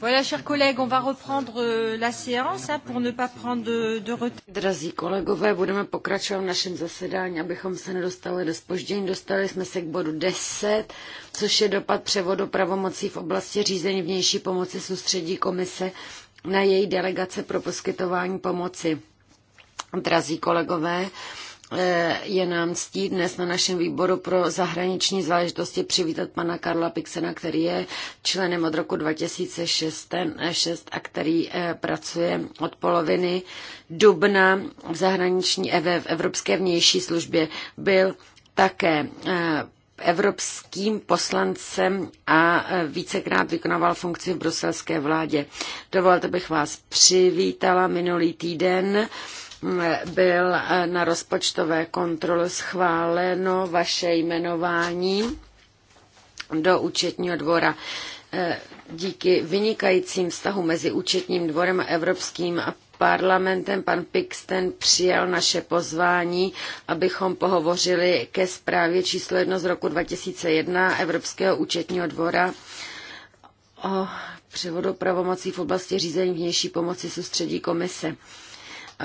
Voilà, chers collègues, on va reprendre euh, la séance hein, pour ne pas prendre de, de retard. Drazí kolegové, budeme pokračovat v našem zasedání, abychom se nedostali do spoždění. Dostali jsme se k bodu 10, což je dopad převodu pravomocí v oblasti řízení vnější pomoci soustředí komise na její delegace pro poskytování pomoci. Drazí kolegové, Eh, je nám ctí dnes na našem výboru pro zahraniční záležitosti přivítat pana Karla Pixena, který je členem od roku 2006 eh, a který eh, pracuje od poloviny dubna v zahraniční v Evropské vnější službě. Byl také evropským poslancem a vícekrát vykonával funkci v bruselské vládě. Dovolte bych vás přivítala minulý týden byl na rozpočtové kontrole schváleno vaše jmenování do účetního dvora. Díky vynikajícím vztahu mezi účetním dvorem a Evropským parlamentem pan Pixten přijal naše pozvání, abychom pohovořili ke zprávě číslo 1 z roku 2001 Evropského účetního dvora o převodu pravomocí v oblasti řízení vnější pomoci soustředí komise.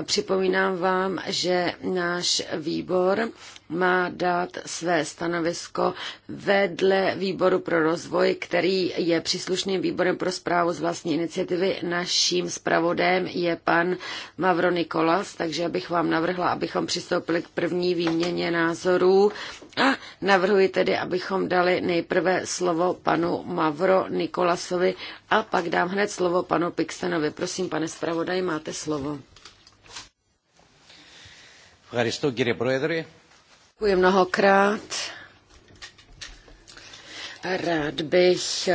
Připomínám vám, že náš výbor má dát své stanovisko vedle výboru pro rozvoj, který je příslušným výborem pro zprávu z vlastní iniciativy. Naším zpravodem je pan Mavro Nikolas, takže bych vám navrhla, abychom přistoupili k první výměně názorů a navrhuji tedy, abychom dali nejprve slovo panu Mavro Nikolasovi a pak dám hned slovo panu Pixenovi. Prosím, pane zpravodaj, máte slovo. Děkuji mnohokrát. Rád bych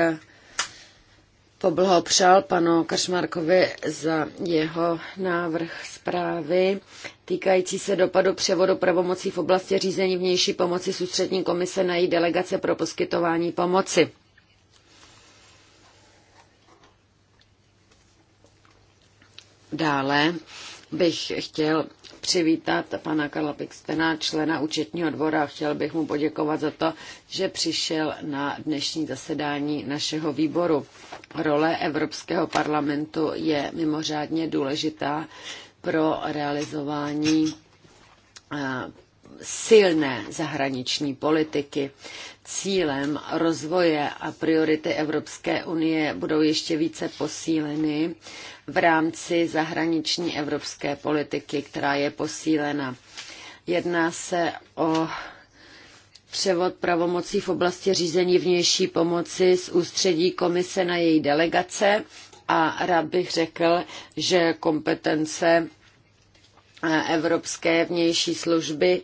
poblahopřál panu Kašmarkovi za jeho návrh zprávy týkající se dopadu převodu pravomocí v oblasti řízení vnější pomoci ústřední komise na její delegace pro poskytování pomoci. Dále bych chtěl přivítat pana Karla Pixtena, člena účetního dvora. Chtěl bych mu poděkovat za to, že přišel na dnešní zasedání našeho výboru. Role Evropského parlamentu je mimořádně důležitá pro realizování silné zahraniční politiky cílem rozvoje a priority Evropské unie budou ještě více posíleny v rámci zahraniční evropské politiky, která je posílena. Jedná se o převod pravomocí v oblasti řízení vnější pomoci z ústředí komise na její delegace a rád bych řekl, že kompetence Evropské vnější služby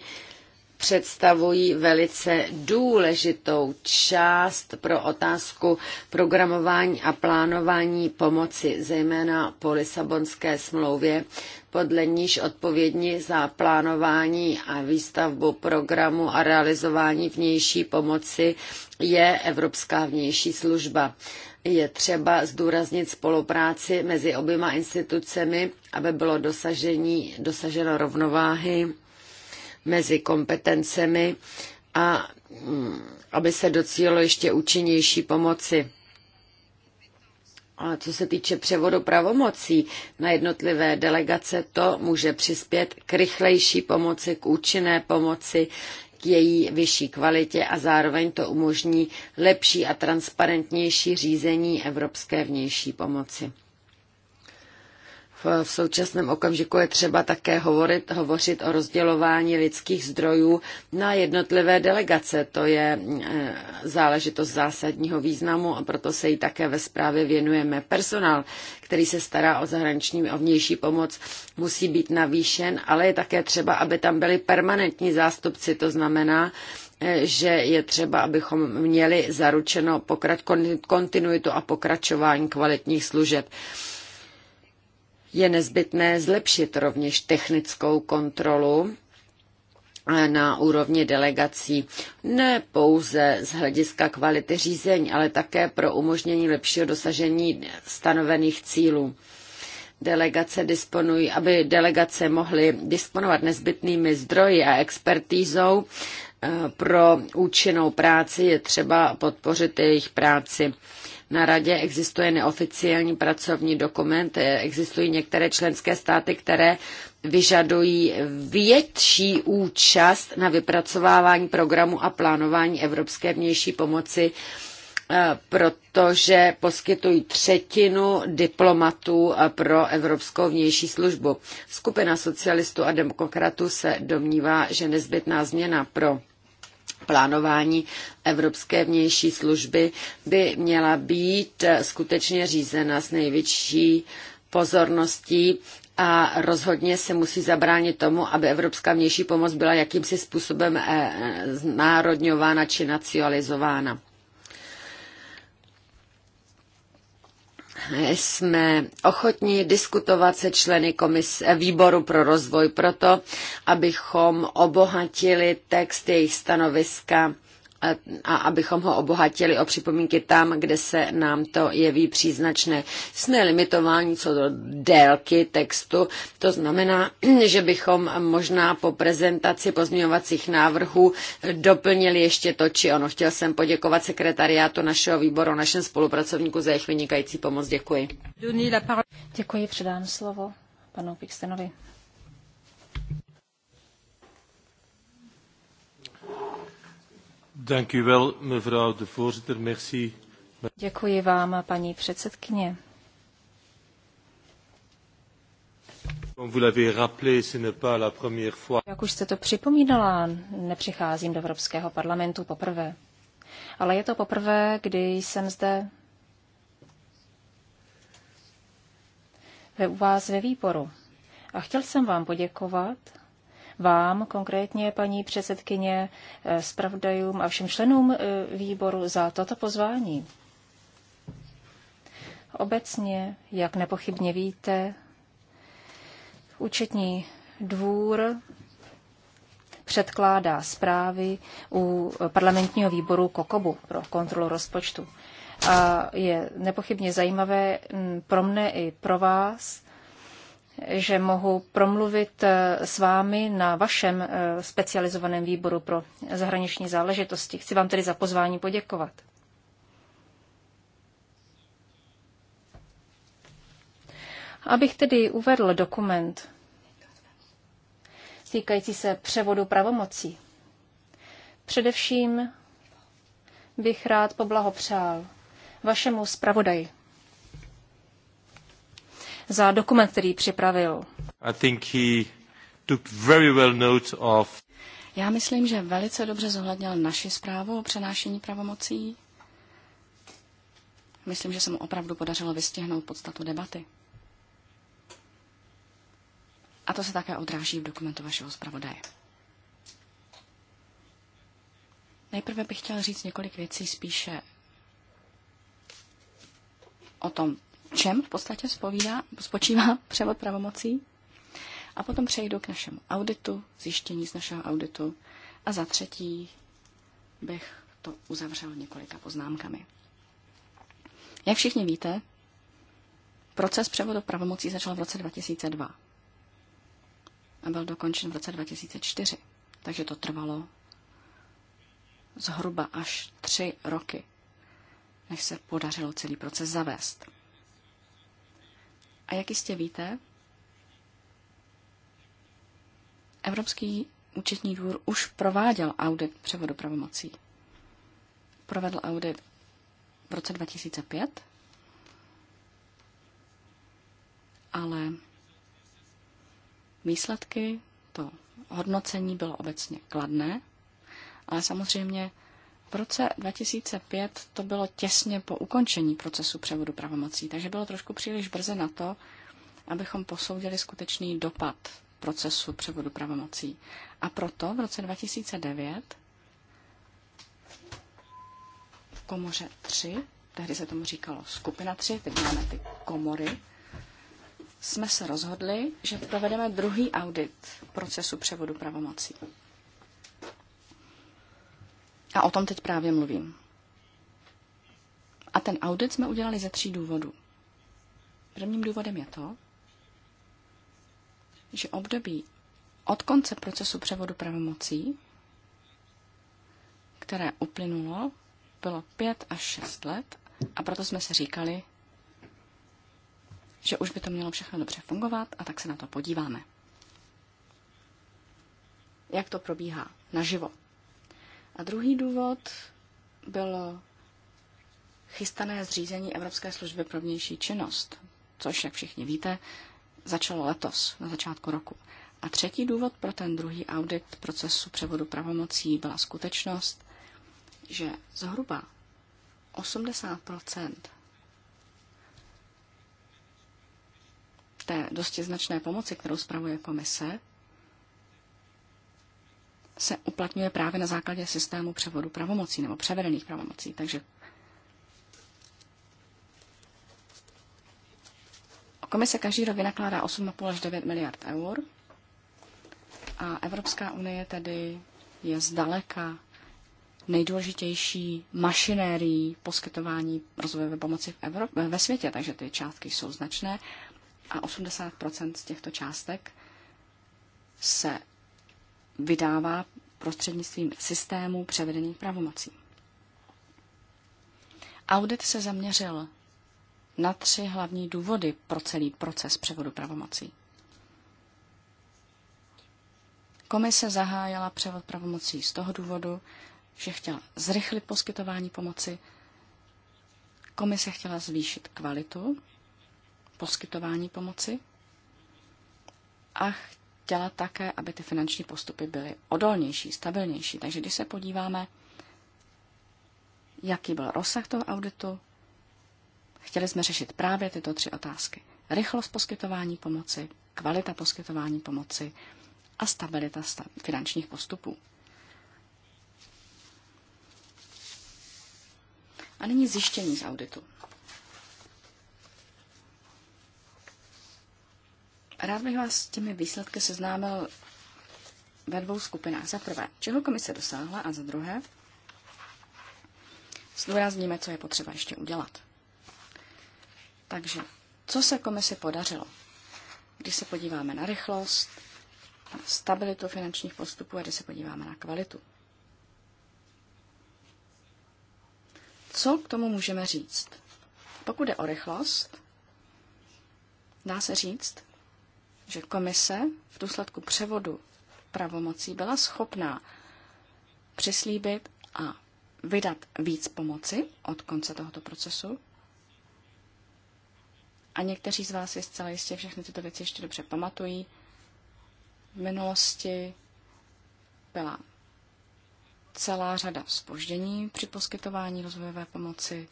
představují velice důležitou část pro otázku programování a plánování pomoci, zejména po Lisabonské smlouvě, podle níž odpovědní za plánování a výstavbu programu a realizování vnější pomoci je Evropská vnější služba. Je třeba zdůraznit spolupráci mezi oběma institucemi, aby bylo dosažení, dosaženo rovnováhy mezi kompetencemi a mm, aby se docílilo ještě účinnější pomoci. A co se týče převodu pravomocí na jednotlivé delegace, to může přispět k rychlejší pomoci, k účinné pomoci, k její vyšší kvalitě a zároveň to umožní lepší a transparentnější řízení evropské vnější pomoci. V současném okamžiku je třeba také hovorit, hovořit o rozdělování lidských zdrojů na jednotlivé delegace. To je e, záležitost zásadního významu a proto se jí také ve zprávě věnujeme. Personál, který se stará o zahraniční a vnější pomoc, musí být navýšen, ale je také třeba, aby tam byli permanentní zástupci. To znamená, e, že je třeba, abychom měli zaručeno pokrač, kontinuitu a pokračování kvalitních služeb. Je nezbytné zlepšit rovněž technickou kontrolu na úrovni delegací, ne pouze z hlediska kvality řízení, ale také pro umožnění lepšího dosažení stanovených cílů. Delegace disponují, aby delegace mohly disponovat nezbytnými zdroji a expertízou eh, pro účinnou práci, je třeba podpořit jejich práci na radě existuje neoficiální pracovní dokument, existují některé členské státy, které vyžadují větší účast na vypracovávání programu a plánování evropské vnější pomoci, eh, protože poskytují třetinu diplomatů eh, pro Evropskou vnější službu. Skupina socialistů a demokratů se domnívá, že nezbytná změna pro plánování Evropské vnější služby by měla být skutečně řízena s největší pozorností a rozhodně se musí zabránit tomu, aby evropská vnější pomoc byla jakýmsi způsobem eh, znárodňována či nacionalizována. jsme ochotní diskutovat se členy komise, výboru pro rozvoj proto, abychom obohatili text jejich stanoviska a abychom ho obohatili o připomínky tam, kde se nám to jeví příznačné. Jsme limitováni co do délky textu, to znamená, že bychom možná po prezentaci pozměňovacích návrhů doplnili ještě to, či ono. Chtěl jsem poděkovat sekretariátu našeho výboru, našem spolupracovníku za jejich vynikající pomoc. Děkuji. Děkuji, předám slovo panu Pixtenovi. Děkuji vám, paní předsedkyně. Jak už jste to připomínala, nepřicházím do Evropského parlamentu poprvé. Ale je to poprvé, kdy jsem zde ve, u vás ve výboru. A chtěl jsem vám poděkovat vám konkrétně, paní předsedkyně, eh, zpravodajům a všem členům eh, výboru za toto pozvání. Obecně, jak nepochybně víte, účetní dvůr předkládá zprávy u parlamentního výboru Kokobu pro kontrolu rozpočtu. A je nepochybně zajímavé pro mne i pro vás že mohu promluvit eh, s vámi na vašem eh, specializovaném výboru pro zahraniční záležitosti. Chci vám tedy za pozvání poděkovat. Abych tedy uvedl dokument týkající se převodu pravomocí. Především bych rád poblahopřál vašemu zpravodaji za dokument, který připravil. I think he took very well note of... Já myslím, že velice dobře zohlednil naši zprávu o přenášení pravomocí. Myslím, že se mu opravdu podařilo vystihnout podstatu debaty. A to se také odráží v dokumentu vašeho zpravodaje. Nejprve bych chtěl říct několik věcí spíše o tom čem v podstatě spovídá, spočívá převod pravomocí. A potom přejdu k našemu auditu, zjištění z našeho auditu. A za třetí bych to uzavřel několika poznámkami. Jak všichni víte, proces převodu pravomocí začal v roce 2002 a byl dokončen v roce 2004. Takže to trvalo zhruba až tři roky, než se podařilo celý proces zavést. A jak jistě víte, Evropský účetní dvůr už prováděl audit převodu pravomocí. Provedl audit v roce 2005, ale výsledky, to hodnocení bylo obecně kladné, ale samozřejmě v roce 2005 to bylo těsně po ukončení procesu převodu pravomocí, takže bylo trošku příliš brze na to, abychom posoudili skutečný dopad procesu převodu pravomocí. A proto v roce 2009 v komoře 3, tehdy se tomu říkalo skupina 3, teď máme ty komory, jsme se rozhodli, že provedeme druhý audit procesu převodu pravomocí. A o tom teď právě mluvím. A ten audit jsme udělali ze tří důvodů. Prvním důvodem je to, že období od konce procesu převodu pravomocí, které uplynulo, bylo pět až šest let a proto jsme se říkali, že už by to mělo všechno dobře fungovat a tak se na to podíváme. Jak to probíhá naživo? A druhý důvod bylo chystané zřízení Evropské služby pro vnější činnost, což, jak všichni víte, začalo letos, na začátku roku. A třetí důvod pro ten druhý audit procesu převodu pravomocí byla skutečnost, že zhruba 80 té dosti značné pomoci, kterou spravuje komise, se uplatňuje právě na základě systému převodu pravomocí nebo převedených pravomocí. Takže komise každý rok vynakládá 8,5 až 9 miliard eur a Evropská unie tedy je zdaleka nejdůležitější mašinérií poskytování rozvojové pomoci v Evropě, ve světě, takže ty částky jsou značné a 80% z těchto částek se vydává prostřednictvím systémů převedených pravomocí. Audit se zaměřil na tři hlavní důvody pro celý proces převodu pravomocí. Komise zahájila převod pravomocí z toho důvodu, že chtěla zrychlit poskytování pomoci, komise chtěla zvýšit kvalitu poskytování pomoci a dělat také, aby ty finanční postupy byly odolnější, stabilnější. Takže když se podíváme, jaký byl rozsah toho auditu, chtěli jsme řešit právě tyto tři otázky. Rychlost poskytování pomoci, kvalita poskytování pomoci a stabilita finančních postupů. A nyní zjištění z auditu. Rád bych vás s těmi výsledky seznámil ve dvou skupinách. Za prvé, čeho komise dosáhla a za druhé, zdůrazníme, co je potřeba ještě udělat. Takže, co se komisi podařilo? Když se podíváme na rychlost, na stabilitu finančních postupů a když se podíváme na kvalitu. Co k tomu můžeme říct? Pokud jde o rychlost, dá se říct, že komise v důsledku převodu pravomocí byla schopná přislíbit a vydat víc pomoci od konce tohoto procesu. A někteří z vás je zcela jistě všechny tyto věci ještě dobře pamatují. V minulosti byla celá řada spoždění při poskytování rozvojové pomoci.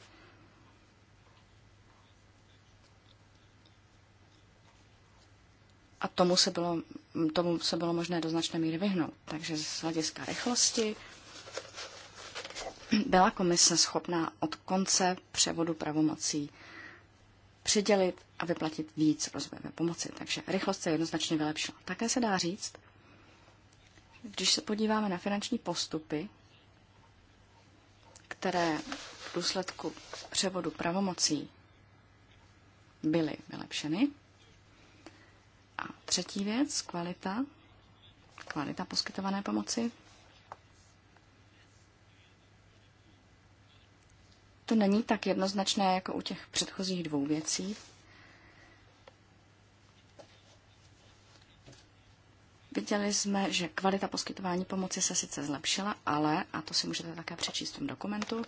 a tomu se bylo, tomu se bylo možné do značné míry vyhnout. Takže z hlediska rychlosti byla komise schopná od konce převodu pravomocí přidělit a vyplatit víc rozvojové pomoci. Takže rychlost se jednoznačně vylepšila. Také se dá říct, když se podíváme na finanční postupy, které v důsledku převodu pravomocí byly vylepšeny, a třetí věc, kvalita. Kvalita poskytované pomoci. To není tak jednoznačné jako u těch předchozích dvou věcí. Viděli jsme, že kvalita poskytování pomoci se sice zlepšila, ale, a to si můžete také přečíst v tom dokumentu,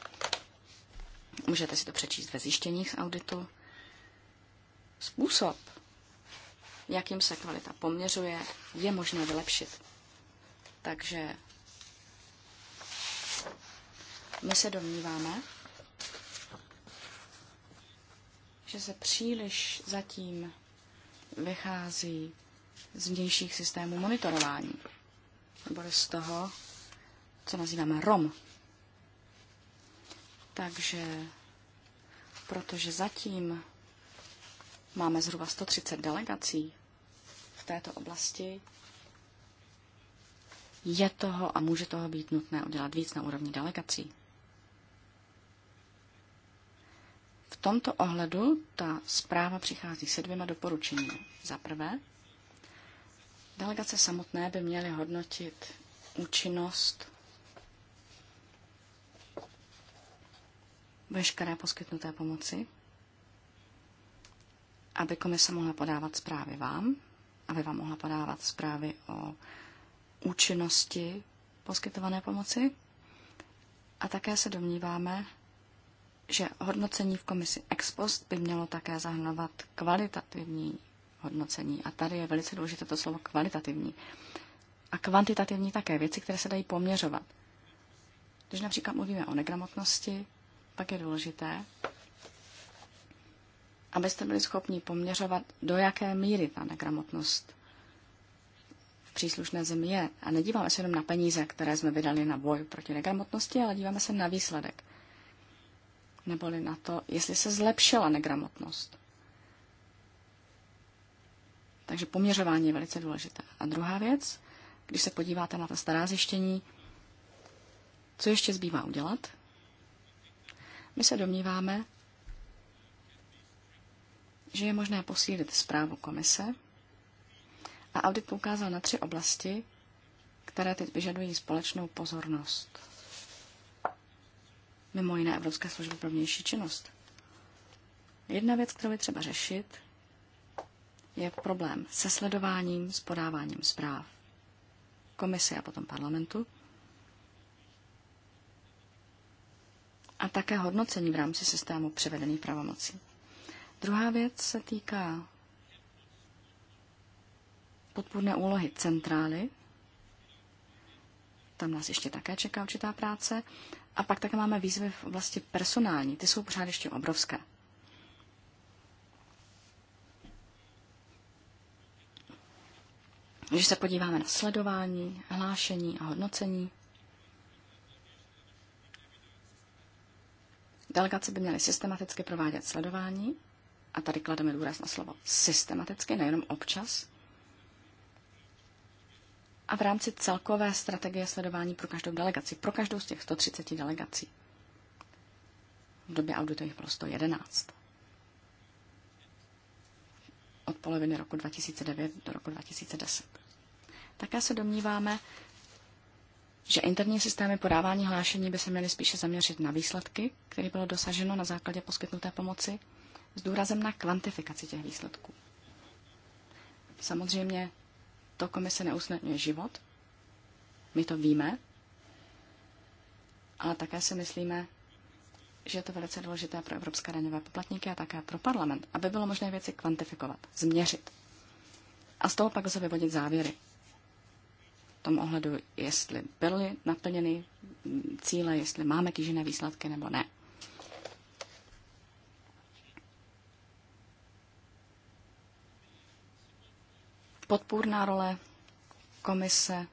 můžete si to přečíst ve zjištěních z auditu, způsob, jakým se kvalita poměřuje, je možné vylepšit. Takže my se domníváme, že se příliš zatím vychází z vnějších systémů monitorování, nebo z toho, co nazýváme ROM. Takže, protože zatím Máme zhruba 130 delegací v této oblasti. Je toho a může toho být nutné udělat víc na úrovni delegací. V tomto ohledu ta zpráva přichází se dvěma doporučeními. Za prvé, delegace samotné by měly hodnotit účinnost veškeré poskytnuté pomoci aby komise mohla podávat zprávy vám, aby vám mohla podávat zprávy o účinnosti poskytované pomoci. A také se domníváme, že hodnocení v komisi ex post by mělo také zahrnovat kvalitativní hodnocení. A tady je velice důležité to slovo kvalitativní. A kvantitativní také, věci, které se dají poměřovat. Když například mluvíme o negramotnosti, pak je důležité, abyste byli schopni poměřovat, do jaké míry ta negramotnost v příslušné zemi je. A nedíváme se jenom na peníze, které jsme vydali na boj proti negramotnosti, ale díváme se na výsledek. Neboli na to, jestli se zlepšila negramotnost. Takže poměřování je velice důležité. A druhá věc, když se podíváte na ta stará zjištění, co ještě zbývá udělat? My se domníváme, že je možné posílit zprávu komise a audit poukázal na tři oblasti, které teď vyžadují společnou pozornost. Mimo jiné Evropská služba pro vnější činnost. Jedna věc, kterou je třeba řešit, je problém se sledováním, s podáváním zpráv komise a potom parlamentu a také hodnocení v rámci systému převedených pravomocí. Druhá věc se týká podpůrné úlohy centrály. Tam nás ještě také čeká určitá práce. A pak také máme výzvy v oblasti personální. Ty jsou pořád ještě obrovské. Když se podíváme na sledování, hlášení a hodnocení, delegace by měly systematicky provádět sledování a tady klademe důraz na slovo systematicky, nejenom občas, a v rámci celkové strategie sledování pro každou delegaci, pro každou z těch 130 delegací. V době auditu jich bylo 111. Od poloviny roku 2009 do roku 2010. Také se domníváme, že interní systémy podávání hlášení by se měly spíše zaměřit na výsledky, které bylo dosaženo na základě poskytnuté pomoci, s důrazem na kvantifikaci těch výsledků. Samozřejmě to komise neusnadňuje život, my to víme, ale také si myslíme, že je to velice důležité pro evropské daňové poplatníky a také pro parlament, aby bylo možné věci kvantifikovat, změřit. A z toho pak se vyvodit závěry. V tom ohledu, jestli byly naplněny cíle, jestli máme kýžené výsledky nebo ne. podpůrná role komise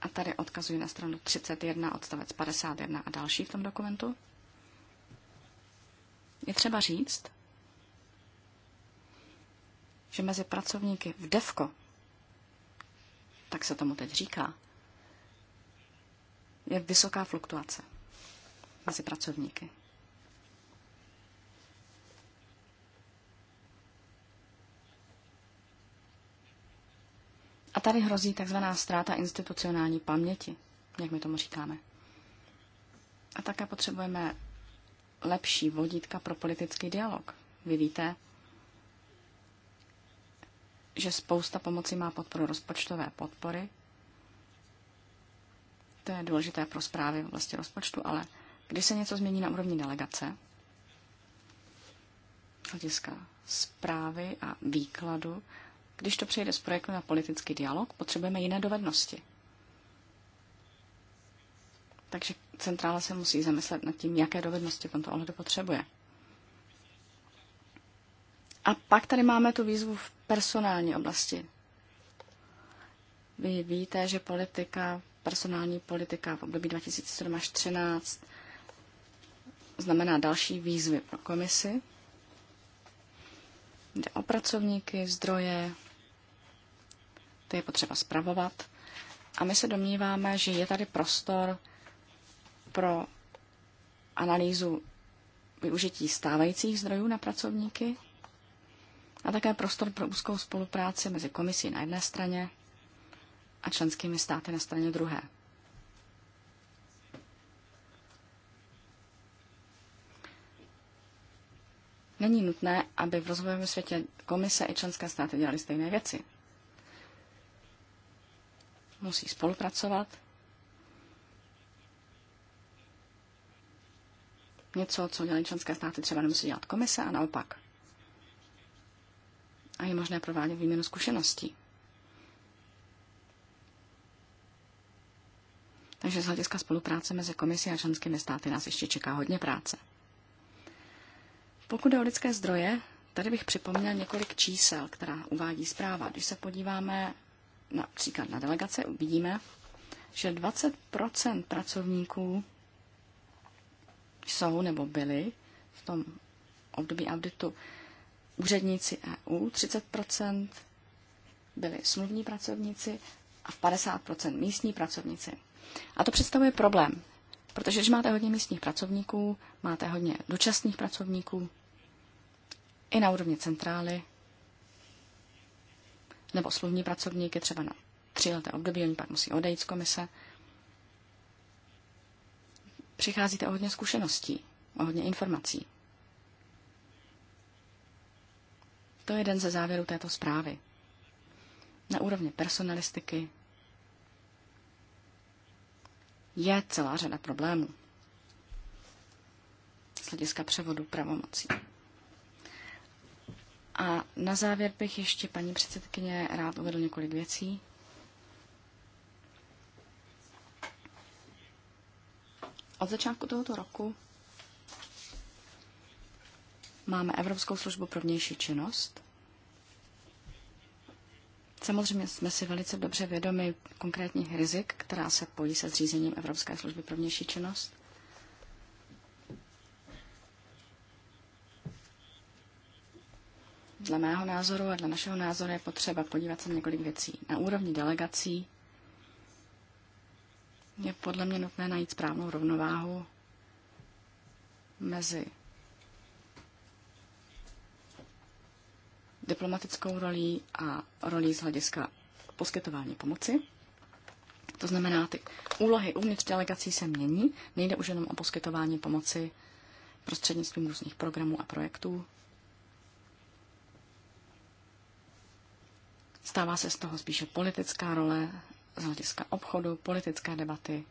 a tady odkazuji na stranu 31, odstavec 51 a další v tom dokumentu. Je třeba říct, že mezi pracovníky v DEVKO, tak se tomu teď říká, je vysoká fluktuace mezi pracovníky. A tady hrozí takzvaná ztráta institucionální paměti, jak my tomu říkáme. A také potřebujeme lepší vodítka pro politický dialog. Vy víte, že spousta pomoci má podporu rozpočtové podpory. To je důležité pro zprávy vlastně rozpočtu, ale když se něco změní na úrovni delegace, hlediska zprávy a výkladu, když to přejde z projektu na politický dialog, potřebujeme jiné dovednosti. Takže centrála se musí zamyslet nad tím, jaké dovednosti v tomto ohledu potřebuje. A pak tady máme tu výzvu v personální oblasti. Vy víte, že politika, personální politika v období 2007 až 2013 znamená další výzvy pro komisi. Jde o pracovníky, zdroje, to je potřeba spravovat. A my se domníváme, že je tady prostor pro analýzu využití stávajících zdrojů na pracovníky a také prostor pro úzkou spolupráci mezi komisí na jedné straně a členskými státy na straně druhé. Není nutné, aby v rozvojovém světě komise i členské státy dělaly stejné věci musí spolupracovat. Něco, co dělají členské státy, třeba nemusí dělat komise a naopak. A je možné provádět výměnu zkušeností. Takže z hlediska spolupráce mezi komisí a členskými státy nás ještě čeká hodně práce. Pokud jde o lidské zdroje, tady bych připomněl několik čísel, která uvádí zpráva. Když se podíváme například na delegace, uvidíme, že 20 pracovníků jsou nebo byli v tom období auditu úředníci EU, 30 byli smluvní pracovníci a v 50 místní pracovníci. A to představuje problém, protože když máte hodně místních pracovníků, máte hodně dočasných pracovníků, i na úrovni centrály, nebo slovní pracovníky třeba na tříleté období, oni pak musí odejít z komise. Přicházíte o hodně zkušeností, o hodně informací. To je jeden ze závěrů této zprávy. Na úrovni personalistiky je celá řada problémů z hlediska převodu pravomocí. A na závěr bych ještě, paní předsedkyně, rád uvedl několik věcí. Od začátku tohoto roku máme Evropskou službu pro vnější činnost. Samozřejmě jsme si velice dobře vědomi konkrétních rizik, která se pojí se zřízením Evropské služby pro vnější činnost. Dle mého názoru a dle našeho názoru je potřeba podívat se na několik věcí. Na úrovni delegací je podle mě nutné najít správnou rovnováhu mezi diplomatickou rolí a rolí z hlediska poskytování pomoci. To znamená, ty úlohy uvnitř delegací se mění, nejde už jenom o poskytování pomoci prostřednictvím různých programů a projektů, Stává se z toho spíše politická role z hlediska obchodu, politické debaty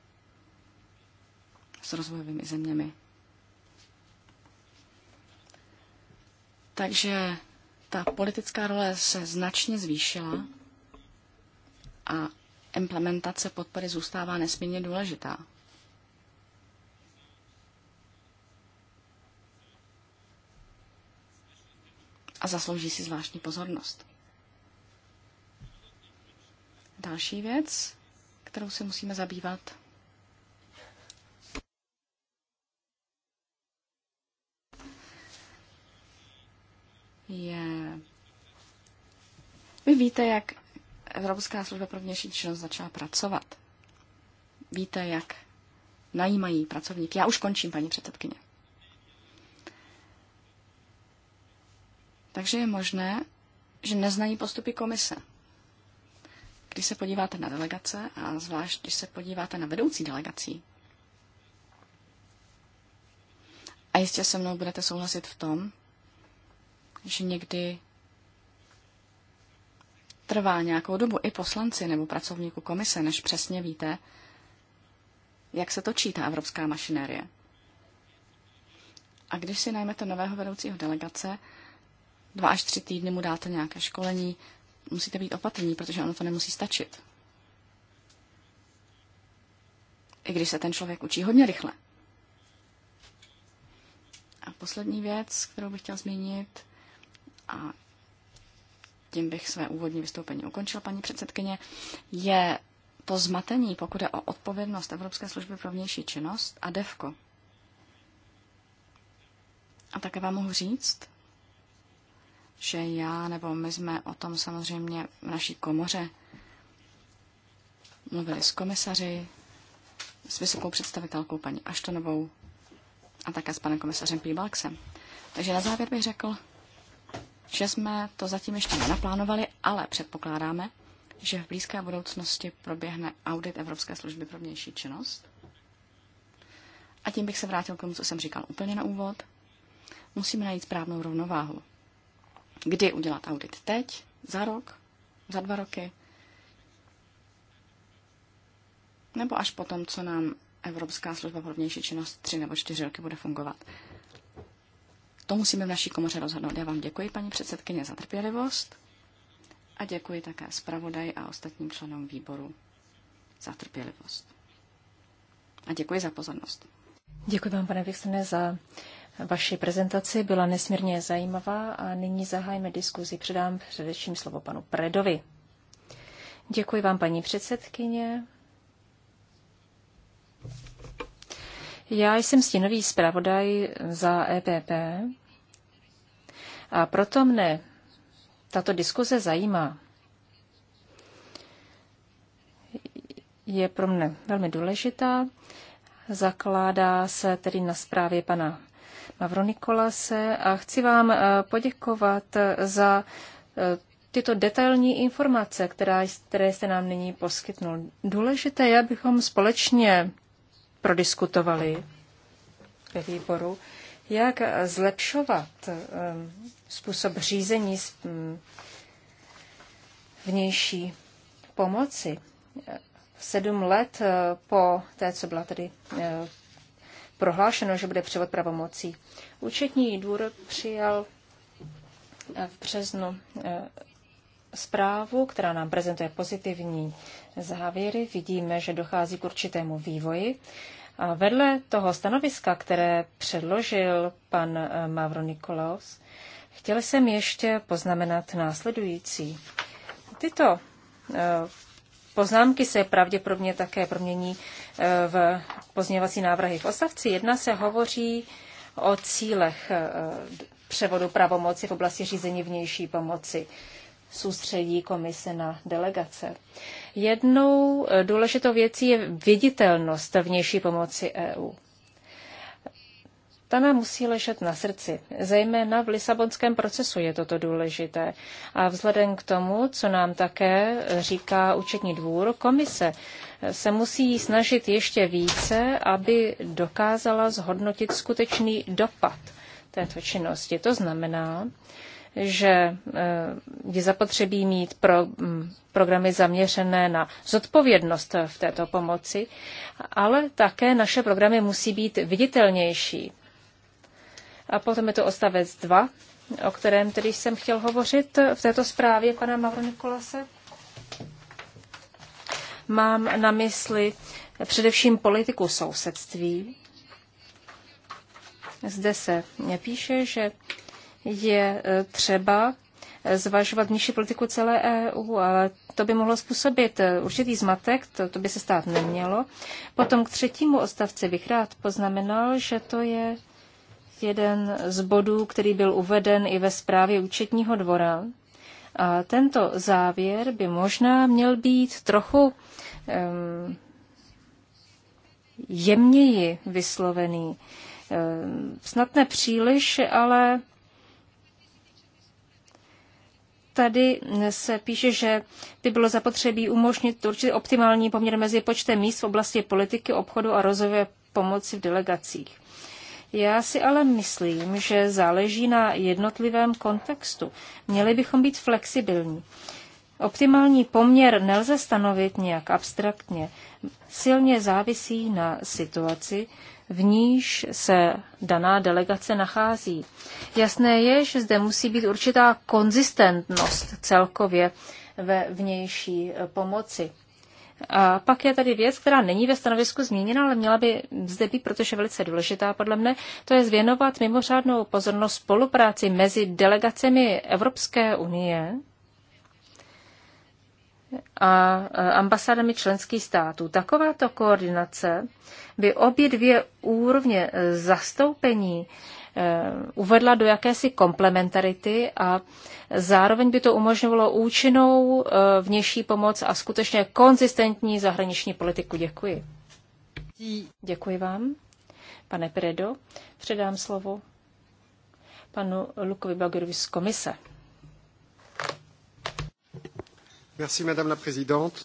s rozvojovými zeměmi. Takže ta politická role se značně zvýšila a implementace podpory zůstává nesmírně důležitá. A zaslouží si zvláštní pozornost. Další věc, kterou se musíme zabývat, je... Vy víte, jak Evropská služba pro vnější činnost začala pracovat. Víte, jak najímají pracovníky. Já už končím, paní předsedkyně. Takže je možné, že neznají postupy komise. Když se podíváte na delegace a zvlášť když se podíváte na vedoucí delegací, a jistě se mnou budete souhlasit v tom, že někdy trvá nějakou dobu i poslanci nebo pracovníku komise, než přesně víte, jak se točí ta evropská mašinérie. A když si najmete nového vedoucího delegace, dva až tři týdny mu dáte nějaké školení, musíte být opatrní, protože ono to nemusí stačit. I když se ten člověk učí hodně rychle. A poslední věc, kterou bych chtěl zmínit, a tím bych své úvodní vystoupení ukončil, paní předsedkyně, je to zmatení, pokud je o odpovědnost Evropské služby pro vnější činnost a DEVKO. A také vám mohu říct, že já nebo my jsme o tom samozřejmě v naší komoře mluvili s komisaři, s vysokou představitelkou paní Aštonovou a také s panem komisařem Píbalksem. Takže na závěr bych řekl, že jsme to zatím ještě nenaplánovali, ale předpokládáme, že v blízké budoucnosti proběhne audit Evropské služby pro vnější činnost. A tím bych se vrátil k tomu, co jsem říkal úplně na úvod. Musíme najít správnou rovnováhu kdy udělat audit teď, za rok, za dva roky, nebo až potom, co nám Evropská služba pro vnější činnost tři nebo čtyři roky bude fungovat. To musíme v naší komoře rozhodnout. Já vám děkuji, paní předsedkyně, za trpělivost a děkuji také zpravodaj a ostatním členům výboru za trpělivost. A děkuji za pozornost. Děkuji vám, pane Vyksene, za vaši prezentaci, byla nesmírně zajímavá a nyní zahájíme diskuzi. Předám především slovo panu Predovi. Děkuji vám, paní předsedkyně. Já jsem stínový zpravodaj za EPP a proto mne tato diskuze zajímá. Je pro mne velmi důležitá. Zakládá se tedy na zprávě pana Mavronikolase a chci vám eh, poděkovat eh, za eh, tyto detailní informace, která, které jste nám nyní poskytnul. Důležité je, abychom společně prodiskutovali ve výboru, jak zlepšovat způsob řízení mm, vnější pomoci. Sedm let po té, co byla tedy prohlášeno, že bude převod pravomocí. Účetní dvůr přijal eh, v březnu eh, zprávu, která nám prezentuje pozitivní závěry. Vidíme, že dochází k určitému vývoji. A vedle toho stanoviska, které předložil pan eh, Mavro Nikolaus, chtěl jsem ještě poznamenat následující. Tyto poznámky se pravděpodobně také promění v pozměňovací návrhy. V odstavci 1 se hovoří o cílech eh, převodu pravomoci v oblasti řízení vnější pomoci soustředí komise na delegace. Jednou eh, důležitou věcí je viditelnost vnější pomoci EU ta nám musí ležet na srdci. Zejména v Lisabonském procesu je toto důležité. A vzhledem k tomu, co nám také říká účetní dvůr, komise se musí snažit ještě více, aby dokázala zhodnotit skutečný dopad této činnosti. To znamená, že eh, je zapotřebí mít pro, mm, programy zaměřené na zodpovědnost v této pomoci, ale také naše programy musí být viditelnější. A potom je to odstavec 2, o kterém tedy jsem chtěl hovořit v této zprávě pana Mavro Nikolase. Mám na mysli především politiku sousedství. Zde se píše, že je e, třeba zvažovat nižší politiku celé EU, ale to by mohlo způsobit e, určitý zmatek, to, to by se stát nemělo. Potom k třetímu odstavci bych rád poznamenal, že to je jeden z bodů, který byl uveden i ve zprávě účetního dvora. A tento závěr by možná měl být trochu um, jemněji vyslovený. Um, snad ne příliš, ale tady se píše, že by bylo zapotřebí umožnit určitý optimální poměr mezi počtem míst v oblasti politiky, obchodu a rozvoje pomoci v delegacích. Já si ale myslím, že záleží na jednotlivém kontextu. Měli bychom být flexibilní. Optimální poměr nelze stanovit nějak abstraktně. Silně závisí na situaci, v níž se daná delegace nachází. Jasné je, že zde musí být určitá konzistentnost celkově ve vnější eh, pomoci. A pak je tady věc, která není ve stanovisku zmíněna, ale měla by zde být, protože je velice důležitá podle mne, to je zvěnovat mimořádnou pozornost spolupráci mezi delegacemi Evropské unie a ambasádami členských států. Takováto koordinace by obě dvě úrovně zastoupení Eh, uvedla do jakési komplementarity a zároveň by to umožňovalo účinnou eh, vnější pomoc a skutečně konzistentní zahraniční politiku. Děkuji. Děkuji vám, pane Predo. Předám slovo panu Lukovi Bagerovi z komise. Merci, madame la présidente.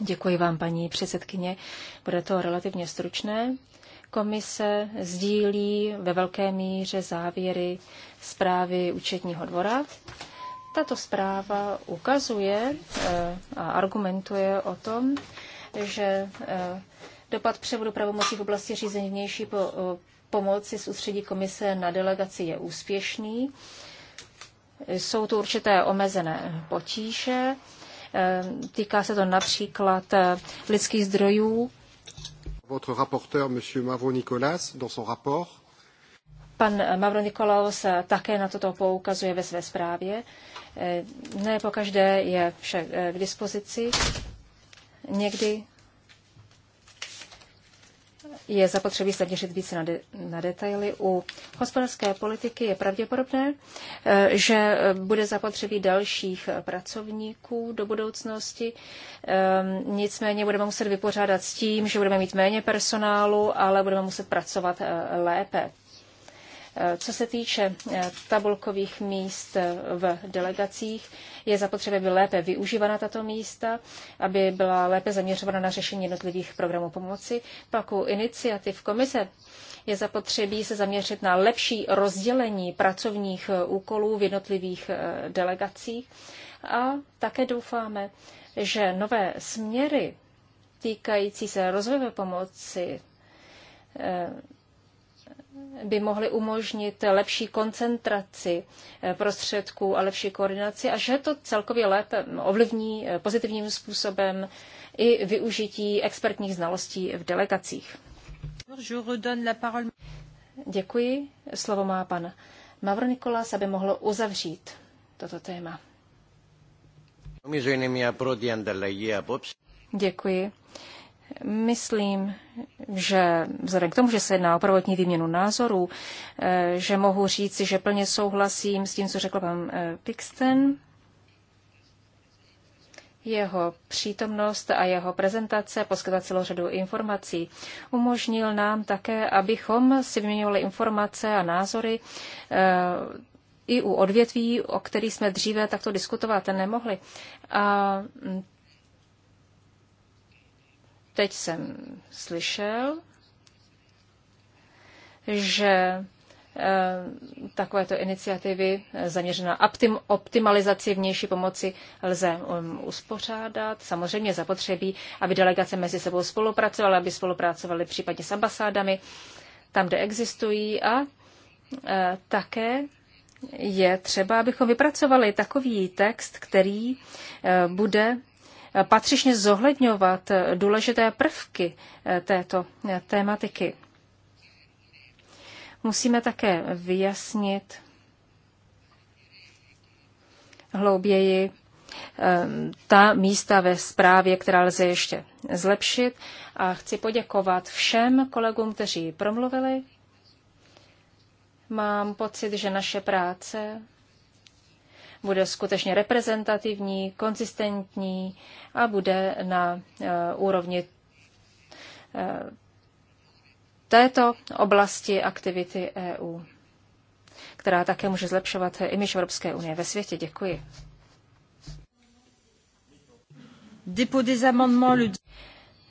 Děkuji vám, paní předsedkyně. Bude to relativně stručné. Komise sdílí ve velké míře závěry zprávy účetního dvora. Tato zpráva ukazuje eh, a argumentuje o tom, že eh, dopad převodu pravomocí v oblasti řízení vnější eh, pomoci z ústředí komise na delegaci je úspěšný. Jsou tu určité omezené potíže. Týká se to například lidských zdrojů Votre rapporteur, Mavro Nicolas, dans son rapport. Pan Mavro také na toto poukazuje ve své zprávě. Eh, ne pokaždé je vše eh, k dispozici. Někdy je zapotřebí se měřit více na, de, na detaily. U hospodářské politiky je pravděpodobné, eh, že bude zapotřebí dalších pracovníků do budoucnosti. Ehm, nicméně budeme muset vypořádat s tím, že budeme mít méně personálu, ale budeme muset pracovat eh, lépe. Co se týče eh, tabulkových míst eh, v delegacích, je zapotřebí, aby lépe využívána tato místa, aby byla lépe zaměřována na řešení jednotlivých programů pomoci. Pak u iniciativ komise je zapotřebí se zaměřit na lepší rozdělení pracovních eh, úkolů v jednotlivých delegacích. A také doufáme, že nové směry týkající se rozvojové pomoci by mohly umožnit lepší koncentraci eh, prostředků a lepší koordinaci a že to celkově lépe ovlivní eh, pozitivním způsobem i využití expertních znalostí v delegacích. Děkuji. Slovo má pan Mavro Nikolás, aby mohl uzavřít toto téma. Děkuji. Myslím, že vzhledem k tomu, že se jedná o prvotní výměnu názorů, eh, že mohu říci, že plně souhlasím s tím, co řekl pan eh, Pixten. Jeho přítomnost a jeho prezentace poskytla celou řadu informací. Umožnil nám také, abychom si vyměňovali informace a názory eh, i u odvětví, o kterých jsme dříve takto diskutovat nemohli. A teď jsem slyšel, že eh, takovéto iniciativy zaměřené na optimalizaci vnější pomoci lze um, uspořádat. Samozřejmě zapotřebí, aby delegace mezi sebou spolupracovaly, aby spolupracovaly případně s ambasádami tam, kde existují a eh, také je třeba, abychom vypracovali takový text, který eh, bude patřičně zohledňovat důležité prvky eh, této eh, tématiky. Musíme také vyjasnit hlouběji eh, ta místa ve zprávě, která lze ještě zlepšit. A chci poděkovat všem kolegům, kteří promluvili. Mám pocit, že naše práce bude skutečně reprezentativní, konzistentní a bude na eh, úrovni eh, této oblasti aktivity EU, která také může zlepšovat imiž Evropské unie ve světě. Děkuji.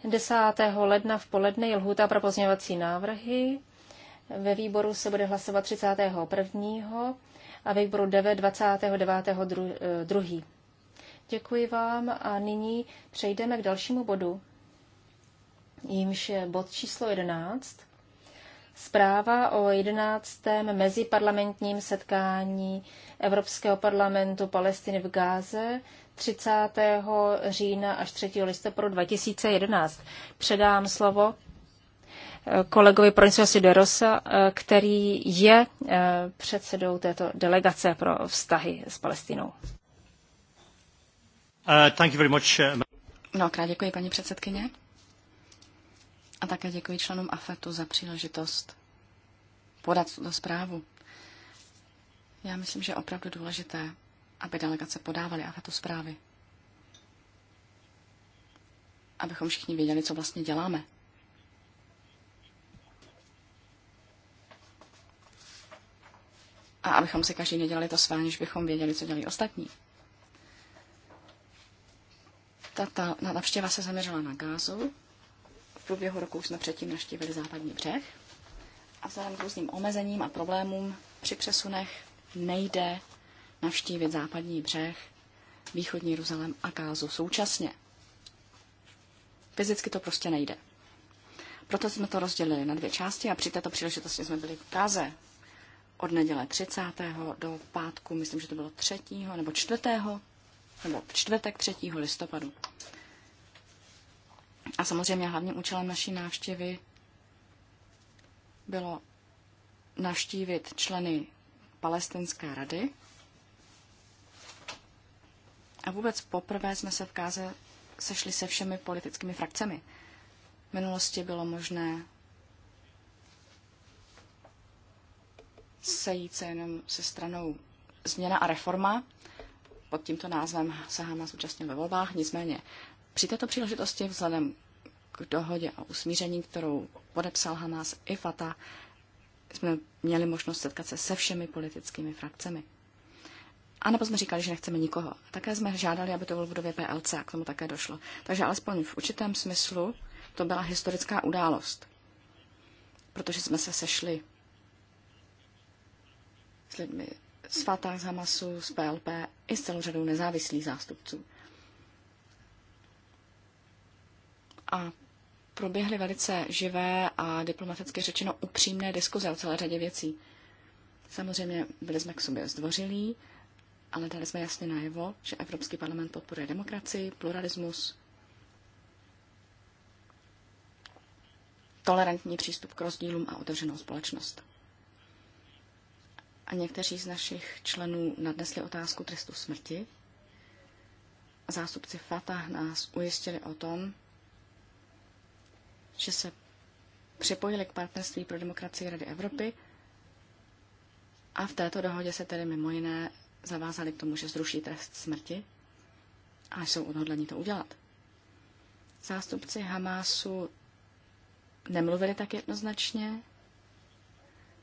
Desátého ledna v poledne je lhůta pro pozměňovací návrhy. Ve výboru se bude hlasovat 31 a věk budou 9 29.2. Děkuji vám a nyní přejdeme k dalšímu bodu, jímž je bod číslo 11. Zpráva o 11. meziparlamentním setkání Evropského parlamentu Palestiny v Gáze 30. října až 3. listopadu 2011. Předám slovo kolegovi Pronisosi de Rosa, eh, který je eh, předsedou této delegace pro vztahy s Palestinou. Uh, thank you very much. Uh, Mnohokrát děkuji, paní předsedkyně. A také děkuji členům AFETu za příležitost podat tuto zprávu. Já myslím, že je opravdu důležité, aby delegace podávaly AFETu zprávy. Abychom všichni věděli, co vlastně děláme. a abychom si každý nedělali to své, aniž bychom věděli, co dělají ostatní. Tato navštěva se zaměřila na Gázu. V průběhu roku už jsme předtím navštívili západní břeh. A vzhledem k různým omezením a problémům při přesunech nejde navštívit západní břeh, východní Jeruzalém a Gázu současně. Fyzicky to prostě nejde. Proto jsme to rozdělili na dvě části a při této příležitosti jsme byli v Gáze od neděle 30. do pátku, myslím, že to bylo 3. nebo 4. nebo čtvrtek 3. listopadu. A samozřejmě hlavním účelem naší návštěvy bylo navštívit členy Palestinské rady. A vůbec poprvé jsme se v Káze sešli se všemi politickými frakcemi. V minulosti bylo možné sejít se jenom se stranou změna a reforma. Pod tímto názvem se Hamas současně ve volbách. Nicméně při této příležitosti vzhledem k dohodě a usmíření, kterou podepsal Hamas i Fata, jsme měli možnost setkat se se všemi politickými frakcemi. A nebo jsme říkali, že nechceme nikoho. Také jsme žádali, aby to bylo v budově PLC a k tomu také došlo. Takže alespoň v určitém smyslu to byla historická událost, protože jsme se sešli s lidmi z Fatah, z Hamasu, z PLP i s celou řadou nezávislých zástupců. A proběhly velice živé a diplomaticky řečeno upřímné diskuze o celé řadě věcí. Samozřejmě byli jsme k sobě zdvořilí, ale dali jsme jasně najevo, že Evropský parlament podporuje demokracii, pluralismus, tolerantní přístup k rozdílům a otevřenou společnost a někteří z našich členů nadnesli otázku trestu smrti. Zástupci Fatah nás ujistili o tom, že se připojili k partnerství pro demokracii Rady Evropy a v této dohodě se tedy mimo jiné zavázali k tomu, že zruší trest smrti a jsou odhodlení to udělat. Zástupci Hamásu nemluvili tak jednoznačně,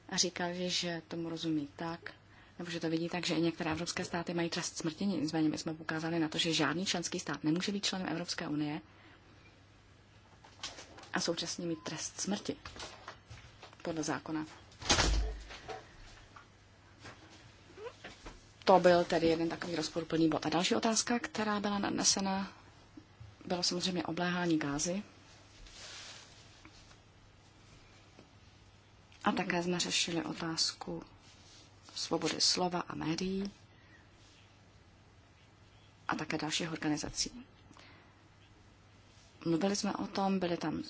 a říkali, že tomu rozumí tak, nebo že to vidí tak, že i některé evropské státy mají trest smrti, nicméně my jsme ukázali na to, že žádný členský stát nemůže být členem Evropské unie a současně mít trest smrti podle zákona. To byl tedy jeden takový rozporuplný bod. A další otázka, která byla nadnesena, bylo samozřejmě obléhání gázy. A také jsme řešili otázku svobody slova a médií a také dalších organizací. Mluvili jsme o tom, byli tam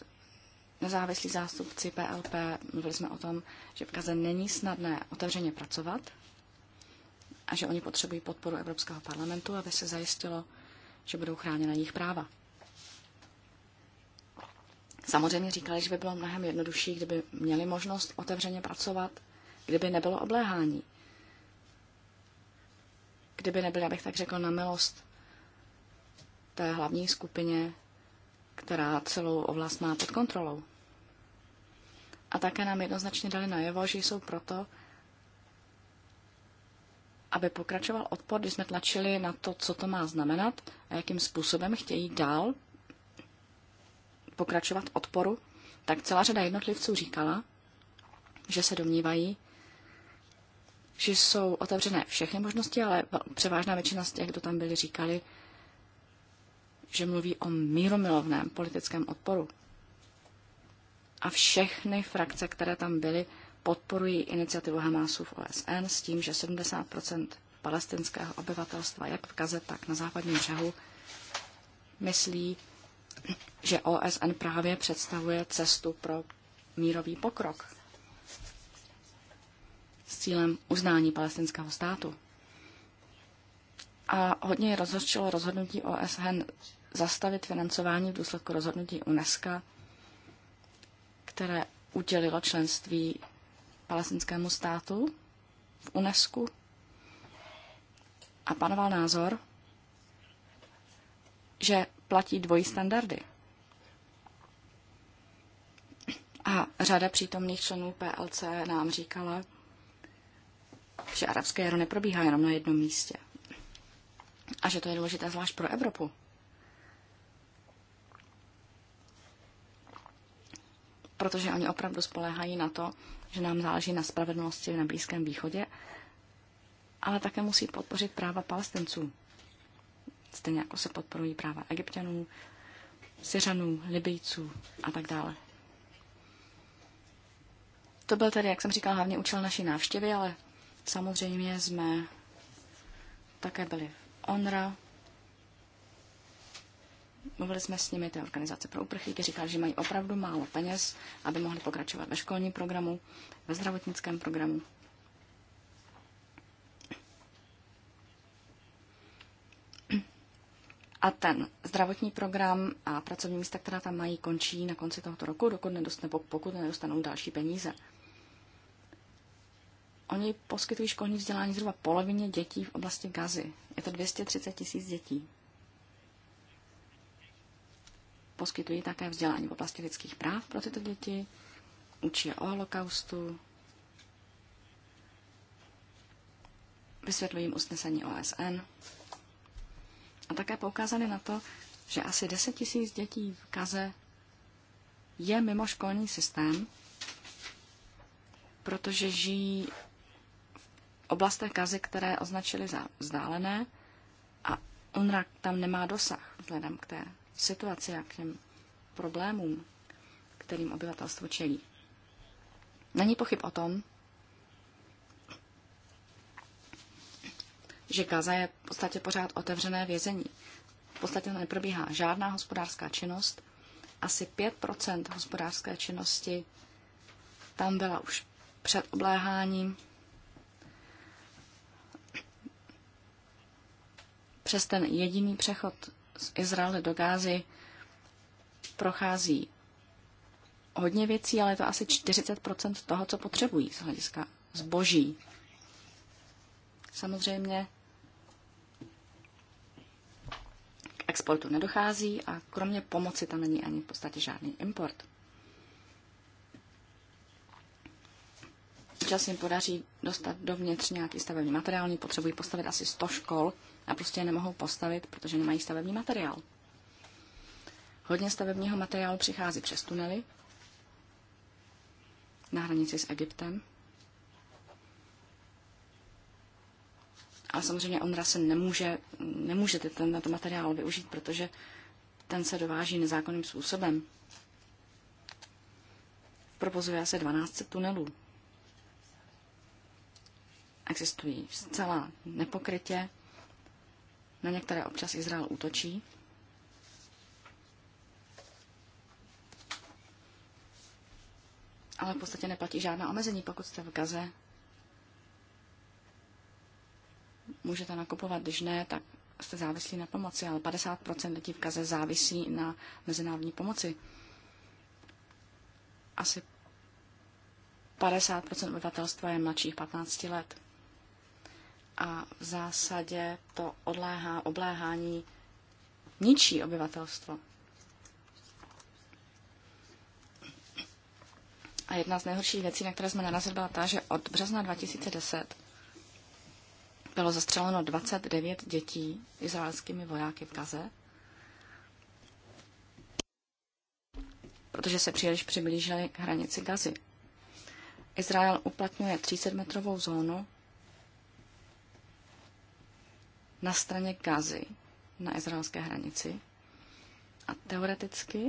nezávislí zástupci PLP, mluvili jsme o tom, že v Kaze není snadné otevřeně pracovat a že oni potřebují podporu Evropského parlamentu, aby se zajistilo, že budou chráněna jejich práva. Samozřejmě říkali, že by bylo mnohem jednodušší, kdyby měli možnost otevřeně pracovat, kdyby nebylo obléhání. Kdyby nebyli, abych tak řekl, na milost té hlavní skupině, která celou oblast má pod kontrolou. A také nám jednoznačně dali najevo, že jsou proto, aby pokračoval odpor, když jsme tlačili na to, co to má znamenat a jakým způsobem chtějí dál pokračovat odporu, tak celá řada jednotlivců říkala, že se domnívají, že jsou otevřené všechny možnosti, ale převážná většina z těch, kdo tam byli, říkali, že mluví o míromilovném politickém odporu. A všechny frakce, které tam byly, podporují iniciativu Hamásu v OSN s tím, že 70 palestinského obyvatelstva, jak v Gaze, tak na západním břehu, myslí, že OSN právě představuje cestu pro mírový pokrok s cílem uznání palestinského státu. A hodně je rozhořčilo rozhodnutí OSN zastavit financování v důsledku rozhodnutí UNESCO, které udělilo členství palestinskému státu v UNESCO. A panoval názor, že platí dvojí standardy. A řada přítomných členů PLC nám říkala, že arabské jaro neprobíhá jenom na jednom místě. A že to je důležité zvlášť pro Evropu. Protože oni opravdu spoléhají na to, že nám záleží na spravedlnosti na Blízkém východě, ale také musí podpořit práva palestinců stejně jako se podporují práva egyptianů, syřanů, libijců a tak dále. To byl tedy, jak jsem říkal, hlavně účel naší návštěvy, ale samozřejmě jsme také byli v ONRA. Mluvili jsme s nimi, té organizace pro uprchlíky, říkali, že mají opravdu málo peněz, aby mohli pokračovat ve školním programu, ve zdravotnickém programu A ten zdravotní program a pracovní místa, která tam mají, končí na konci tohoto roku, dokud nedostanou, pokud nedostanou další peníze. Oni poskytují školní vzdělání zhruba polovině dětí v oblasti Gazy. Je to 230 tisíc dětí. Poskytují také vzdělání v oblasti lidských práv pro tyto děti, učí o holokaustu, vysvětlují jim usnesení OSN. A také poukázali na to, že asi 10 tisíc dětí v Kaze je mimo školní systém, protože žijí v oblastech Kazy, které označili za vzdálené a UNRWA tam nemá dosah vzhledem k té situaci a k těm problémům, kterým obyvatelstvo čelí. Není pochyb o tom, že Gaza je v podstatě pořád otevřené vězení. V podstatě neprobíhá žádná hospodářská činnost. Asi 5 hospodářské činnosti tam byla už před obléháním. Přes ten jediný přechod z Izraele do Gázy prochází hodně věcí, ale je to asi 40% toho, co potřebují z hlediska zboží. Samozřejmě exportu nedochází a kromě pomoci tam není ani v podstatě žádný import. Čas jim podaří dostat dovnitř nějaký stavební materiál, oni potřebují postavit asi 100 škol a prostě je nemohou postavit, protože nemají stavební materiál. Hodně stavebního materiálu přichází přes tunely na hranici s Egyptem, A samozřejmě Ondra se nemůže, nemůže ten, na to materiál využít, protože ten se dováží nezákonným způsobem. Propozuje se 12 tunelů. Existují zcela nepokrytě. Na některé občas Izrael útočí. Ale v podstatě neplatí žádná omezení, pokud jste v Gaze můžete nakupovat, když ne, tak jste závislí na pomoci, ale 50% lidí v Gaze závisí na mezinárodní pomoci. Asi 50% obyvatelstva je mladších 15 let. A v zásadě to odléhá, obléhání ničí obyvatelstvo. A jedna z nejhorších věcí, na které jsme narazili, byla ta, že od března 2010 bylo zastřeleno 29 dětí izraelskými vojáky v Gaze, protože se příliš přiblížili k hranici Gazy. Izrael uplatňuje 30-metrovou zónu na straně Gazy, na izraelské hranici. A teoreticky,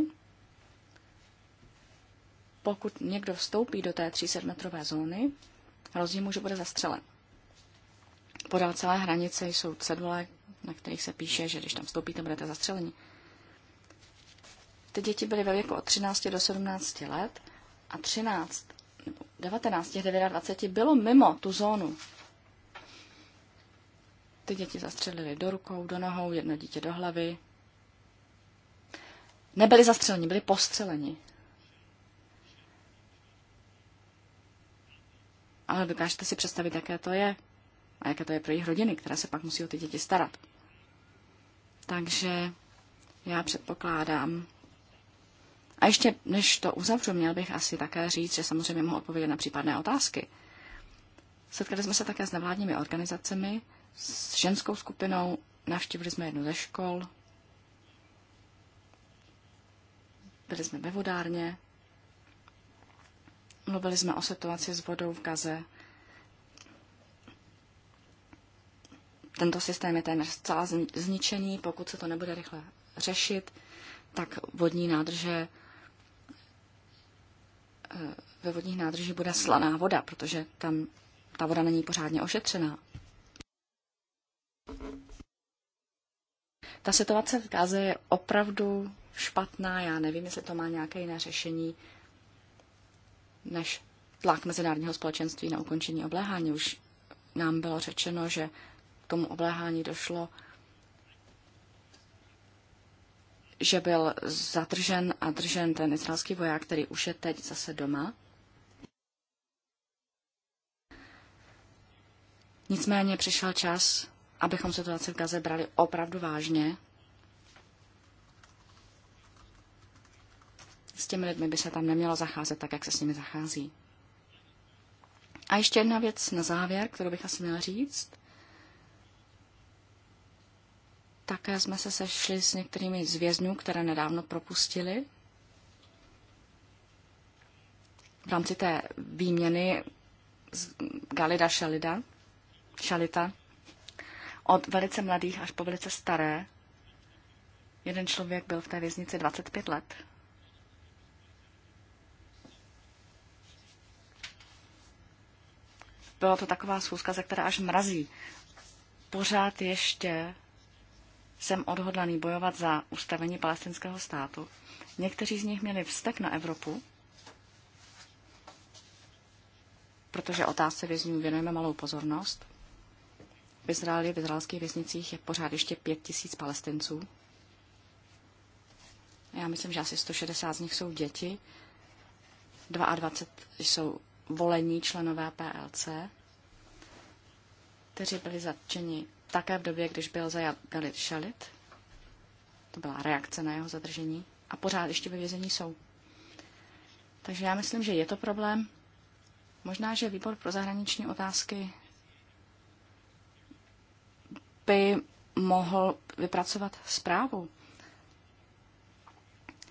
pokud někdo vstoupí do té 300-metrové zóny, hrozí mu, že bude zastřelen. Podél celé hranice jsou cedule, na kterých se píše, že když tam vstoupíte, budete zastřeleni. Ty děti byly ve věku od 13 do 17 let a 13 nebo 19 těch 29 bylo mimo tu zónu. Ty děti zastřelili do rukou, do nohou, jedno dítě do hlavy. Nebyli zastřeleni, byli postřeleni. Ale dokážete si představit, jaké to je, a jaké to je pro jejich rodiny, které se pak musí o ty děti starat. Takže já předpokládám. A ještě než to uzavřu, měl bych asi také říct, že samozřejmě mohu odpovědět na případné otázky. Setkali jsme se také s nevládními organizacemi, s ženskou skupinou, navštívili jsme jednu ze škol, byli jsme ve vodárně, mluvili jsme o situaci s vodou v Gaze, Tento systém je téměř zcela zničený. Pokud se to nebude rychle řešit, tak vodní nádrže eh, ve vodních nádržích bude slaná voda, protože tam ta voda není pořádně ošetřená. Ta situace v Gaze je opravdu špatná. Já nevím, jestli to má nějaké jiné řešení než tlak mezinárodního společenství na ukončení obléhání. Už nám bylo řečeno, že tomu obléhání došlo, že byl zadržen a držen ten izraelský voják, který už je teď zase doma. Nicméně přišel čas, abychom situaci v Gaze brali opravdu vážně. S těmi lidmi by se tam nemělo zacházet tak, jak se s nimi zachází. A ještě jedna věc na závěr, kterou bych asi měla říct – také jsme se sešli s některými z vězňů, které nedávno propustili. V rámci té výměny z Galida Šalida, Šalita, od velice mladých až po velice staré, jeden člověk byl v té věznici 25 let. Byla to taková schůzka, ze které až mrazí. Pořád ještě jsem odhodlaný bojovat za ustavení palestinského státu. Někteří z nich měli vztek na Evropu, protože otázce vězňů věnujeme malou pozornost. V Izraeli, v izraelských věznicích je pořád ještě pět tisíc palestinců. Já myslím, že asi 160 z nich jsou děti, 22 jsou volení členové PLC, kteří byli zatčeni také v době, když byl zajat Galit Šalit. To byla reakce na jeho zadržení. A pořád ještě ve vězení jsou. Takže já myslím, že je to problém. Možná, že výbor pro zahraniční otázky by mohl vypracovat zprávu.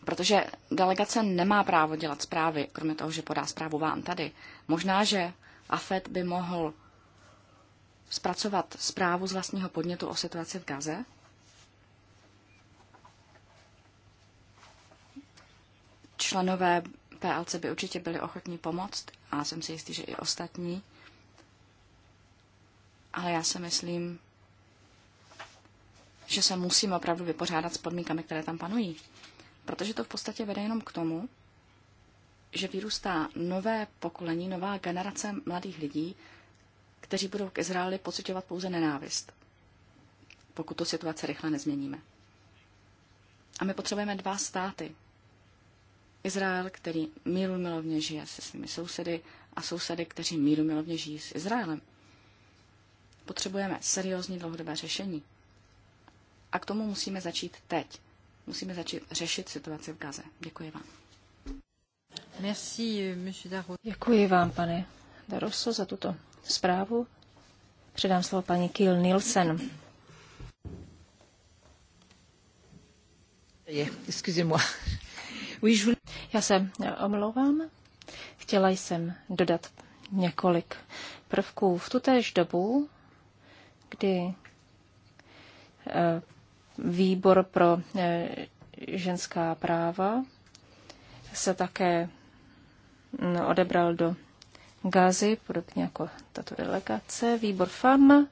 Protože delegace nemá právo dělat zprávy, kromě toho, že podá zprávu vám tady. Možná, že AFED by mohl zpracovat zprávu z vlastního podnětu o situaci v Gaze. Členové PLC by určitě byli ochotní pomoct a jsem si jistý, že i ostatní. Ale já si myslím, že se musíme opravdu vypořádat s podmínkami, které tam panují. Protože to v podstatě vede jenom k tomu, že vyrůstá nové pokolení, nová generace mladých lidí, kteří budou k Izraeli pocitovat pouze nenávist, pokud tu situace rychle nezměníme. A my potřebujeme dva státy. Izrael, který míru milovně žije se svými sousedy a sousedy, kteří míru milovně žijí s Izraelem. Potřebujeme seriózní dlouhodobé řešení. A k tomu musíme začít teď. Musíme začít řešit situaci v Gaze. Děkuji vám. Euh, Děkuji vám, pane Daroso, za tuto zprávu. Předám slovo paní Kiel Nielsen. Já se omlouvám. Chtěla jsem dodat několik prvků. V tutéž dobu, kdy eh, výbor pro eh, ženská práva se také mm, odebral do Gazy, podobně jako tato delegace, výbor FAM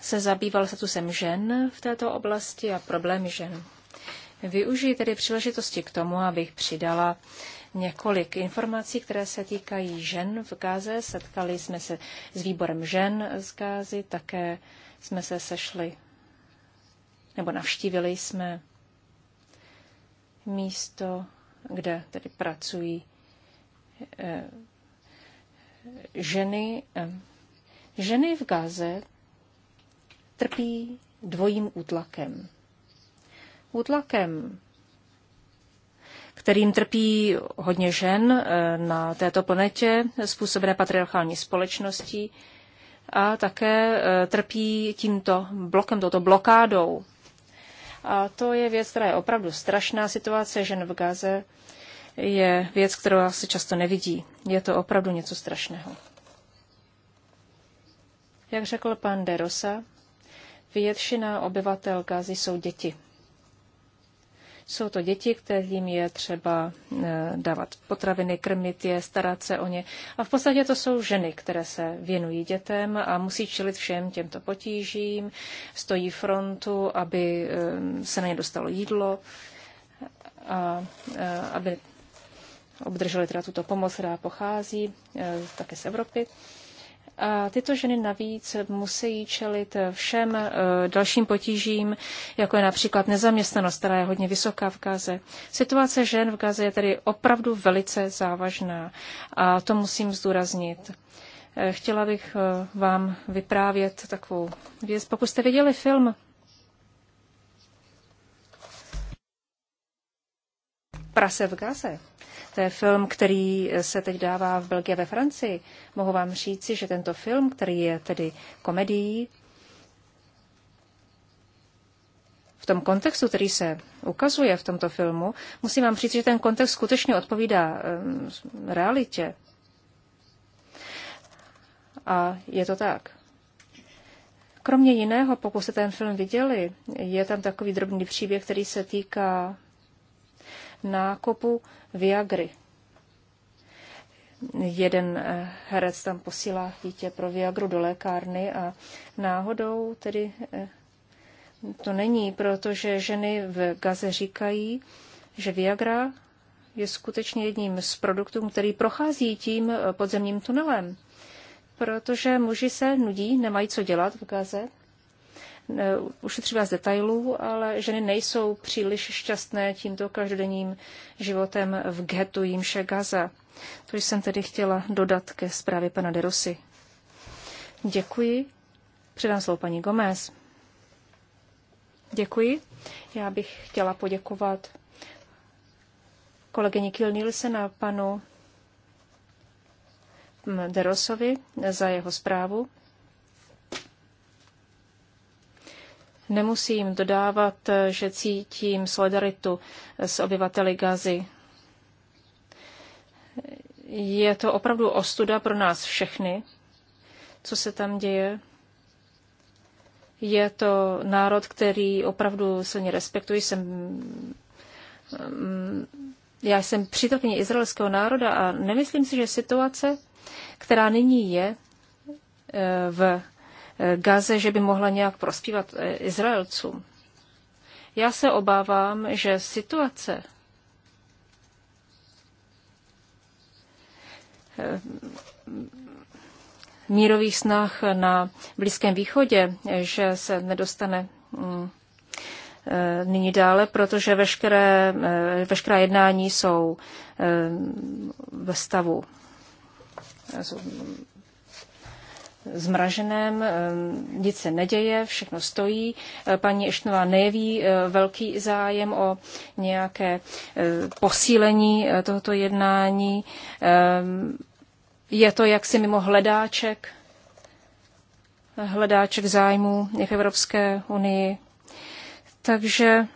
se zabýval statusem žen v této oblasti a problémy žen. Využiji tedy příležitosti k tomu, abych přidala několik informací, které se týkají žen v Gáze. Setkali jsme se s výborem žen z Gázy, také jsme se sešli nebo navštívili jsme místo, kde tedy pracují eh, ženy, eh, ženy v Gaze trpí dvojím útlakem. Útlakem, kterým trpí hodně žen eh, na této planetě, způsobené patriarchální společností, a také eh, trpí tímto blokem, toto blokádou. A to je věc, která je opravdu strašná. Situace žen v Gaze je věc, kterou se často nevidí. Je to opravdu něco strašného. Jak řekl pan Derosa, většina obyvatel Gazy jsou děti. Jsou to děti, kterým je třeba eh, dávat potraviny, krmit je, starat se o ně. A v podstatě to jsou ženy, které se věnují dětem a musí čelit všem těmto potížím, stojí frontu, aby eh, se na ně dostalo jídlo, a, eh, aby obdrželi teda tuto pomoc, která pochází eh, také z Evropy. A tyto ženy navíc musí čelit všem eh, dalším potížím, jako je například nezaměstnanost, která je hodně vysoká v Gaze. Situace žen v Gaze je tedy opravdu velice závažná a to musím zdůraznit. Eh, chtěla bych vám vyprávět takovou věc. Pokud jste viděli film Prase v Gaze, to je film, který se teď dává v Belgii a ve Francii. Mohu vám říci, že tento film, který je tedy komedií, v tom kontextu, který se ukazuje v tomto filmu, musím vám říct, že ten kontext skutečně odpovídá ehm, realitě. A je to tak. Kromě jiného, pokud jste ten film viděli, je tam takový drobný příběh, který se týká nákopu Viagry. Jeden eh, herec tam posílá dítě pro Viagru do lékárny a náhodou tedy eh, to není, protože ženy v Gaze říkají, že Viagra je skutečně jedním z produktů, který prochází tím eh, podzemním tunelem. Protože muži se nudí, nemají co dělat v Gaze ušetří vás detailů, ale ženy nejsou příliš šťastné tímto každodenním životem v ghetu Jimše Gaza. To jsem tedy chtěla dodat ke zprávě pana Derosy. Děkuji. Předám slovo paní Gomez. Děkuji. Já bych chtěla poděkovat kolegyni Kiel Nielsen a panu Derosovi za jeho zprávu. Nemusím dodávat, že cítím solidaritu s obyvateli Gazy. Je to opravdu ostuda pro nás všechny, co se tam děje. Je to národ, který opravdu silně respektuji. Jsem, mm, já jsem přítelkyně izraelského národa a nemyslím si, že situace, která nyní je eh, v Eh, Gaze, že by mohla nějak prospívat eh, Izraelcům. Já se obávám, že situace eh, mírových snah na Blízkém východě, že se nedostane mm, nyní dále, protože veškeré, veškerá jednání jsou ve stavu zmraženém, ehm, nic se neděje, všechno stojí. Eh, paní Eštnová nejeví eh, velký zájem o nějaké eh, posílení tohoto jednání. Ehm, je to jaksi mimo hledáček, hledáček zájmu v Evropské unii. Takže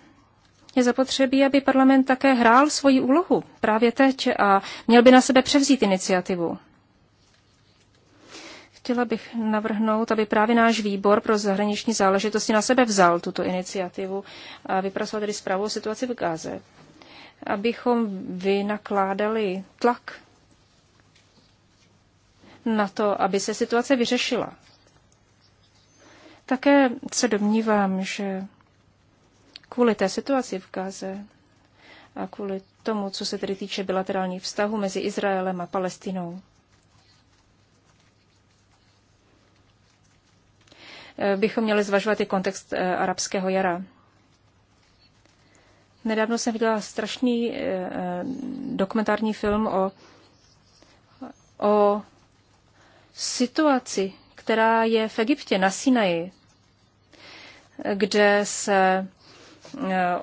je zapotřebí, aby parlament také hrál svoji úlohu právě teď a měl by na sebe převzít iniciativu. Chtěla bych navrhnout, aby právě náš výbor pro zahraniční záležitosti na sebe vzal tuto iniciativu a vypracoval tedy zprávu o situaci v Gáze, abychom vynakládali tlak na to, aby se situace vyřešila. Také se domnívám, že kvůli té situaci v Gaze a kvůli tomu, co se tedy týče bilaterálních vztahů mezi Izraelem a Palestinou, Eh, bychom měli zvažovat i kontext eh, arabského jara. Nedávno jsem viděla strašný eh, dokumentární film o, o situaci, která je v Egyptě, na Sinaji, kde se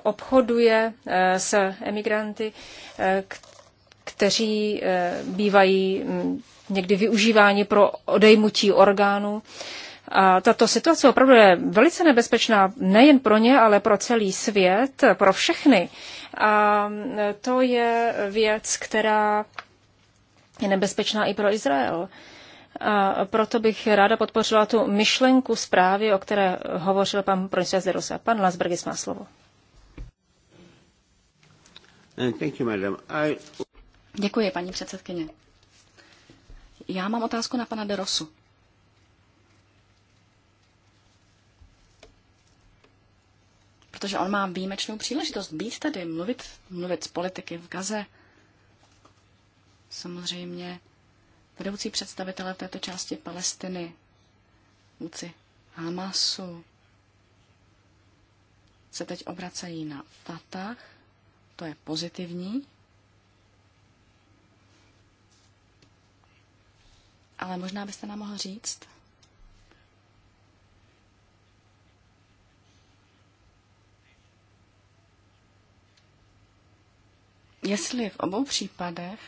obchoduje s emigranty, kteří bývají hm, někdy využíváni pro odejmutí orgánů. A tato situace opravdu je velice nebezpečná nejen pro ně, ale pro celý svět, pro všechny. A to je věc, která je nebezpečná i pro Izrael. A proto bych ráda podpořila tu myšlenku zprávy, o které hovořil pan profesor Zerusa. Pan Lasbergis má slovo. Uh, Děkuji, paní předsedkyně. Já mám otázku na pana Derosu. protože on má výjimečnou příležitost být tady, mluvit, mluvit z politiky v Gaze. Samozřejmě vedoucí představitelé této části Palestiny, vůdci Hamasu, se teď obracejí na Fatah, to je pozitivní, ale možná byste nám mohl říct, jestli v obou případech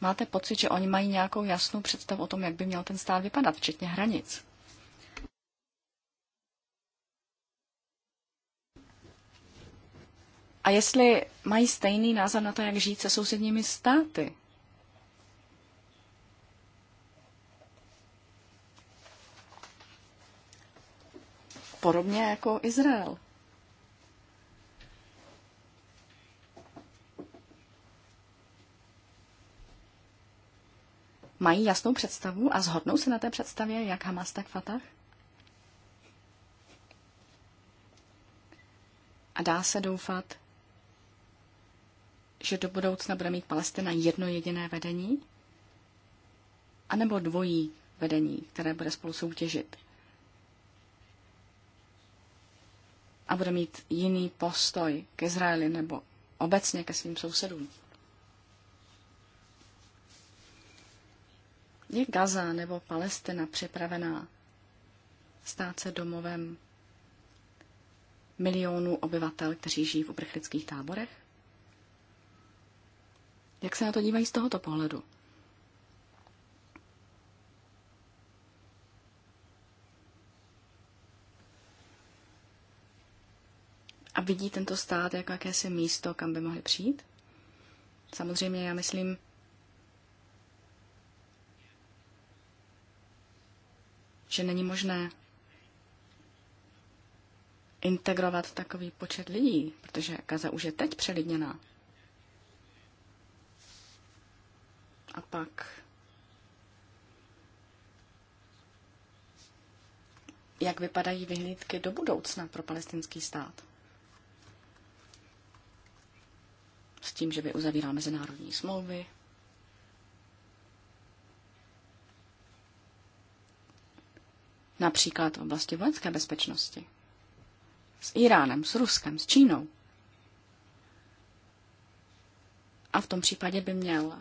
máte pocit, že oni mají nějakou jasnou představu o tom, jak by měl ten stát vypadat, včetně hranic. A jestli mají stejný názor na to, jak žít se sousedními státy. Podobně jako Izrael. mají jasnou představu a zhodnou se na té představě, jak Hamas, tak Fatah? A dá se doufat, že do budoucna bude mít Palestina jedno jediné vedení? A nebo dvojí vedení, které bude spolu soutěžit? A bude mít jiný postoj k Izraeli nebo obecně ke svým sousedům? Je Gaza nebo Palestina připravená stát se domovem milionů obyvatel, kteří žijí v uprchlických táborech? Jak se na to dívají z tohoto pohledu? A vidí tento stát jako jakési místo, kam by mohli přijít? Samozřejmě já myslím, že není možné integrovat takový počet lidí, protože kaza už je teď přelidněná. A pak jak vypadají vyhlídky do budoucna pro palestinský stát? S tím, že by uzavíral mezinárodní smlouvy, například v oblasti vojenské bezpečnosti, s Iránem, s Ruskem, s Čínou. A v tom případě by měl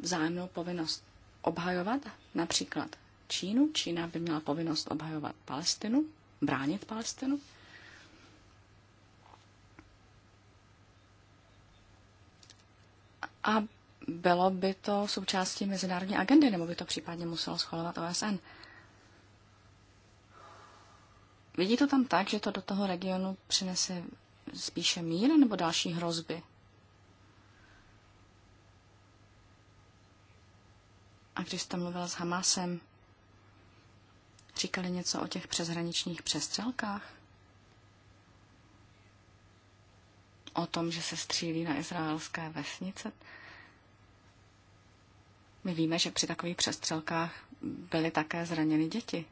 vzájemnou povinnost obhajovat například Čínu. Čína by měla povinnost obhajovat Palestinu, bránit Palestinu. A bylo by to součástí mezinárodní agendy, nebo by to případně muselo schvalovat OSN. Vidí to tam tak, že to do toho regionu přinese spíše mír nebo další hrozby? A když jste mluvila s Hamasem, říkali něco o těch přeshraničních přestřelkách? O tom, že se střílí na izraelské vesnice? My víme, že při takových přestřelkách byly také zraněny děti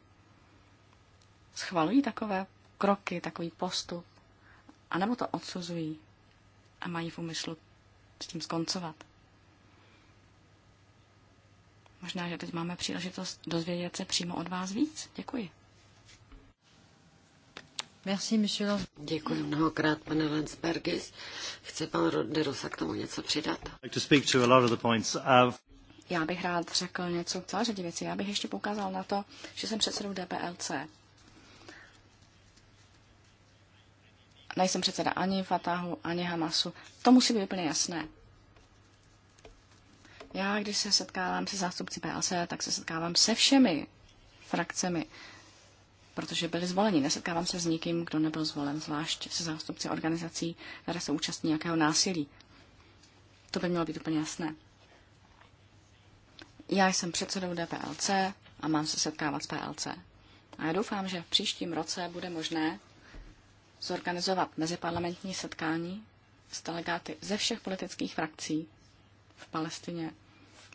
schvalují takové kroky, takový postup, anebo to odsuzují a mají v úmyslu s tím skoncovat. Možná, že teď máme příležitost dozvědět se přímo od vás víc. Děkuji. Merci, monsieur. Děkuji mnohokrát, pane Lensbergis. Chce pan Roderosa k tomu něco přidat? Uh, Já bych rád řekl něco k celé řadě věcí. Já bych ještě poukázal na to, že jsem předsedou DPLC, nejsem předseda ani Fatahu, ani Hamasu. To musí být úplně jasné. Já, když se setkávám se zástupci PLC, tak se setkávám se všemi frakcemi, protože byli zvoleni. Nesetkávám se s nikým, kdo nebyl zvolen, zvlášť se zástupci organizací, které se účastní nějakého násilí. To by mělo být úplně jasné. Já jsem předsedou DPLC a mám se setkávat s PLC. A já doufám, že v příštím roce bude možné zorganizovat meziparlamentní setkání s delegáty ze všech politických frakcí v Palestině,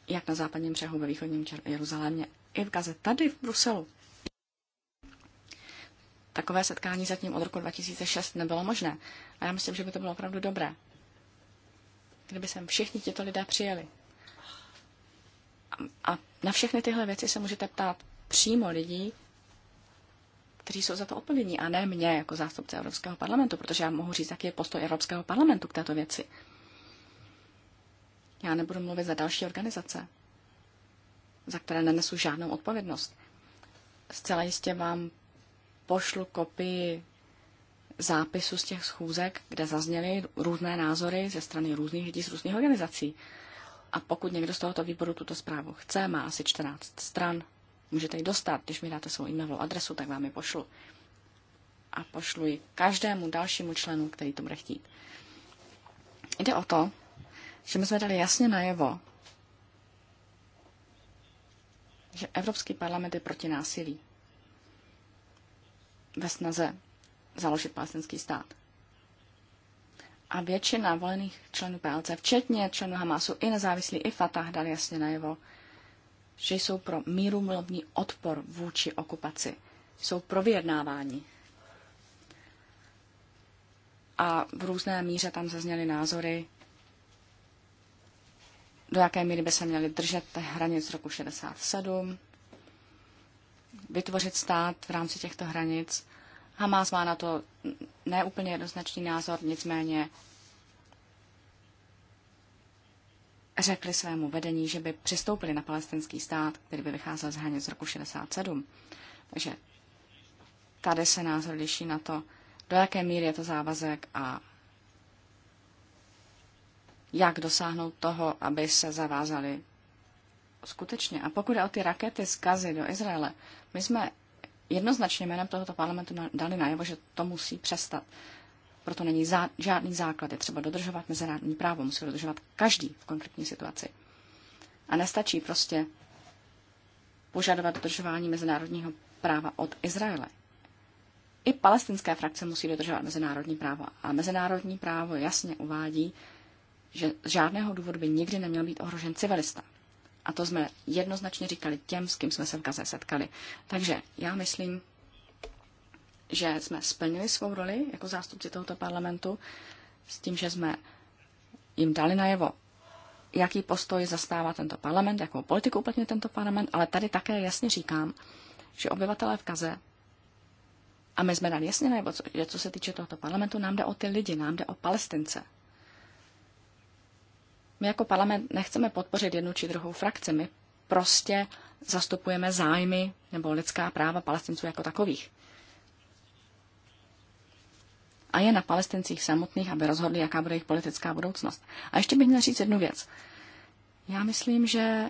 jak na západním břehu ve východním Jeruzalémě, i v Gaze, tady v Bruselu. Takové setkání zatím od roku 2006 nebylo možné a já myslím, že by to bylo opravdu dobré, kdyby sem všichni tito lidé přijeli. A na všechny tyhle věci se můžete ptát přímo lidí, kteří jsou za to odpovědní, a ne mě jako zástupce Evropského parlamentu, protože já mohu říct, jaký je postoj Evropského parlamentu k této věci. Já nebudu mluvit za další organizace, za které nenesu žádnou odpovědnost. Zcela jistě vám pošlu kopii zápisu z těch schůzek, kde zazněly různé názory ze strany různých lidí z různých organizací. A pokud někdo z tohoto výboru tuto zprávu chce, má asi 14 stran, můžete ji dostat. Když mi dáte svou e-mailovou adresu, tak vám ji pošlu. A pošlu ji každému dalšímu členu, který to bude chtít. Jde o to, že my jsme dali jasně najevo, že Evropský parlament je proti násilí ve snaze založit palestinský stát. A většina volených členů PLC, včetně členů Hamasu, i nezávislí, i Fatah, dali jasně najevo, že jsou pro míru mluvní odpor vůči okupaci. Jsou pro vyjednávání. A v různé míře tam zazněly názory, do jaké míry by se měly držet hranic roku 67, vytvořit stát v rámci těchto hranic. Hamas má na to neúplně jednoznačný názor, nicméně řekli svému vedení, že by přistoupili na palestinský stát, který by vycházel z hranic roku 67. Takže tady se názor liší na to, do jaké míry je to závazek a jak dosáhnout toho, aby se zavázali skutečně. A pokud je o ty rakety z Gazy do Izraele, my jsme jednoznačně jménem tohoto parlamentu dali najevo, že to musí přestat. Proto není zá, žádný základ. Je třeba dodržovat mezinárodní právo. Musí dodržovat každý v konkrétní situaci. A nestačí prostě požadovat dodržování mezinárodního práva od Izraele. I palestinské frakce musí dodržovat mezinárodní právo. A mezinárodní právo jasně uvádí, že z žádného důvodu by nikdy neměl být ohrožen civilista. A to jsme jednoznačně říkali těm, s kým jsme se v Gaze setkali. Takže já myslím, že jsme splnili svou roli jako zástupci tohoto parlamentu s tím, že jsme jim dali najevo, jaký postoj zastává tento parlament, jakou politiku uplatňuje tento parlament, ale tady také jasně říkám, že obyvatelé v Kaze a my jsme dali jasně najevo, že co se týče tohoto parlamentu, nám jde o ty lidi, nám jde o palestince. My jako parlament nechceme podpořit jednu či druhou frakci, my prostě zastupujeme zájmy nebo lidská práva palestinců jako takových a je na palestincích samotných, aby rozhodli, jaká bude jejich politická budoucnost. A ještě bych měl říct jednu věc. Já myslím, že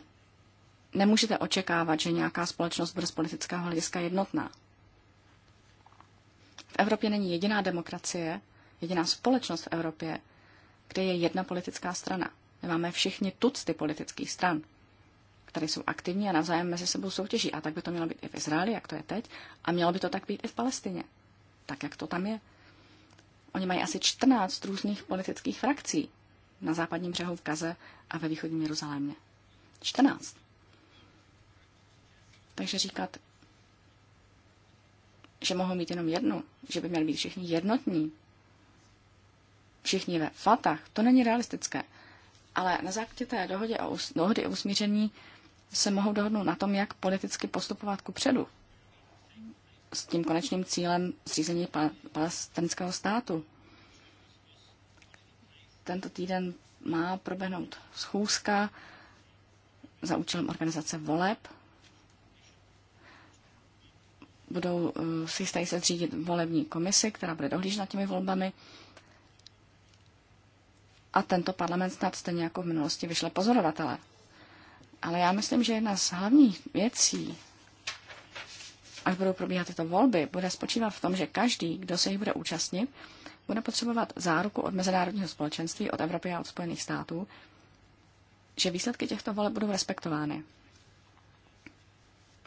nemůžete očekávat, že nějaká společnost bude z politického hlediska jednotná. V Evropě není jediná demokracie, jediná společnost v Evropě, kde je jedna politická strana. My máme všichni tucty politických stran, které jsou aktivní a navzájem mezi sebou soutěží. A tak by to mělo být i v Izraeli, jak to je teď, a mělo by to tak být i v Palestině, tak jak to tam je. Oni mají asi 14 různých politických frakcí na západním břehu v Gaze a ve východním Jeruzalémě. 14. Takže říkat, že mohou mít jenom jednu, že by měli být všichni jednotní, všichni ve fatách, to není realistické. Ale na základě té dohody o, usmíření se mohou dohodnout na tom, jak politicky postupovat ku předu s tím konečným cílem zřízení palestinského státu. Tento týden má proběhnout schůzka za účelem organizace voleb. Budou eh, si stají se zřídit volební komisi, která bude dohlížet nad těmi volbami. A tento parlament snad stejně jako v minulosti vyšle pozorovatele. Ale já myslím, že jedna z hlavních věcí, až budou probíhat tyto volby, bude spočívat v tom, že každý, kdo se jich bude účastnit, bude potřebovat záruku od mezinárodního společenství, od Evropy a od Spojených států, že výsledky těchto voleb budou respektovány.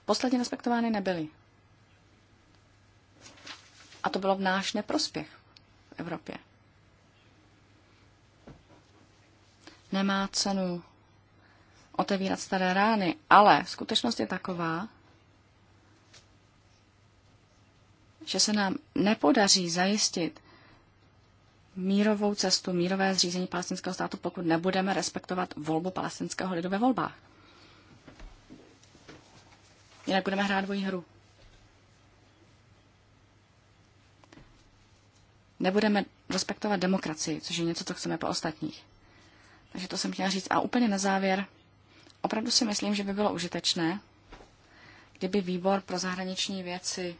Posledně respektovány nebyly. A to bylo v náš neprospěch v Evropě. Nemá cenu otevírat staré rány, ale skutečnost je taková, že se nám nepodaří zajistit mírovou cestu, mírové zřízení palestinského státu, pokud nebudeme respektovat volbu palestinského lidu ve volbách. Jinak budeme hrát dvojí hru. Nebudeme respektovat demokracii, což je něco, co chceme po ostatních. Takže to jsem chtěla říct. A úplně na závěr, opravdu si myslím, že by bylo užitečné, kdyby výbor pro zahraniční věci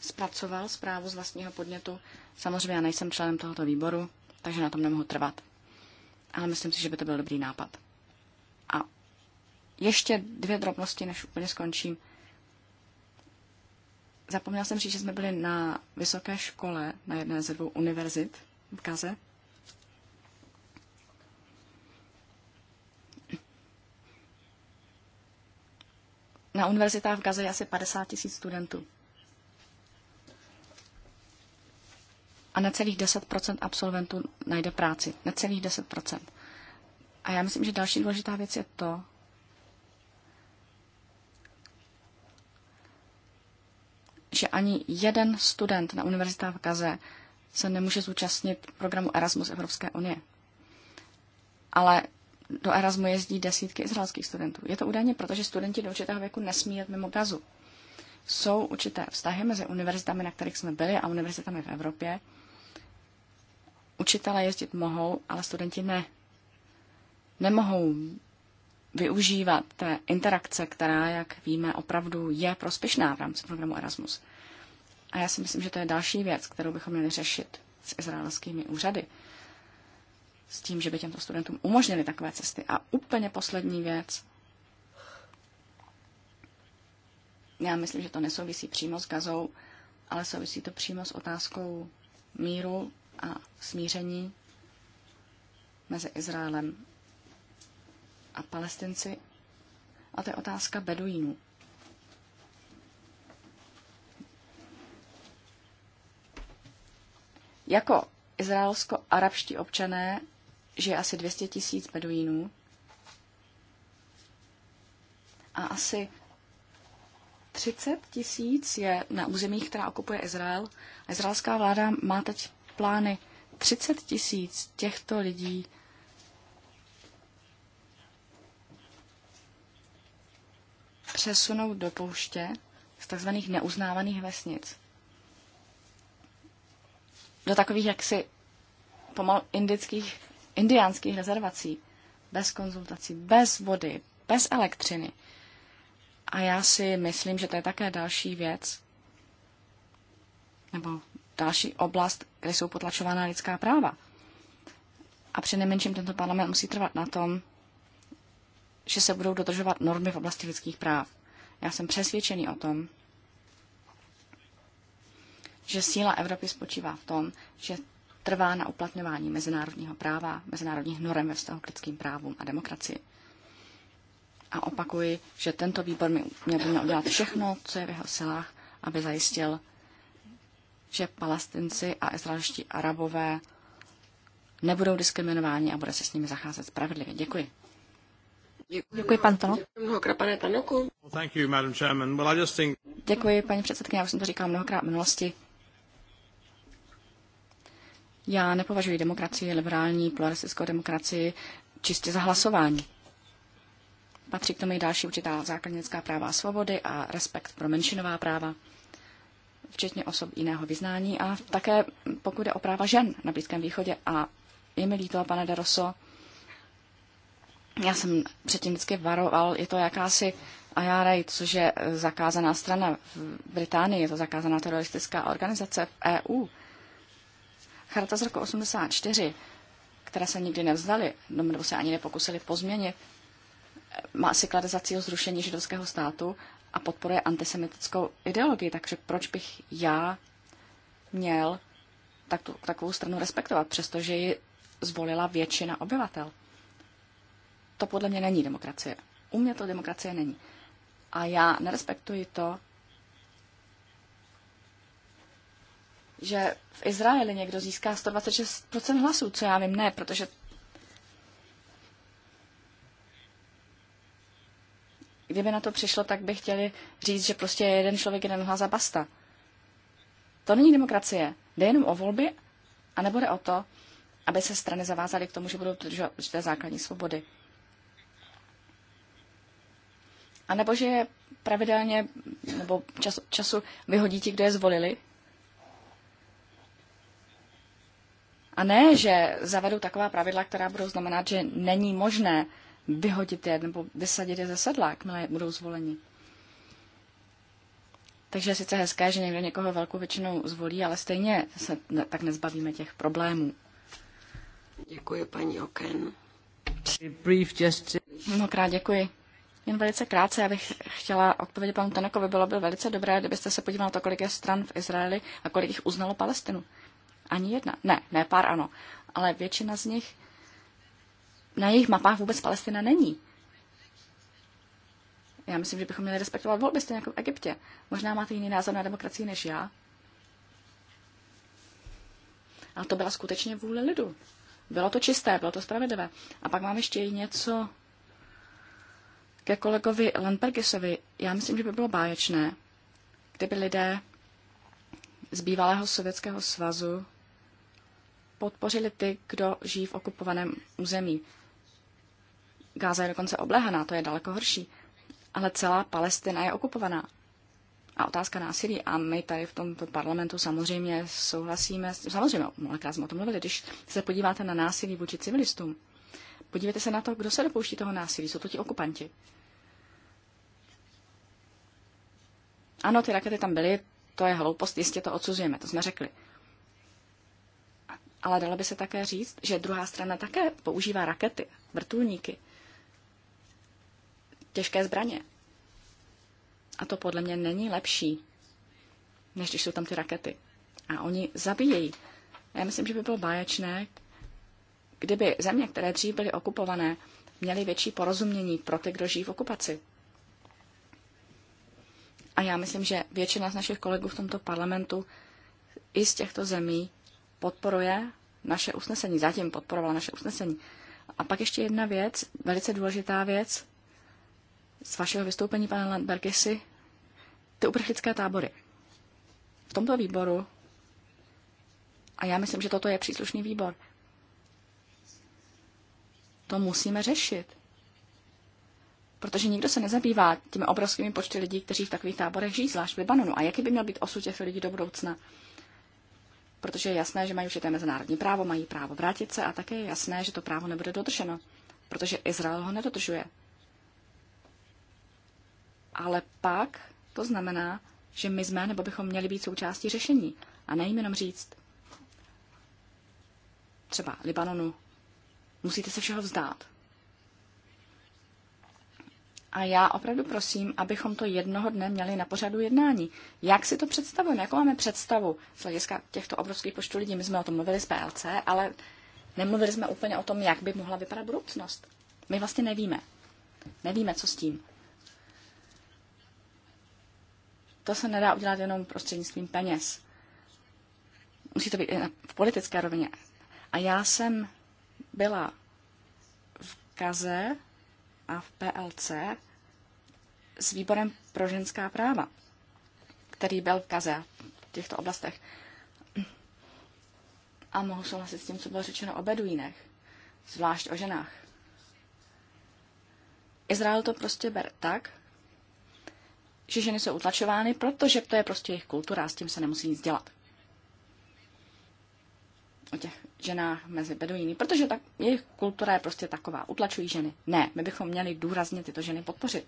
zpracoval zprávu z vlastního podnětu. Samozřejmě já nejsem členem tohoto výboru, takže na tom nemohu trvat. Ale myslím si, že by to byl dobrý nápad. A ještě dvě drobnosti, než úplně skončím. Zapomněl jsem říct, že jsme byli na vysoké škole na jedné ze dvou univerzit v Gaze. Na univerzitách v Gaze je asi 50 tisíc studentů. necelých 10 absolventů najde práci. Necelých 10 A já myslím, že další důležitá věc je to, že ani jeden student na univerzitě v Gaze se nemůže zúčastnit programu Erasmus Evropské unie. Ale do Erasmu jezdí desítky izraelských studentů. Je to údajně proto, že studenti do určitého věku nesmí jet mimo Gazu. Jsou určité vztahy mezi univerzitami, na kterých jsme byli, a univerzitami v Evropě, Učitelé jezdit mohou, ale studenti ne. Nemohou využívat té interakce, která, jak víme, opravdu je prospěšná v rámci programu Erasmus. A já si myslím, že to je další věc, kterou bychom měli řešit s izraelskými úřady. S tím, že by těmto studentům umožnili takové cesty. A úplně poslední věc. Já myslím, že to nesouvisí přímo s gazou, ale souvisí to přímo s otázkou míru a smíření mezi Izraelem a Palestinci. A to je otázka Beduínů. Jako izraelsko-arabští občané žije asi 200 tisíc Beduínů a asi 30 tisíc je na území, která okupuje Izrael. izraelská vláda má teď plány. 30 tisíc těchto lidí přesunout do pouště z tzv. neuznávaných vesnic. Do takových jaksi pomal indických, indiánských rezervací. Bez konzultací, bez vody, bez elektřiny. A já si myslím, že to je také další věc, nebo další oblast, kde jsou potlačována lidská práva. A při nejmenším tento parlament musí trvat na tom, že se budou dodržovat normy v oblasti lidských práv. Já jsem přesvědčený o tom, že síla Evropy spočívá v tom, že trvá na uplatňování mezinárodního práva, mezinárodních norem ve vztahu k lidským právům a demokracii. A opakuji, že tento výbor měl by měl udělat všechno, co je v jeho silách, aby zajistil, že palestinci a izraelští arabové nebudou diskriminováni a bude se s nimi zacházet spravedlivě. Děkuji. Děkuji, pan Tanok. Děkuji, paní předsedkyně, já už jsem to říkal mnohokrát v minulosti. Já nepovažuji demokracii, liberální, pluralistickou demokracii čistě za hlasování. Patří k tomu i další určitá základnická práva a svobody a respekt pro menšinová práva včetně osob jiného vyznání a také pokud je o práva žen na Blízkém východě a je mi líto, pane Daroso, já jsem předtím vždycky varoval, je to jakási IRA, což je zakázaná strana v Británii, je to zakázaná teroristická organizace v EU. Charta z roku 84, které se nikdy nevzdali, no, nebo se ani nepokusili pozměnit, má si klade za cíl zrušení židovského státu a podporuje antisemitickou ideologii, takže proč bych já měl tak tu, takovou stranu respektovat, přestože ji zvolila většina obyvatel? To podle mě není demokracie. U mě to demokracie není. A já nerespektuji to, že v Izraeli někdo získá 126% hlasů, co já vím ne, protože kdyby na to přišlo, tak by chtěli říct, že prostě jeden člověk, jeden hlas a basta. To není demokracie. Jde jenom o volby a nebude o to, aby se strany zavázaly k tomu, že budou dodržovat určité základní svobody. A nebo že je pravidelně nebo čas, času vyhodí ti, kdo je zvolili. A ne, že zavedou taková pravidla, která budou znamenat, že není možné uh, vyhodit je nebo vysadit je ze sedla, jakmile budou zvoleni. Takže je sice hezké, že někdo někoho velkou většinou zvolí, ale stejně se ne, tak nezbavíme těch problémů. Děkuji, paní Oken. Mnohokrát děkuji. Jen velice krátce, já bych chtěla odpovědět panu Tanakovi. Bylo by velice dobré, kdybyste se podíval to, kolik je stran v Izraeli a kolik jich uznalo Palestinu. Ani jedna. Ne, ne, pár ano. Ale většina z nich na jejich mapách vůbec Palestina není. Já myslím, že bychom měli respektovat volby, stejně jako v Egyptě. Možná máte jiný názor na demokracii než já. Ale to byla skutečně vůle lidu. Bylo to čisté, bylo to spravedlivé. A pak mám ještě něco ke kolegovi Lenbergisovi. Já myslím, že by bylo báječné, kdyby lidé z bývalého Sovětského svazu podpořili ty, kdo žijí v okupovaném území. Gáza je dokonce oblehaná, to je daleko horší. Ale celá Palestina je okupovaná. A otázka násilí. A my tady v tomto parlamentu samozřejmě souhlasíme, samozřejmě, mnohokrát jsme o tom mluvili, když se podíváte na násilí vůči civilistům, podívejte se na to, kdo se dopouští toho násilí, jsou to ti okupanti. Ano, ty rakety tam byly, to je hloupost, jistě to odsuzujeme, to jsme řekli. Ale dalo by se také říct, že druhá strana také používá rakety, vrtulníky těžké zbraně. A to podle mě není lepší, než když jsou tam ty rakety. A oni zabíjejí. já myslím, že by bylo báječné, kdyby země, které dřív byly okupované, měly větší porozumění pro ty, kdo žijí v okupaci. A já myslím, že většina z našich kolegů v tomto parlamentu i z těchto zemí podporuje naše usnesení, zatím podporovala naše usnesení. A pak ještě jedna věc, velice důležitá věc, z vašeho vystoupení, pane Landbergisi, ty uprchlické tábory. V tomto výboru, a já myslím, že toto je příslušný výbor, to musíme řešit. Protože nikdo se nezabývá těmi obrovskými počty lidí, kteří v takových táborech žijí, zvlášť v Libanonu. A jaký by měl být osud těch lidí do budoucna? Protože je jasné, že mají určité mezinárodní právo, mají právo vrátit se a také je jasné, že to právo nebude dodrženo, protože Izrael ho nedodržuje ale pak to znamená, že my jsme nebo bychom měli být součástí řešení a nejmenom jenom říct třeba Libanonu, musíte se všeho vzdát. A já opravdu prosím, abychom to jednoho dne měli na pořadu jednání. Jak si to představujeme? Jakou máme představu z hlediska těchto obrovských počtu lidí? My jsme o tom mluvili z PLC, ale nemluvili jsme úplně o tom, jak by mohla vypadat budoucnost. My vlastně nevíme. Nevíme, co s tím. To se nedá udělat jenom prostřednictvím peněz. Musí to být i v politické rovině. A já jsem byla v Kaze a v PLC s výborem pro ženská práva, který byl v Kaze v těchto oblastech. A mohu souhlasit s tím, co bylo řečeno o Beduínech, zvlášť o ženách. Izrael to prostě ber tak, že ženy jsou utlačovány, protože to je prostě jejich kultura a s tím se nemusí nic dělat. O těch ženách mezi beduíny, protože tak, jejich kultura je prostě taková. Utlačují ženy. Ne, my bychom měli důrazně tyto ženy podpořit,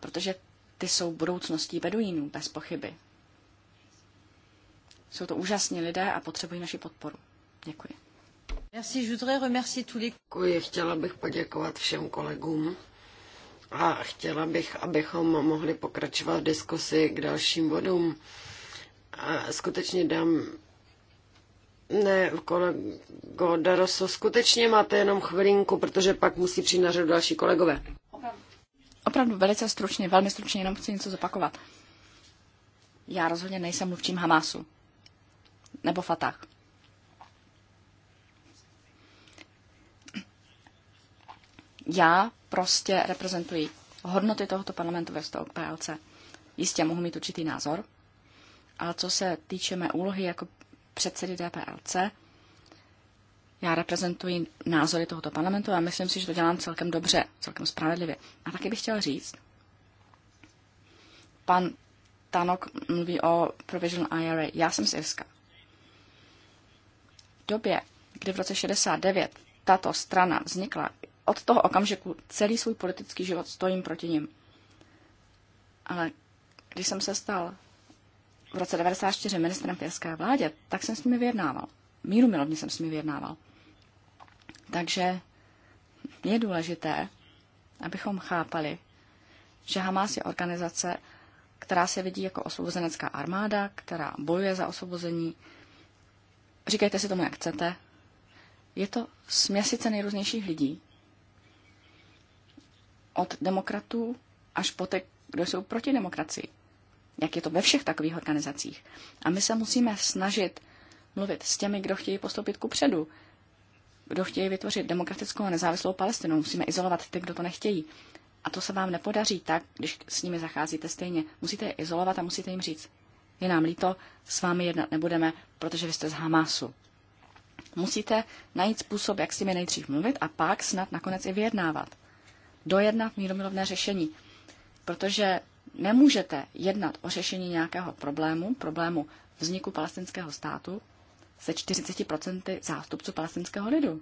protože ty jsou budoucností beduínů, bez pochyby. Jsou to úžasní lidé a potřebují naši podporu. Děkuji. Merci, je voudrais remercier tous les... Děkuji, chtěla bych poděkovat všem kolegům a chtěla bych, abychom mohli pokračovat v diskusi k dalším bodům. A skutečně dám ne, kolego Daroso, skutečně máte jenom chvilinku, protože pak musí přijít na řadu další kolegové. Opravdu velice stručně, velmi stručně, jenom chci něco zopakovat. Já rozhodně nejsem mluvčím Hamásu. Nebo Fatah. Já prostě reprezentují hodnoty tohoto parlamentu ve vztahu k PLC. Jistě mohu mít určitý názor, ale co se týče mé úlohy jako předsedy DPLC, já reprezentuji názory tohoto parlamentu a myslím si, že to dělám celkem dobře, celkem spravedlivě. A taky bych chtěl říct, pan Tanok mluví o Provisional IRA. Já jsem z Irska. V době, kdy v roce 69 tato strana vznikla, od toho okamžiku celý svůj politický život stojím proti ním. Ale když jsem se stal v roce 94 ministrem v irské vládě, tak jsem s nimi vyjednával. Míru milovně jsem s nimi vyjednával. Takže je důležité, abychom chápali, že Hamas je organizace, která se vidí jako osvobozenecká armáda, která bojuje za osvobození. Říkejte si tomu, jak chcete. Je to směsice nejrůznějších lidí, od demokratů až po ty, kdo jsou proti demokracii. Jak je to ve všech takových organizacích. A my se musíme snažit mluvit s těmi, kdo chtějí postoupit ku předu, kdo chtějí vytvořit demokratickou a nezávislou Palestinu. Musíme izolovat ty, kdo to nechtějí. A to se vám nepodaří tak, když s nimi zacházíte stejně. Musíte je izolovat a musíte jim říct, je nám líto, s vámi jednat nebudeme, protože vy jste z Hamásu. Musíte najít způsob, jak s nimi nejdřív mluvit a pak snad nakonec i vyjednávat dojednat míromilovné řešení. Protože nemůžete jednat o řešení nějakého problému, problému vzniku palestinského státu, se 40% zástupců palestinského lidu.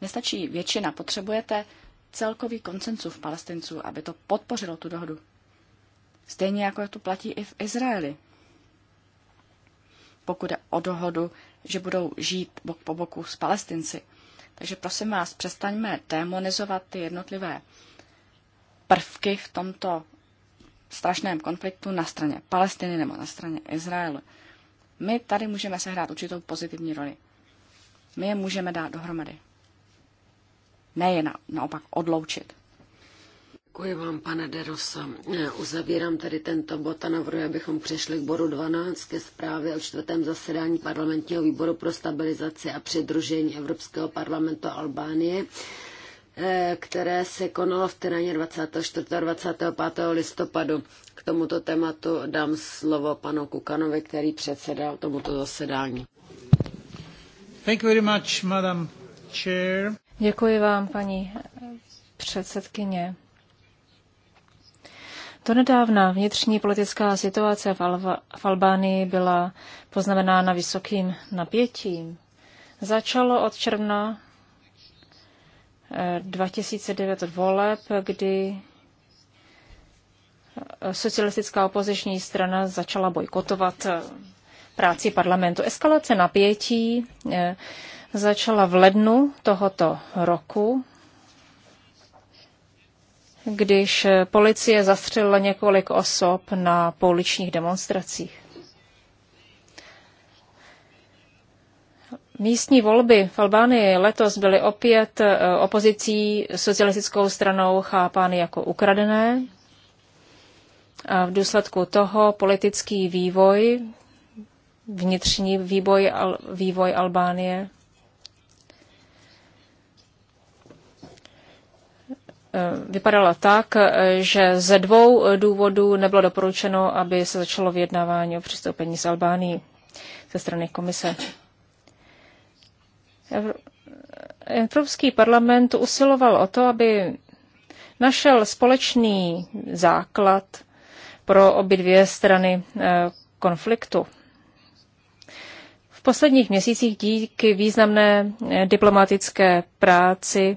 Nestačí většina, potřebujete celkový koncensus palestinců, aby to podpořilo tu dohodu. Stejně jako to platí i v Izraeli. Pokud je o dohodu, že budou žít bok po boku s palestinci – takže prosím vás, přestaňme demonizovat ty jednotlivé prvky v tomto strašném konfliktu na straně Palestiny nebo na straně Izraelu. My tady můžeme sehrát určitou pozitivní roli. My je můžeme dát dohromady. Ne je na, naopak odloučit. Děkuji vám, pane Derosa. E, uzavírám tady tento bod a navrhuji, abychom přešli k bodu 12 ke zprávě o čtvrtém zasedání parlamentního výboru pro stabilizaci a přidružení Evropského parlamentu Albánie e, které se konalo v Tyraně 24. a 25. listopadu. K tomuto tématu dám slovo panu Kukanovi, který předsedal tomuto zasedání. Thank you very much, Madam Chair. Děkuji vám, paní předsedkyně. To nedávná vnitřní politická situace v, Alva, v Albánii byla poznamenána vysokým napětím. Začalo od června 2009 eh, voleb, kdy eh, socialistická opoziční strana začala bojkotovat eh, práci parlamentu. Eskalace napětí začala v lednu tohoto roku když eh, policie zastřelila několik osob na pouličních demonstracích. Místní volby v Albánii letos byly opět eh, opozicí socialistickou stranou chápány jako ukradené. A v důsledku toho politický vývoj, vnitřní vývoj, vývoj Albánie vypadala tak, že ze dvou důvodů nebylo doporučeno, aby se začalo vyjednávání o přistoupení z Albánii ze strany komise. Evropský parlament usiloval o to, aby našel společný základ pro obě dvě strany eh, konfliktu. V posledních měsících díky významné eh, diplomatické práci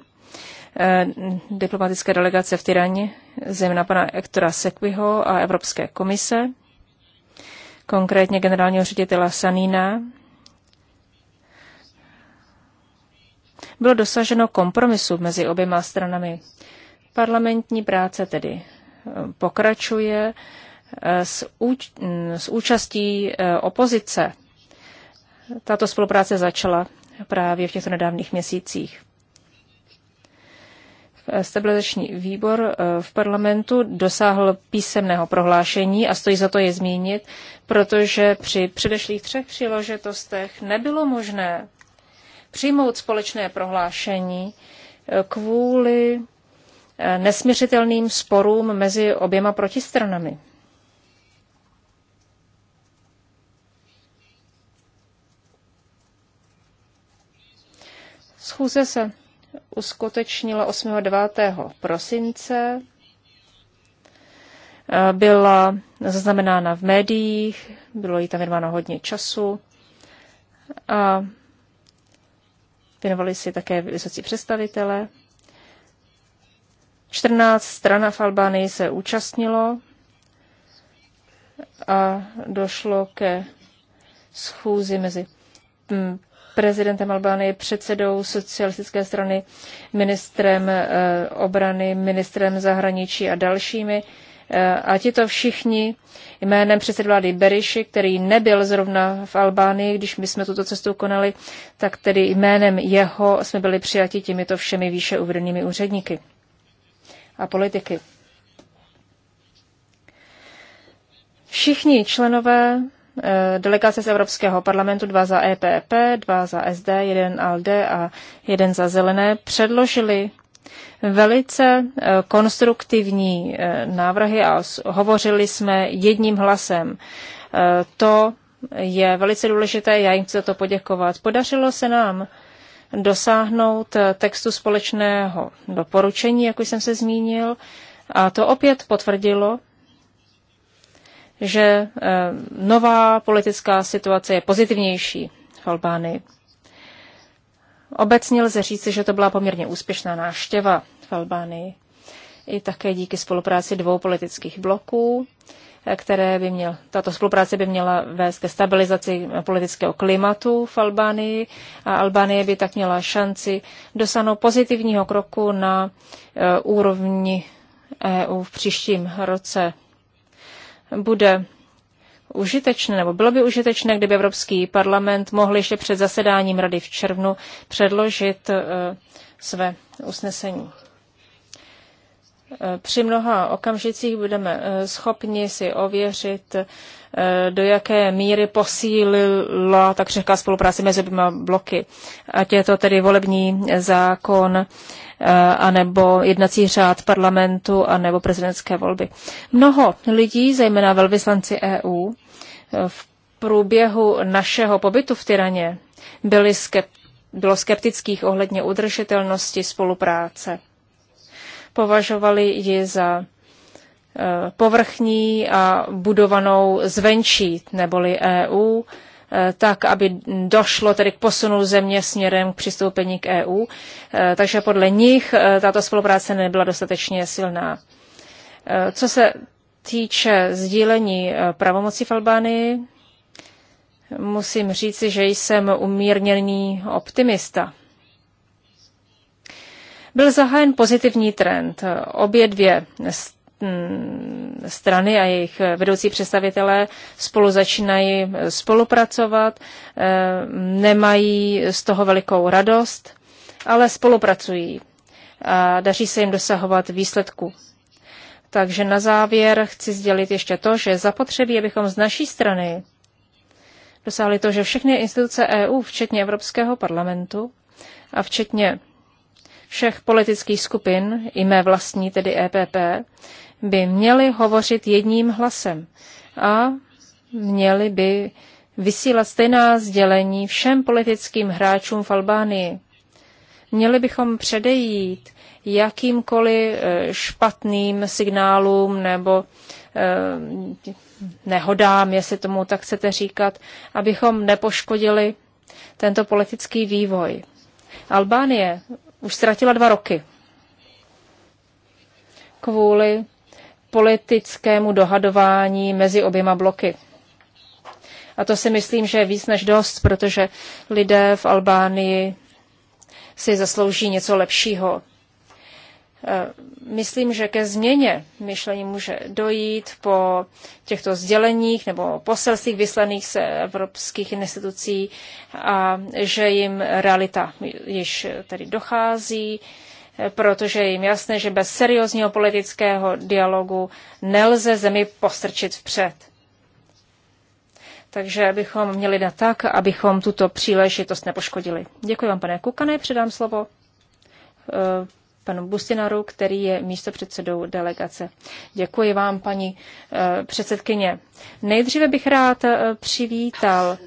Eh, diplomatické delegace v Tyraně, zejména pana Ektora Sekviho a Evropské komise, konkrétně generálního ředitela Sanína, bylo dosaženo kompromisu mezi oběma stranami. Parlamentní práce tedy eh, pokračuje eh, s, úč- mm, s účastí opozice. Tato spolupráce začala právě v těchto nedávných měsících. Stabilizační výbor eh, v parlamentu dosáhl písemného prohlášení a stojí za to je zmínit, protože při předešlých třech příležitostech nebylo možné přijmout společné prohlášení eh, kvůli eh, nesměřitelným sporům mezi oběma protistranami. Schůze se uskutečnilo 8. 9. prosince. Byla zaznamenána v médiích, bylo jí tam věnováno hodně času a věnovali si také vysocí představitele. 14 stran v Albánii se účastnilo a došlo ke schůzi mezi prezidentem Albánie, předsedou socialistické strany, ministrem eh, obrany, ministrem zahraničí a dalšími. Eh, a to všichni jménem předsedy vlády Beriši, který nebyl zrovna v Albánii, když my jsme tuto cestu konali, tak tedy jménem jeho jsme byli přijati těmito všemi výše uvedenými úředníky a politiky. Všichni členové Eh, delegace z Evropského parlamentu, dva za EPP, dva za SD, jeden ALDE a jeden za Zelené, předložili velice eh, konstruktivní eh, návrhy a hovořili jsme jedním hlasem. To je velice důležité, já jim chci za to poděkovat. Podařilo se nám dosáhnout textu společného doporučení, jak už jsem se zmínil, a to opět potvrdilo, že eh, nová politická situace je pozitivnější v Albánii. Obecně lze říci, že to byla poměrně úspěšná náštěva v Albánii. I také díky spolupráci dvou politických bloků, eh, které by měl, tato spolupráce by měla vést ke stabilizaci politického klimatu v Albánii a Albánie by tak měla šanci dosáhnout pozitivního kroku na eh, úrovni EU v příštím roce bude užitečné, nebo bylo by užitečné, kdyby Evropský parlament mohl ještě před zasedáním Rady v červnu předložit eh, své usnesení. Eh, při mnoha okamžicích budeme eh, schopni si ověřit Eh, do jaké míry posílila tak řekla spolupráci mezi oběma bloky. Ať je to tedy volební zákon, eh, anebo jednací řád parlamentu, anebo prezidentské volby. Mnoho lidí, zejména velvyslanci EU, eh, v průběhu našeho pobytu v Tyraně byli skept, bylo skeptických ohledně udržitelnosti spolupráce. Považovali ji za Eh, povrchní a budovanou zvenčí, neboli EU, eh, tak, aby došlo tedy k posunu země směrem k přistoupení k EU. Eh, takže podle nich tato spolupráce nebyla dostatečně silná. Co se týče sdílení pravomocí v Albánii, musím říci, že jsem umírněný optimista. Byl zahájen pozitivní trend. Obě dvě Mm, strany a jejich vedoucí představitelé spolu začínají eh, spolupracovat, eh, nemají z toho velikou radost, ale spolupracují a daří se jim dosahovat výsledku. Takže na závěr chci sdělit ještě to, že zapotřebí, abychom z naší strany dosáhli to, že všechny instituce EU, včetně Evropského parlamentu a včetně všech politických skupin, i mé vlastní, tedy EPP, by měli hovořit jedním hlasem a měli by vysílat stejná sdělení všem politickým hráčům v Albánii. Měli bychom předejít jakýmkoliv eh, špatným signálům nebo eh, nehodám, jestli tomu tak chcete říkat, abychom nepoškodili tento politický vývoj. Albánie už ztratila dva roky kvůli politickému dohadování mezi oběma bloky. A to si myslím, že je víc než dost, protože lidé v Albánii si zaslouží něco lepšího. E, myslím, že ke změně myšlení může dojít po těchto sděleních nebo poselstvích vyslaných se evropských institucí a že jim realita již tedy dochází protože je jim jasné, že bez seriózního politického dialogu nelze zemi postrčit vpřed. Takže bychom měli dát tak, abychom tuto příležitost nepoškodili. Děkuji vám, pane Kukané, předám slovo eh, panu Bustinaru, který je místopředsedou delegace. Děkuji vám, paní eh, předsedkyně. Nejdříve bych rád eh, přivítal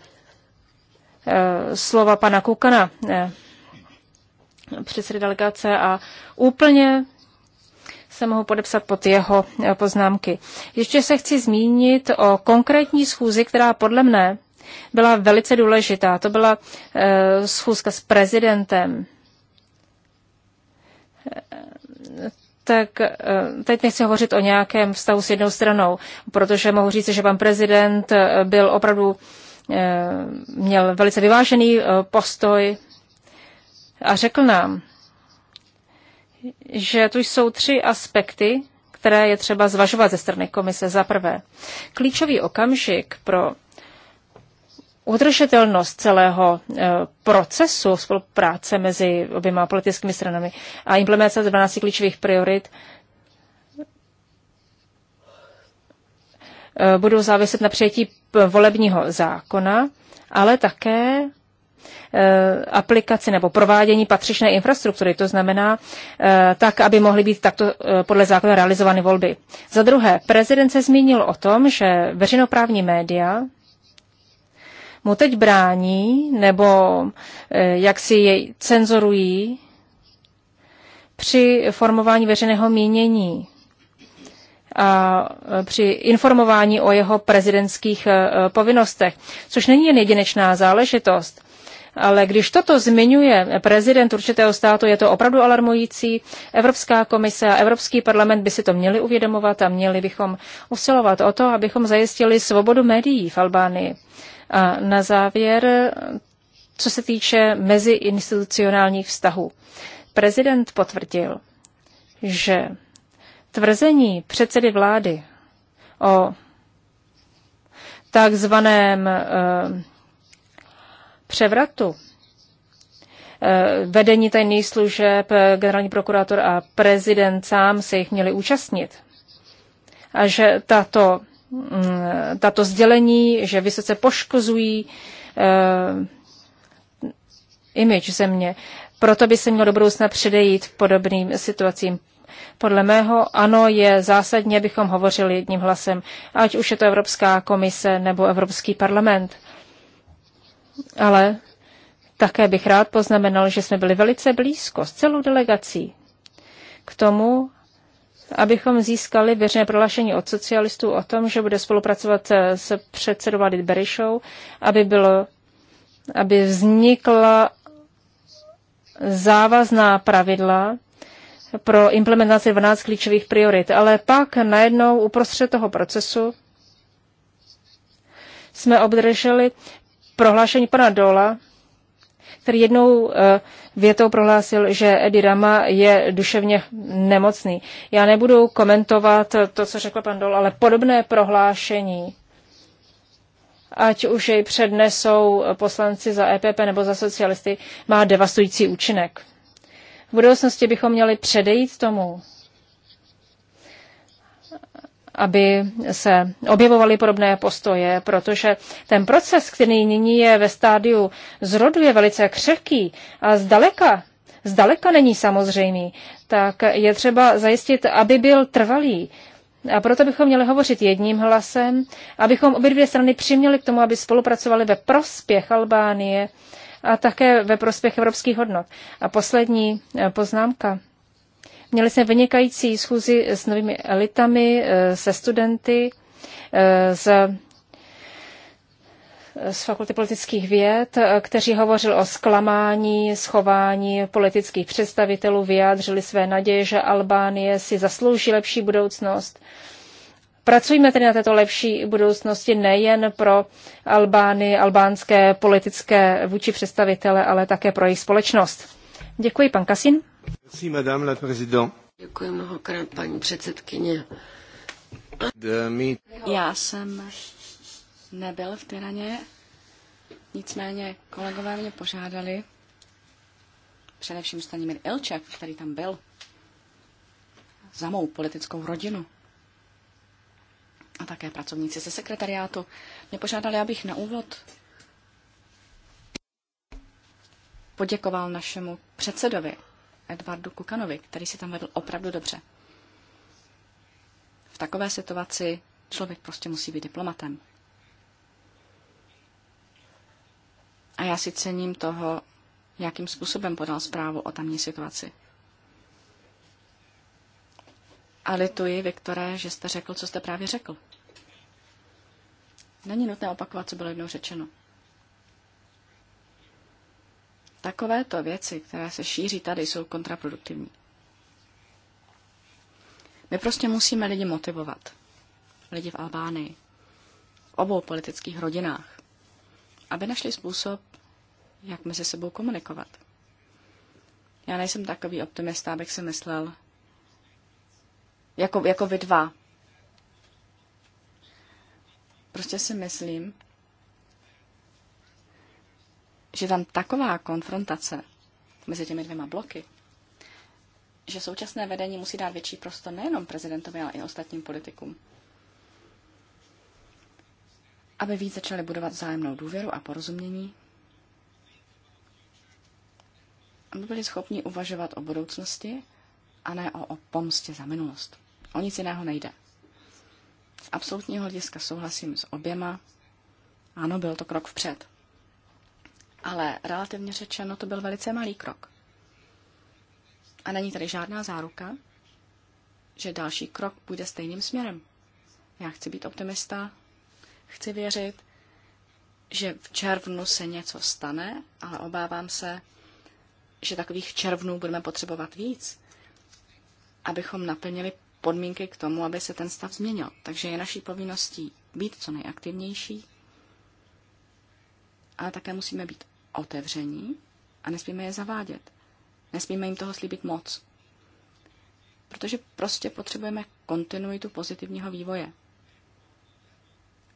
slova pana Kukana, předsedy delegace a úplně se mohu podepsat pod jeho eh, poznámky. Ještě se chci zmínit o konkrétní schůzi, která podle mne byla velice důležitá. To byla eh, schůzka s prezidentem. Eh, tak teď nechci hovořit o nějakém vztahu s jednou stranou, protože mohu říct, že pan prezident byl opravdu, měl velice vyvážený postoj a řekl nám, že tu jsou tři aspekty, které je třeba zvažovat ze strany komise. Za prvé, klíčový okamžik pro udržitelnost celého e, procesu spolupráce mezi oběma politickými stranami a implementace 12 klíčových priorit e, budou záviset na přijetí volebního zákona, ale také Eh, aplikaci nebo provádění patřičné infrastruktury, to znamená eh, tak, aby mohly být takto eh, podle zákona realizovány volby. Za druhé, prezident se zmínil o tom, že veřejnoprávní média mu teď brání nebo jak si jej cenzorují při formování veřejného mínění a při informování o jeho prezidentských povinnostech, což není jen jedinečná záležitost. Ale když toto zmiňuje prezident určitého státu, je to opravdu alarmující. Evropská komise a Evropský parlament by si to měli uvědomovat a měli bychom usilovat o to, abychom zajistili svobodu médií v Albánii. A na závěr, co se týče meziinstitucionálních vztahů. Prezident potvrdil, že tvrzení předsedy vlády o takzvaném eh, převratu. Eh, vedení tajných služeb, eh, generální prokurátor a prezident sám se jich měli účastnit. A že tato, mm, tato sdělení, že vysoce poškozují uh, image země, proto by se mělo do budoucna předejít podobným situacím. Podle mého ano, je zásadně abychom hovořili jedním hlasem, ať už je to Evropská komise nebo Evropský parlament ale také bych rád poznamenal, že jsme byli velice blízko s celou delegací k tomu, abychom získali věřné prohlášení od socialistů o tom, že bude spolupracovat s předsedou vlády Berišou, aby, bylo, aby vznikla závazná pravidla pro implementaci 12 klíčových priorit. Ale pak najednou uprostřed toho procesu jsme obdrželi prohlášení pana Dola, který jednou eh, větou prohlásil, že Edi Rama je duševně nemocný. Já nebudu komentovat to, co řekl pan Dol, ale podobné prohlášení, ať už jej přednesou poslanci za EPP nebo za socialisty, má devastující účinek. V budoucnosti bychom měli předejít tomu, aby se objevovaly podobné postoje, protože ten proces, který nyní je ve stádiu zrodu, je velice křehký a zdaleka, zdaleka není samozřejmý, tak je třeba zajistit, aby byl trvalý. A proto bychom měli hovořit jedním hlasem, abychom obě dvě strany přiměli k tomu, aby spolupracovali ve prospěch Albánie a také ve prospěch evropských hodnot. A poslední eh, poznámka. Měli jsme vynikající schůzi s novými elitami, eh, se studenty, eh, z z Fakulty politických věd, eh, kteří hovořil o zklamání, schování politických představitelů, vyjádřili své naděje, že Albánie si zaslouží lepší budoucnost. Pracujeme tedy na této lepší budoucnosti nejen pro Albány, albánské politické vůči představitele, ale také pro jejich společnost. Děkuji, pan Kasin. Děkuji mnohokrát, paní předsedkyně. Já jsem nebyl v Tyraně, nicméně kolegové mě požádali, především Stanimir Ilčev, který tam byl, za mou politickou rodinu a také pracovníci ze sekretariátu, mě požádali, abych na úvod poděkoval našemu předsedovi Edvardu Kukanovi, který si tam vedl opravdu dobře. V takové situaci člověk prostě musí být diplomatem. A já si cením toho, jakým způsobem podal zprávu o tamní situaci. A lituji, Viktore, že jste řekl, co jste právě řekl. Není nutné opakovat, co bylo jednou řečeno. Takovéto věci, které se šíří tady, jsou kontraproduktivní. My prostě musíme lidi motivovat. Lidi v Albánii. V obou politických rodinách. Aby našli způsob, jak mezi sebou komunikovat. Já nejsem takový optimista, abych si myslel, jako, jako vy dva. Prostě si myslím, že tam taková konfrontace mezi těmi dvěma bloky, že současné vedení musí dát větší prostor nejenom prezidentovi, ale i ostatním politikům, aby víc začali budovat vzájemnou důvěru a porozumění, aby byli schopni uvažovat o budoucnosti a ne o, o pomstě za minulost. O nic jiného nejde. Z absolutního hlediska souhlasím s oběma. Ano, byl to krok vpřed ale relativně řečeno to byl velice malý krok. A není tady žádná záruka, že další krok půjde stejným směrem. Já chci být optimista, chci věřit, že v červnu se něco stane, ale obávám se, že takových červnů budeme potřebovat víc, abychom naplnili podmínky k tomu, aby se ten stav změnil. Takže je naší povinností být co nejaktivnější, ale také musíme být otevření a nesmíme je zavádět. Nesmíme jim toho slíbit moc. Protože prostě potřebujeme kontinuitu pozitivního vývoje.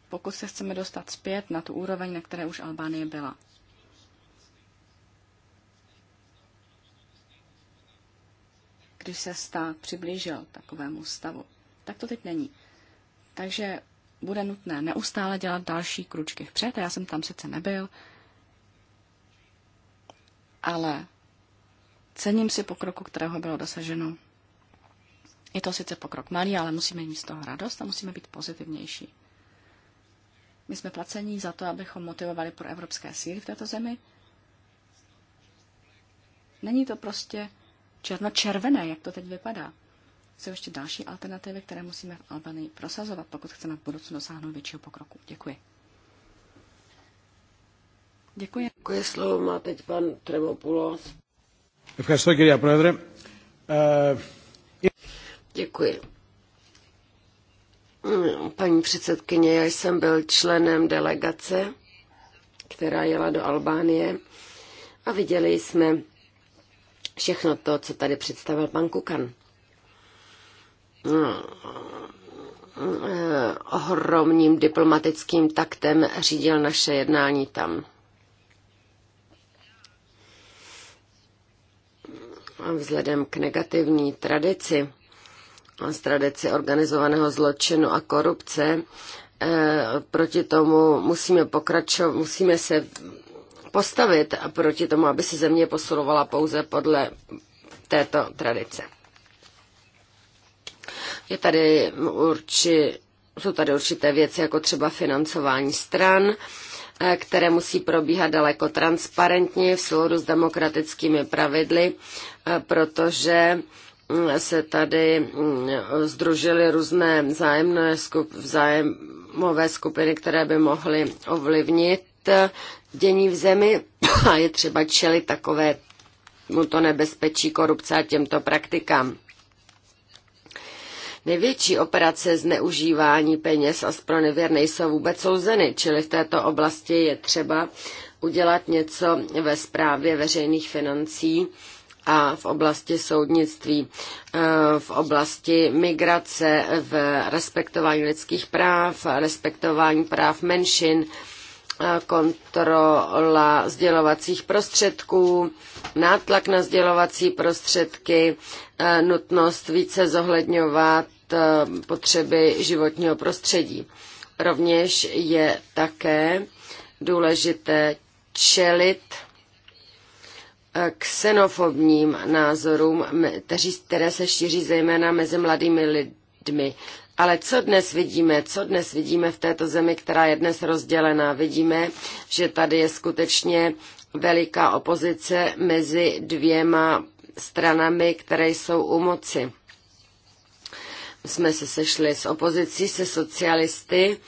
Pokud se chceme dostat zpět na tu úroveň, na které už Albánie byla. Když se stát přiblížil takovému stavu, tak to teď není. Takže bude nutné neustále dělat další kručky vpřed. Já jsem tam sice nebyl, ale cením si pokroku, kterého bylo dosaženo. Je to sice pokrok malý, ale musíme mít z toho radost a musíme být pozitivnější. My jsme placení za to, abychom motivovali pro evropské síly v této zemi. Není to prostě černo-červené, jak to teď vypadá. Jsou ještě další alternativy, které musíme v Albanii prosazovat, pokud chceme v budoucnu dosáhnout většího pokroku. Děkuji. Děkuji. Děkuji slovo má teď pan Tremopoulos. Děkuji. Paní předsedkyně, já jsem byl členem delegace, která jela do Albánie a viděli jsme všechno to, co tady představil pan Kukan. Eh, ohromným diplomatickým taktem řídil naše jednání tam. vzhledem k negativní tradici, z tradici organizovaného zločinu a korupce, eh, proti tomu musíme pokračovat, musíme se postavit a proti tomu, aby se země posunovala pouze podle této tradice. Je tady urči, jsou tady určité věci, jako třeba financování stran, Eh, které musí probíhat daleko transparentně v souladu s demokratickými pravidly, eh, protože mm, se tady mm, združily různé zájemné skup, zájemové skupiny, které by mohly ovlivnit eh, dění v zemi a je třeba čelit takové mu no, to nebezpečí korupce a těmto praktikám. Největší operace zneužívání peněz a pro nejsou vůbec souzeny, čili v této oblasti je třeba udělat něco ve správě veřejných financí a v oblasti soudnictví, eh, v oblasti migrace, v respektování lidských práv, respektování práv menšin, eh, kontrola sdělovacích prostředků, nátlak na sdělovací prostředky, eh, nutnost více zohledňovat Eh, potřeby životního prostředí. Rovněž je také důležité čelit eh, ksenofobním názorům, které se šíří zejména mezi mladými lidmi. Ale co dnes vidíme? Co dnes vidíme v této zemi, která je dnes rozdělená? Vidíme, že tady je skutečně veliká opozice mezi dvěma stranami, které jsou u moci jsme se sešli s opozicí, se socialisty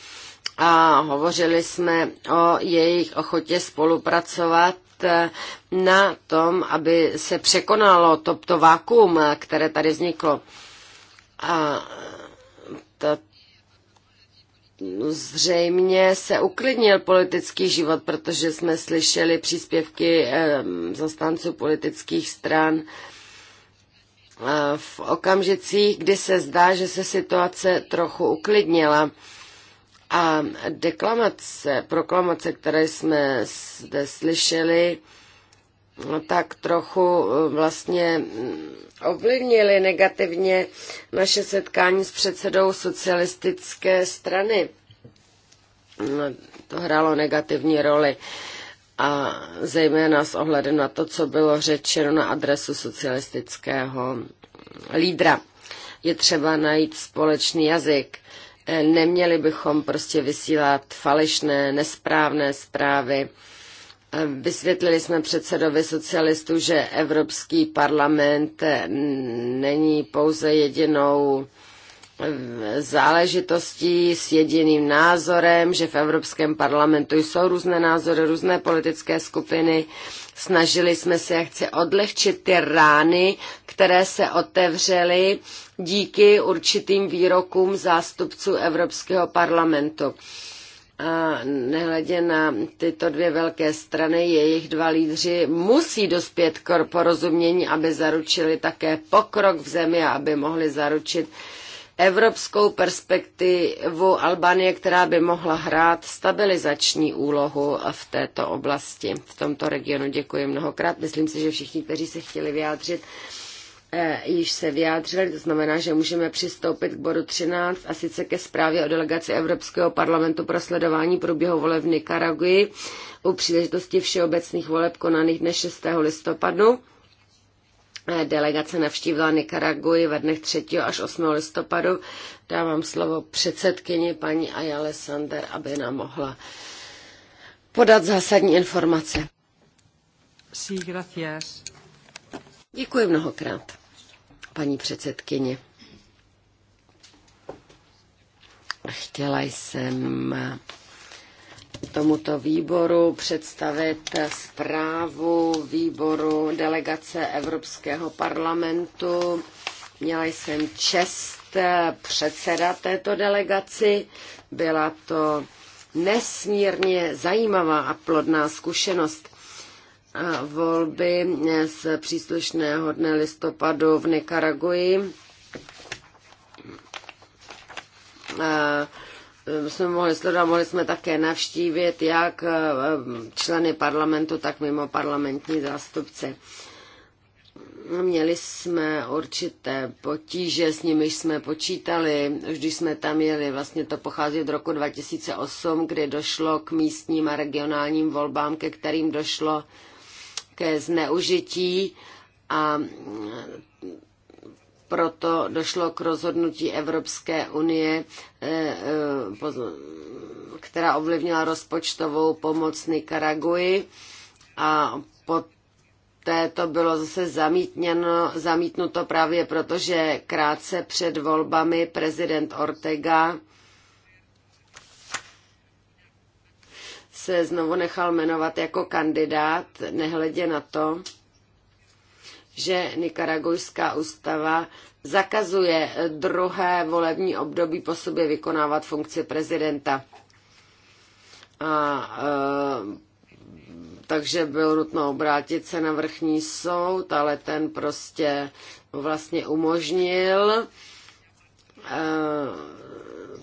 a hovořili jsme o jejich ochotě spolupracovat eh, na tom, aby se překonalo to, to vákuum, které tady vzniklo. A to, zřejmě se uklidnil politický život, protože jsme slyšeli příspěvky eh, zastánců politických stran, v okamžicích, kdy se zdá, že se situace trochu uklidnila a deklamace, proklamace, které jsme zde slyšeli, no tak trochu e, vlastně mm, ovlivnili negativně naše setkání s předsedou socialistické strany. No, to hrálo negativní roli. Uh, a zejména s ohledem na to, co bylo řečeno na adresu socialistického lídra. Je třeba najít společný jazyk. Neměli bychom prostě vysílat falešné, nesprávné zprávy. Vysvětlili jsme předsedovi socialistů, že Evropský parlament mm, není pouze jedinou záležitostí s jediným názorem, že v Evropském parlamentu jsou různé názory, různé politické skupiny. Snažili jsme se, jak chci, odlehčit ty rány, které se otevřely díky určitým výrokům zástupců Evropského parlamentu. A nehledě na tyto dvě velké strany, jejich dva lídři musí dospět k porozumění, aby zaručili také pokrok v zemi a aby mohli zaručit evropskou perspektivu Albanie, která by mohla hrát stabilizační úlohu v této oblasti, v tomto regionu. Děkuji mnohokrát. Myslím si, že všichni, kteří se chtěli vyjádřit, eh, již se vyjádřili, to znamená, že můžeme přistoupit k bodu 13 a sice ke zprávě o delegaci Evropského parlamentu pro sledování průběhu voleb v Nikaraguji u příležitosti všeobecných voleb konaných dne 6. listopadu. Delegace navštívila Nikaraguji ve dnech 3. až 8. listopadu. Dávám slovo předsedkyni paní Ayale Sander, aby nám mohla podat zásadní informace. Sí, gracias. Děkuji mnohokrát, paní předsedkyně. Chtěla jsem tomuto výboru představit zprávu výboru delegace Evropského parlamentu. Měla jsem čest předsedat této delegaci. Byla to nesmírně zajímavá a plodná zkušenost. volby z příslušného dne listopadu v Nikaraguji. Eh, jsme mohli sledovat, mohli jsme také navštívit jak eh, členy parlamentu, tak mimo parlamentní zástupce. Měli jsme určité potíže, s nimiž jsme počítali, už když jsme tam jeli. Vlastně to pochází od roku 2008, kdy došlo k místním a regionálním volbám, ke kterým došlo ke zneužití a proto došlo k rozhodnutí Evropské unie, eh, eh, která ovlivnila rozpočtovou pomoc Nikaraguji a poté to bylo zase zamítnuto právě proto, že krátce před volbami prezident Ortega se znovu nechal jmenovat jako kandidát, nehledě na to, že nikaragujská ústava zakazuje druhé volební období po sobě vykonávat funkci prezidenta. A, e, takže bylo nutno obrátit se na vrchní soud, ale ten prostě vlastně umožnil e,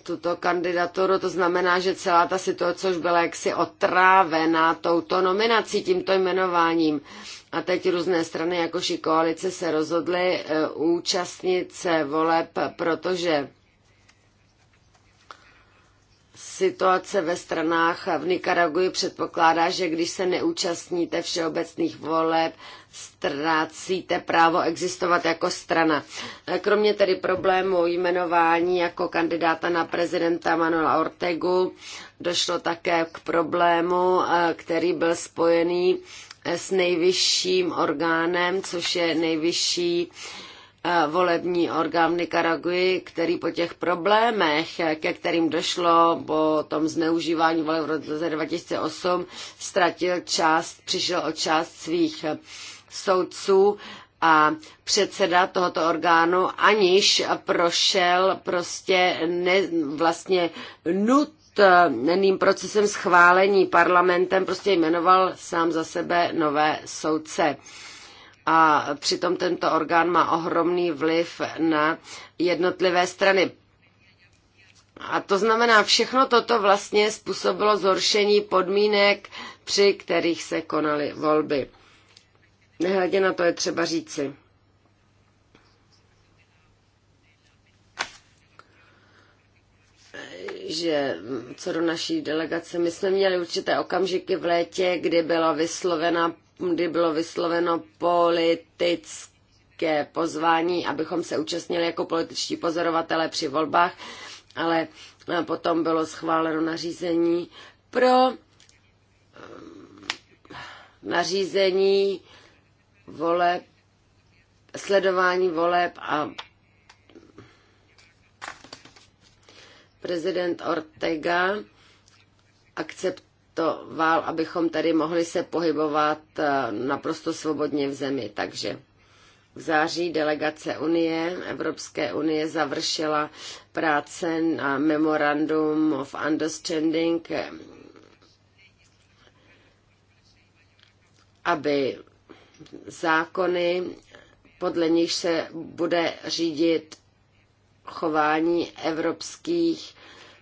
tuto kandidaturu, to znamená, že celá ta situace už byla jaksi otrávená touto nominací, tímto jmenováním a teď různé strany, jakož i koalice, se rozhodly e, účastnit se voleb, protože situace ve stranách v Nikaraguji předpokládá, že když se neúčastníte všeobecných voleb, ztrácíte právo existovat jako strana. E, kromě tedy problému jmenování jako kandidáta na prezidenta Manuela Ortegu, došlo také k problému, e, který byl spojený s nejvyšším orgánem, což je nejvyšší eh, volební orgán v Nicaraguji, který po těch problémech, eh, ke kterým došlo po tom zneužívání voleb v roce 2008, ztratil část, přišel o část svých eh, soudců a předseda tohoto orgánu, aniž prošel prostě ne, vlastně nut postným procesem schválení parlamentem prostě jmenoval sám za sebe nové soudce. A přitom tento orgán má ohromný vliv na jednotlivé strany. A to znamená, všechno toto vlastně způsobilo zhoršení podmínek, při kterých se konaly volby. Nehledě na to je třeba říci že co do naší delegace, my jsme měli určité okamžiky v létě, kdy bylo vysloveno, kdy bylo vysloveno politické pozvání, abychom se účastnili jako političtí pozorovatelé při volbách, ale eh, potom bylo schváleno nařízení pro eh, nařízení voleb, sledování voleb a Prezident Ortega akceptoval, abychom tady mohli se pohybovat eh, naprosto svobodně v zemi. Takže v září delegace Unie, Evropské unie završila práce na Memorandum of Understanding, eh, aby zákony, podle nich se bude řídit chování evropských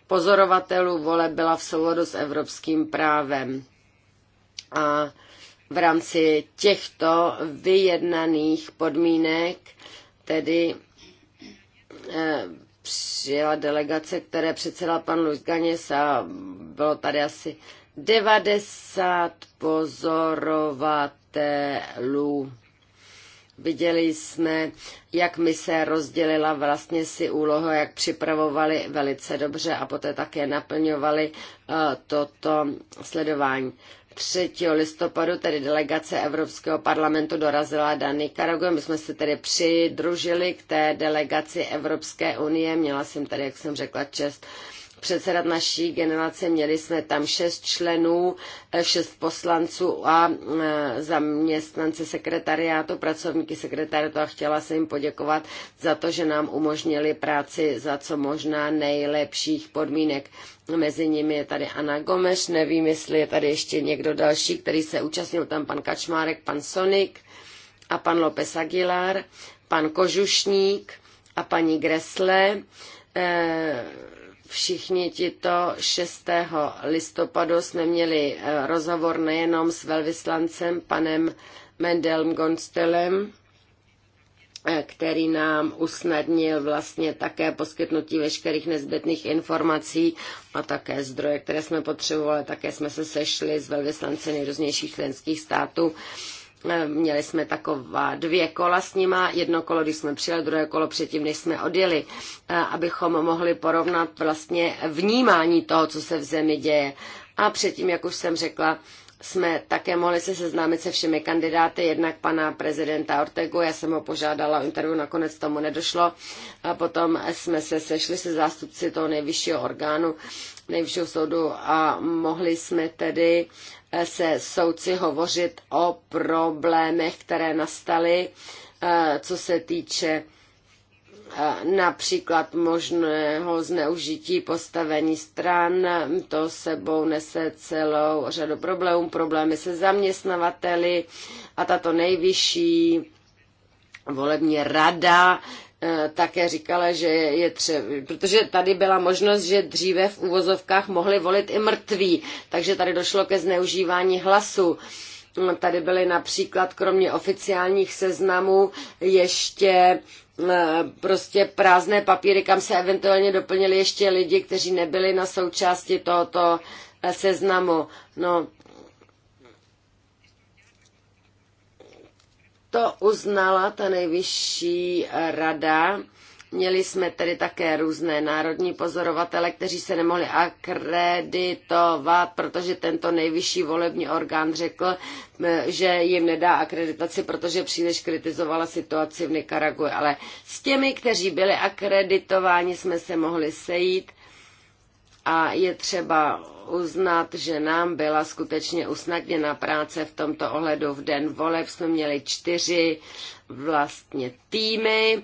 pozorovatelů vole byla v souladu s evropským právem. A v rámci těchto vyjednaných podmínek tedy eh, přijela delegace, které předsedal pan Luis a bylo tady asi 90 pozorovatelů. Viděli jsme, jak mise rozdělila vlastně si úlohu, jak připravovali velice dobře a poté také naplňovali eh, toto sledování. 3. listopadu tedy delegace Evropského parlamentu dorazila do Nikaraguje. My jsme se tedy přidružili k té delegaci Evropské unie. Měla jsem tady, jak jsem řekla, čest předsedat naší generace. Měli jsme tam šest členů, eh, šest poslanců a eh, zaměstnance sekretariátu, pracovníky sekretariátu a chtěla jsem jim poděkovat za to, že nám umožnili práci za co možná nejlepších podmínek. Mezi nimi je tady Ana Gomeš, nevím, jestli je tady ještě někdo další, který se účastnil, tam pan Kačmárek, pan Sonik a pan López Aguilar, pan Kožušník a paní Gresle. Eh, všichni tito 6. listopadu jsme měli eh, rozhovor nejenom s velvyslancem panem Mendelem Gonstelem, eh, který nám usnadnil vlastně také poskytnutí veškerých nezbytných informací a také zdroje, které jsme potřebovali. Také jsme se sešli s velvyslanci nejrůznějších členských států Eh, měli jsme taková dvě kola s nima, jedno kolo, když jsme přijeli, druhé kolo předtím, než jsme odjeli, eh, abychom mohli porovnat vlastně vnímání toho, co se v zemi děje. A předtím, jak už jsem řekla, jsme také mohli se seznámit se všemi kandidáty, jednak pana prezidenta Ortegu, já jsem ho požádala o interview, nakonec tomu nedošlo. A potom jsme se sešli se zástupci toho nejvyššího orgánu, nejvyššího soudu a mohli jsme tedy se soudci hovořit o problémech, které nastaly, eh, co se týče eh, například možného zneužití postavení stran, to sebou nese celou řadu problémů, problémy se zaměstnavateli a tato nejvyšší volební rada Eh, také říkala, že je třeba, protože tady byla možnost, že dříve v úvozovkách mohli volit i mrtví, takže tady došlo ke zneužívání hlasu. No, tady byly například kromě oficiálních seznamů ještě eh, prostě prázdné papíry, kam se eventuálně doplnili ještě lidi, kteří nebyli na součásti tohoto eh, seznamu. No, To uznala ta nejvyšší rada. Měli jsme tedy také různé národní pozorovatele, kteří se nemohli akreditovat, protože tento nejvyšší volební orgán řekl, že jim nedá akreditaci, protože příliš kritizovala situaci v Nikaraguji. Ale s těmi, kteří byli akreditováni, jsme se mohli sejít a je třeba uznat, že nám byla skutečně usnadněna práce v tomto ohledu. V den voleb jsme měli čtyři vlastně týmy,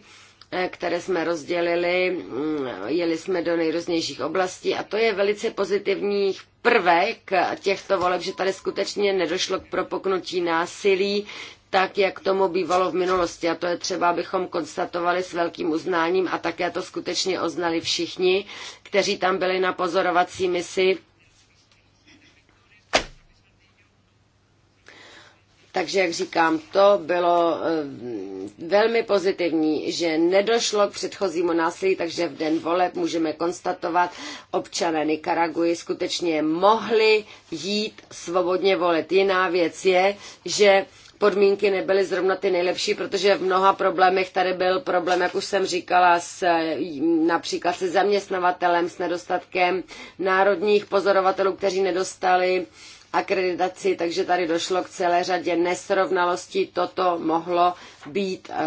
eh, které jsme rozdělili, mm, jeli jsme do nejrůznějších oblastí a to je velice pozitivní prvek těchto voleb, že tady skutečně nedošlo k propoknutí násilí, tak, jak tomu bývalo v minulosti. A to je třeba, abychom konstatovali s velkým uznáním a také to skutečně oznali všichni, kteří tam byli na pozorovací misi. Takže, jak říkám, to bylo eh, velmi pozitivní, že nedošlo k předchozímu násilí, takže v den voleb můžeme konstatovat, občané Nikaraguji skutečně mohli jít svobodně volit. Jiná věc je, že podmínky nebyly zrovna ty nejlepší, protože v mnoha problémech tady byl problém, jak už jsem říkala, s, například se zaměstnavatelem, s nedostatkem národních pozorovatelů, kteří nedostali akreditaci, takže tady došlo k celé řadě nesrovnalostí. Toto mohlo být e,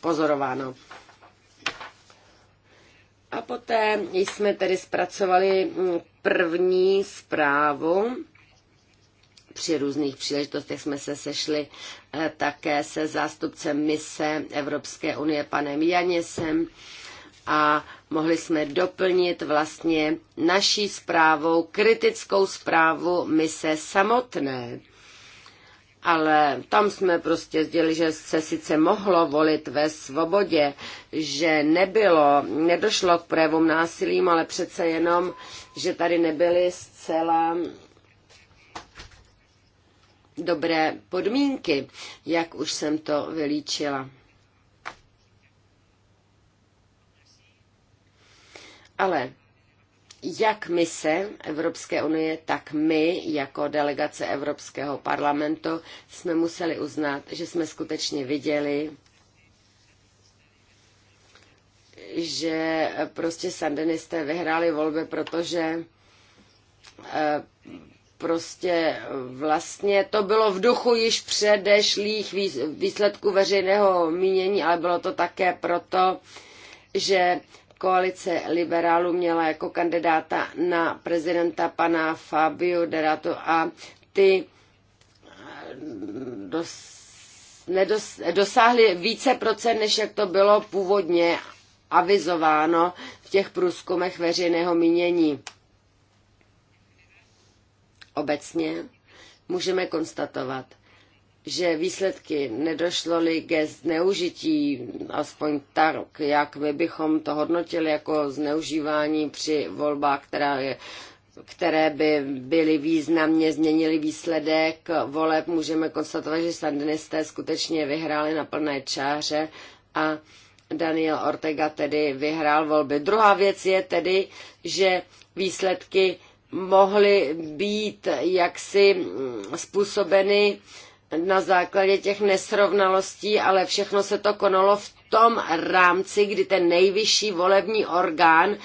pozorováno. A poté jsme tedy zpracovali mm, první zprávu při různých příležitostech jsme se sešli eh, také se zástupcem mise Evropské unie panem Janěsem a mohli jsme doplnit vlastně naší zprávou, kritickou zprávu mise samotné. Ale tam jsme prostě sdělili, že se sice mohlo volit ve svobodě, že nebylo, nedošlo k projevům násilím, ale přece jenom, že tady nebyly zcela dobré podmínky, jak už jsem to vylíčila. Ale jak se Evropské unie, tak my jako delegace Evropského parlamentu jsme museli uznat, že jsme skutečně viděli, že prostě sandinisté vyhráli volby, protože eh, prostě vlastně to bylo v duchu již předešlých výsledků veřejného mínění, ale bylo to také proto, že koalice liberálů měla jako kandidáta na prezidenta pana Fabio Derato a ty eh, dos, nedos, dosáhly více procent, než jak to bylo původně avizováno v těch průzkumech veřejného mínění. Obecně můžeme konstatovat, že výsledky nedošlo-li ke zneužití, aspoň tak, jak my bychom to hodnotili jako zneužívání při volbách, která je které by byly významně změnily výsledek voleb. Můžeme konstatovat, že sandinisté skutečně vyhráli na plné čáře a Daniel Ortega tedy vyhrál volby. Druhá věc je tedy, že výsledky mohly být jaksi způsobeny na základě těch nesrovnalostí, ale všechno se to konalo v tom rámci, kdy ten nejvyšší volební orgán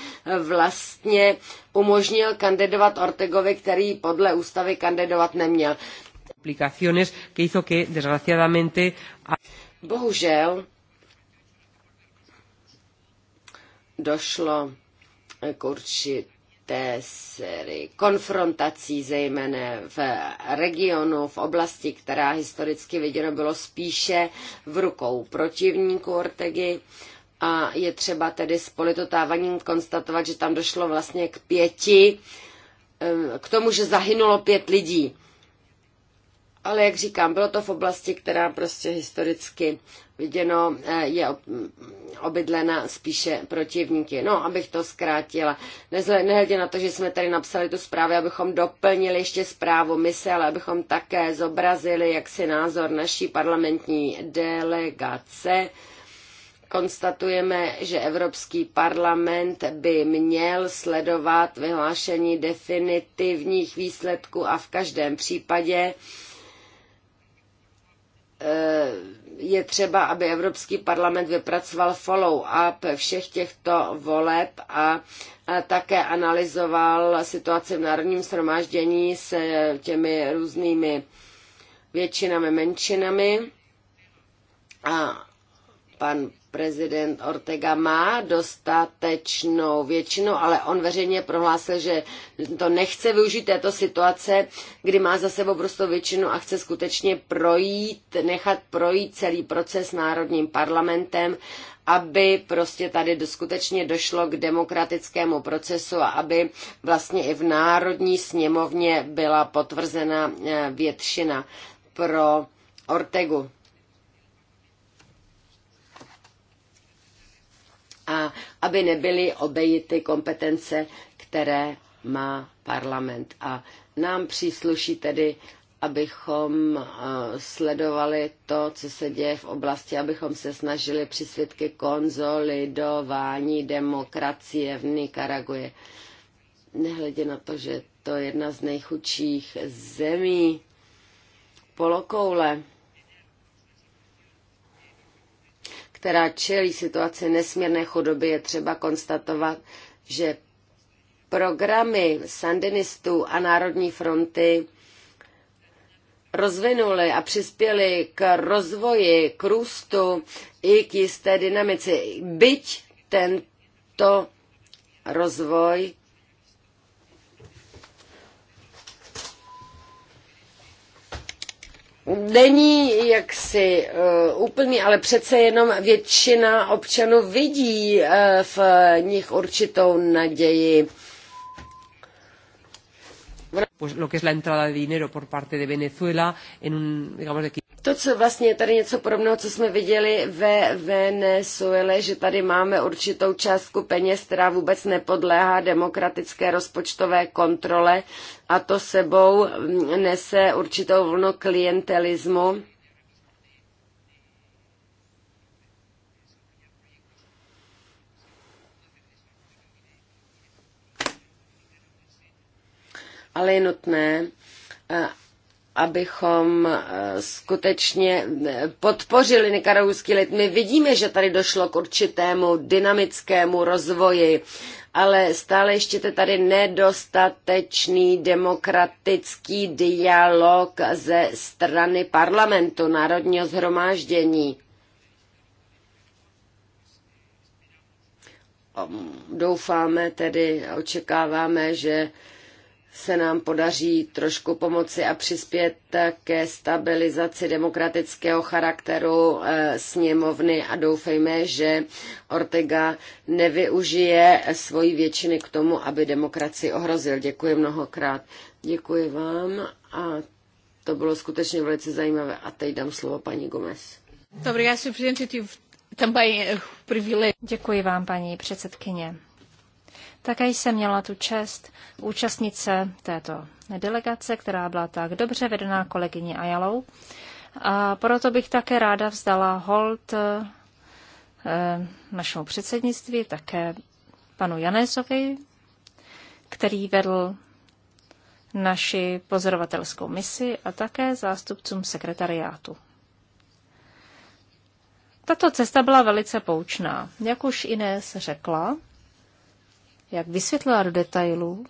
vlastně umožnil kandidovat Ortegovi, který podle ústavy kandidovat neměl. Que hizo que, desgraciadamente... Bohužel došlo k určitě sérii konfrontací, zejména v regionu, v oblasti, která historicky viděno bylo spíše v rukou protivníků Ortegy. A je třeba tedy s politotávaním konstatovat, že tam došlo vlastně k pěti, eh, k tomu, že zahynulo pět lidí. Ale jak říkám, bylo to v oblasti, která prostě historicky viděno eh, je obydlena spíše protivníky. No, abych to zkrátila. Nehledě na to, že jsme tady napsali tu zprávu, abychom doplnili ještě zprávu mise, ale abychom také zobrazili jaksi názor naší parlamentní delegace konstatujeme, že Evropský parlament by měl sledovat vyhlášení definitivních výsledků a v každém případě eh, je třeba, aby Evropský parlament vypracoval follow-up všech těchto voleb a také analyzoval situaci v Národním shromáždění s těmi různými většinami, menšinami. A pan prezident Ortega má dostatečnou většinu, ale on veřejně prohlásil, že to nechce využít této situace, kdy má za sebou prostou většinu a chce skutečně projít, nechat projít celý proces národním parlamentem, aby prostě tady skutečně došlo k demokratickému procesu a aby vlastně i v Národní sněmovně byla potvrzena eh, většina pro Ortegu. a aby nebyly obejity kompetence, které má parlament. A nám přísluší tedy, abychom eh, sledovali to, co se děje v oblasti, abychom se snažili přisvět ke konzolidování demokracie v Nikaraguji. Nehledě na to, že to je jedna z nejchudších zemí polokoule. která čelí situaci nesmírné chudoby, je třeba konstatovat, že programy sandinistů a Národní fronty rozvinuli a přispěli k rozvoji, k růstu i k jisté dynamice. Byť tento rozvoj není jaksi uh, úplný, ale přece jenom většina občanů vidí uh, v nich určitou naději. Pues lo que es la entrada de dinero por parte de Venezuela en un, digamos, de to, co vlastně je tady něco podobného, co jsme viděli ve Venezuele, že tady máme určitou částku peněz, která vůbec nepodléhá demokratické rozpočtové kontrole a to sebou mm, nese určitou vlnu klientelismu. Ale je nutné, eh, abychom eh, skutečně eh, podpořili nikaragujský lid. My vidíme, že tady došlo k určitému dynamickému rozvoji, ale stále ještě je tady nedostatečný demokratický dialog ze strany parlamentu, národního zhromáždění. Doufáme tedy, očekáváme, že se nám podaří trošku pomoci a přispět ke stabilizaci demokratického charakteru eh, sněmovny a doufejme, že Ortega nevyužije svoji většiny k tomu, aby demokracii ohrozil. Děkuji mnohokrát. Děkuji vám a to bylo skutečně velice zajímavé. A teď dám slovo paní Gomez. Dobrý, já jsem eh, Děkuji vám, paní předsedkyně. Také jsem měla tu čest účastnit se této delegace, která byla tak dobře vedená kolegyní Ajalou. A proto bych také ráda vzdala hold eh, našemu předsednictví, také panu Janésovi, který vedl naši pozorovatelskou misi a také zástupcům sekretariátu. Tato cesta byla velice poučná. Jak už Inés řekla, jak vysvětlila do detailů,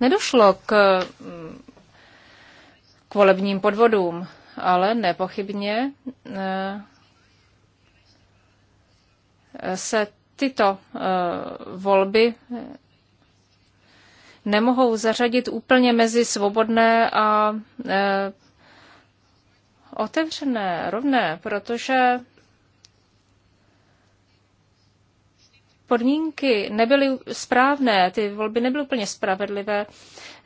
nedošlo k, mm, k volebním podvodům, ale nepochybně eh, se tyto eh, volby eh, nemohou zařadit úplně mezi svobodné a otevřené, rovné, protože podmínky nebyly správné, ty volby nebyly úplně spravedlivé.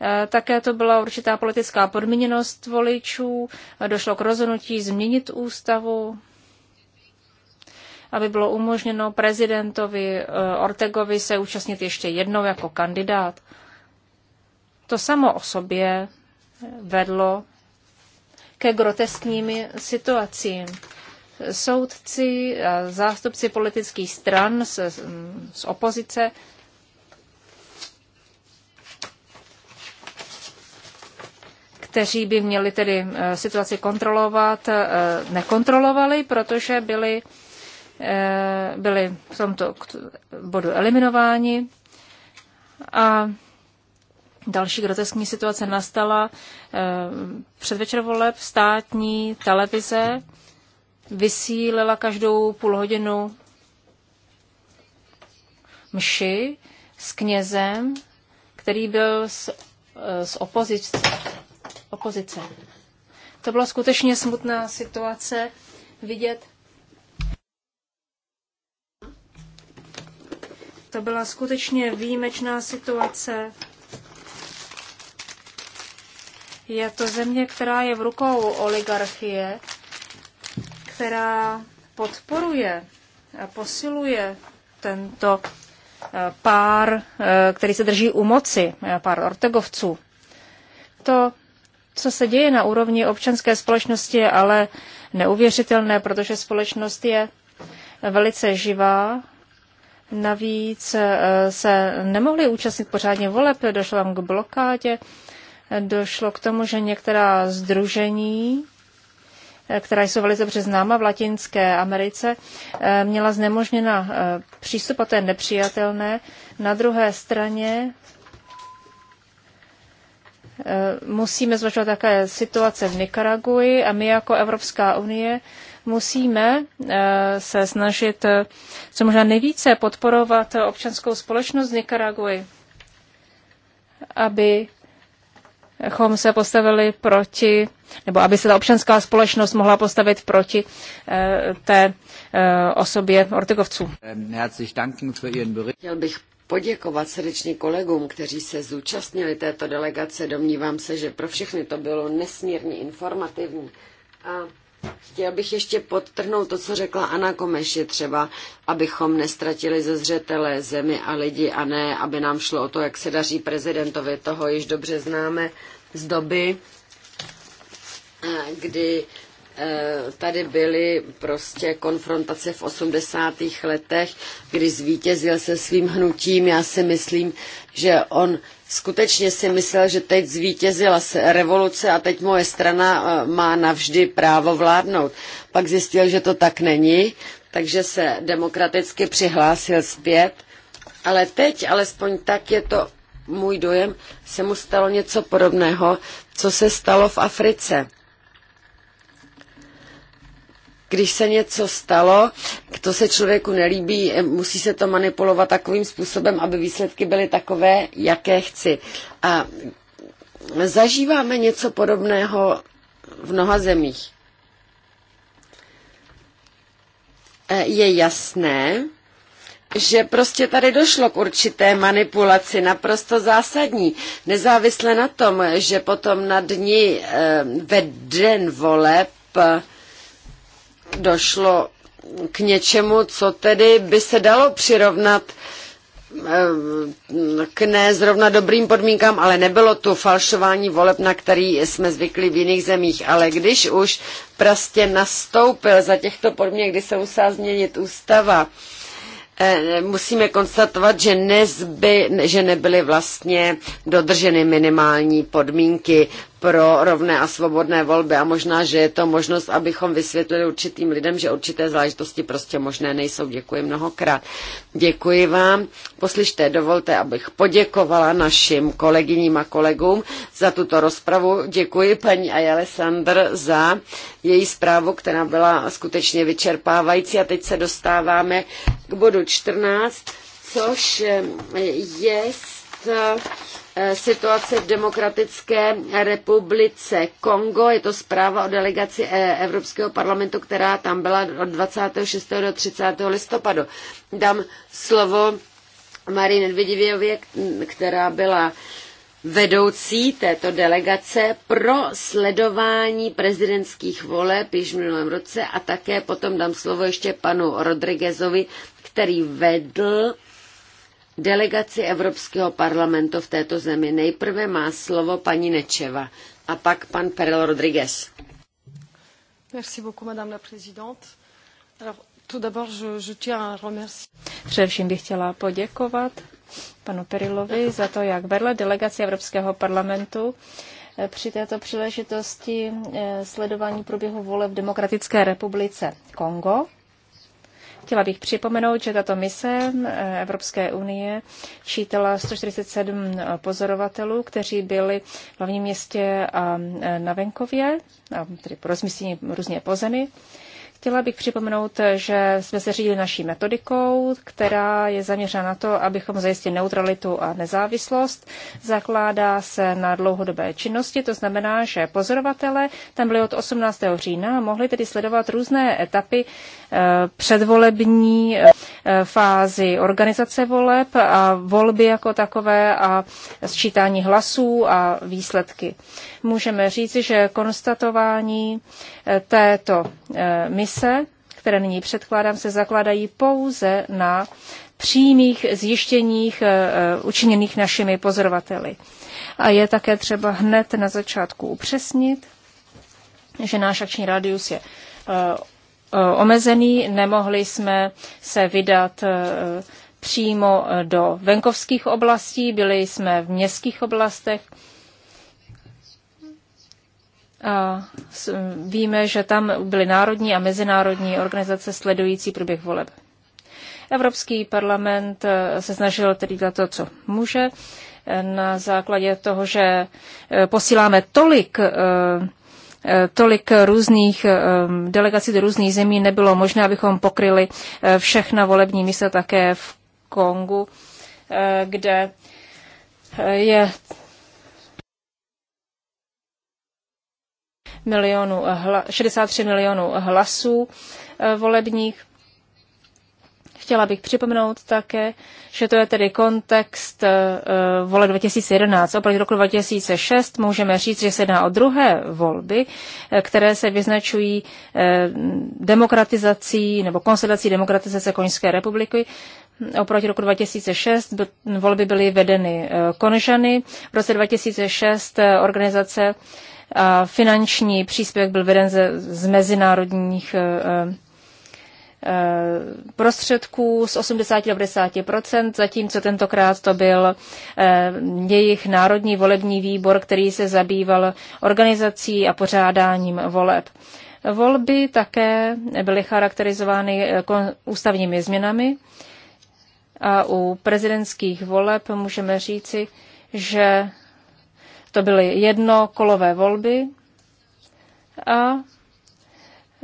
Eh, také to byla určitá politická podmíněnost voličů, došlo k rozhodnutí změnit ústavu, aby bylo umožněno prezidentovi eh, Ortegovi se účastnit ještě jednou jako kandidát. To samo o sobě vedlo ke groteskním situacím soudci a zástupci politických stran z, z opozice kteří by měli tedy eh, situaci kontrolovat, eh, nekontrolovali, protože byli, eh, byli v tomto bodu eliminováni. A další groteskní situace nastala předvečer voleb státní televize vysílala každou půl hodinu mši s knězem, který byl z, eh, z opozice, opozice. To byla skutečně smutná situace vidět. To byla skutečně výjimečná situace. Je to země, která je v rukou oligarchie která podporuje a posiluje tento eh, pár, eh, který se drží u moci, eh, pár ortegovců. To, co se děje na úrovni občanské společnosti, je ale neuvěřitelné, protože společnost je velice živá. Navíc se nemohli účastnit pořádně voleb, došlo tam k blokádě, došlo k tomu, že některá združení která jsou velice dobře známa v Latinské Americe, eh, měla znemožněna eh, přístup a to je nepřijatelné. Na druhé straně eh, musíme zvažovat také situace v Nikaraguji a my jako Evropská unie musíme se snažit co možná nejvíce podporovat občanskou společnost Nikaraguji, aby abychom se postavili proti, nebo aby se ta občanská společnost mohla postavit proti eh, té eh, osobě ortegovců. Chtěl bych poděkovat srdečně kolegům, kteří se zúčastnili této delegace. Domnívám se, že pro všechny to bylo nesmírně informativní. A Chtěl bych ještě podtrhnout to, co řekla Anna Komeš, je třeba, abychom nestratili ze zřetele zemi a lidi a ne, aby nám šlo o to, jak se daří prezidentovi. Toho již dobře známe z doby, eh, kdy Eh, tady byly prostě konfrontace v 80. letech, kdy zvítězil se svým hnutím. Já si myslím, že on skutečně si myslel, že teď zvítězila se revoluce a teď moje strana eh, má navždy právo vládnout. Pak zjistil, že to tak není, takže se demokraticky přihlásil zpět. Ale teď, alespoň tak je to můj dojem, se mu stalo něco podobného, co se stalo v Africe když se něco stalo, to se člověku nelíbí, eh, musí se to manipulovat takovým způsobem, aby výsledky byly takové, jaké chci. A zažíváme něco podobného v mnoha zemích. Eh, je jasné, že prostě tady došlo k určité manipulaci, naprosto zásadní, nezávisle na tom, že potom na dní eh, ve den voleb došlo k něčemu, co tedy by se dalo přirovnat eh, k ne zrovna dobrým podmínkám, ale nebylo tu falšování voleb, na který jsme zvykli v jiných zemích. Ale když už prostě nastoupil za těchto podmínek, kdy se musela změnit ústava, eh, musíme konstatovat, že, nezby, že nebyly vlastně dodrženy minimální podmínky pro rovné a svobodné volby a možná, že je to možnost, abychom vysvětlili určitým lidem, že určité záležitosti prostě možné nejsou. Děkuji mnohokrát. Děkuji vám. Poslyšte, dovolte, abych poděkovala našim kolegyním a kolegům za tuto rozpravu. Děkuji paní Alessandr za její zprávu, která byla skutečně vyčerpávající a teď se dostáváme k bodu 14, což je Eh, situace v Demokratické republice Kongo. Je to zpráva o delegaci eh, Evropského parlamentu, která tam byla od 26. do 30. listopadu. Dám slovo Marii Nedvědivěvě, která byla vedoucí této delegace pro sledování prezidentských voleb již v minulém roce a také potom dám slovo ještě panu Rodriguezovi, který vedl delegaci Evropského parlamentu v této zemi. Nejprve má slovo paní Nečeva a pak pan Perel Rodriguez. Merci beaucoup, madame la présidente. Především bych chtěla poděkovat panu Perilovi za to, jak vedle delegaci Evropského parlamentu eh, při této příležitosti eh, sledování průběhu voleb v Demokratické republice Kongo Chtěla bych připomenout, že tato mise eh, Evropské unie čítala 147 eh, pozorovatelů, kteří byli v hlavním městě a eh, na venkově, a tedy rozmístěni různě po zemi. Chtěla bych připomenout, že jsme se řídili naší metodikou, která je zaměřena na to, abychom zajistili neutralitu a nezávislost. Zakládá se na dlouhodobé činnosti, to znamená, že pozorovatele tam byli od 18. října a mohli tedy sledovat různé etapy Eh, předvolební eh, fázi organizace voleb a volby jako takové a sčítání hlasů a výsledky. Můžeme říci, že konstatování eh, této mise které nyní předkládám, se zakladají pouze na přímých zjištěních učiněných našimi pozorovateli. A je také třeba hned na začátku upřesnit, že náš akční radius je Eh, omezený, nemohli jsme se vydat eh, přímo eh, do venkovských oblastí, byli jsme v městských oblastech. A víme, že tam byly národní a mezinárodní organizace sledující průběh voleb. Evropský parlament se snažil tedy dělat to, co může, na základě toho, že posíláme tolik Eh, tolik různých eh, delegací do různých zemí nebylo možné, abychom pokryli eh, všechna volební místa také v Kongu, kde je milionů, 63 milionů hlasů volebních. Chtěla bych připomenout také, že to je tedy kontext uh, vole 2011. Oproti roku 2006 můžeme říct, že se jedná o druhé volby, eh, které se vyznačují uh, demokratizací nebo konsolidací demokratizace Koňské republiky. Oproti roku 2006 volby byly vedeny uh, Konžany. V roce 2006 organizace a finanční příspěvek byl veden ze, z mezinárodních uh, Eh, prostředků z 80 do 90 zatímco tentokrát to byl eh, jejich národní volební výbor, který se zabýval organizací a pořádáním voleb. Volby také byly charakterizovány eh, ústavními změnami a u prezidentských voleb můžeme říci, že to byly jednokolové volby a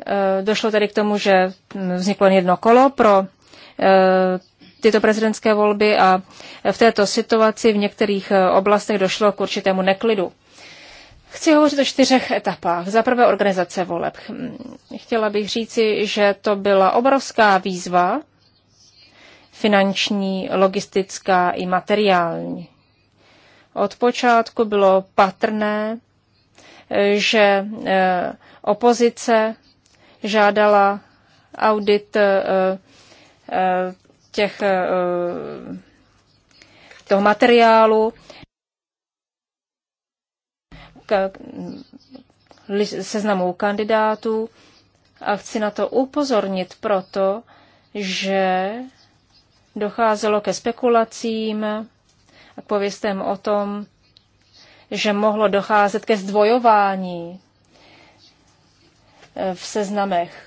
Eh, došlo tedy k tomu, že vzniklo jedno kolo pro eh, tyto prezidentské volby a v této situaci v některých eh, oblastech došlo k určitému neklidu. Chci hovořit o čtyřech etapách. Za prvé organizace voleb. Hm, chtěla bych říci, že to byla obrovská výzva, finanční, logistická i materiální. Od počátku bylo patrné, že opozice žádala audit eh, eh, těch, eh, toho materiálu, k seznamu kandidátů a chci na to upozornit proto, že docházelo ke spekulacím a k pověstem o tom, že mohlo docházet ke zdvojování v seznamech,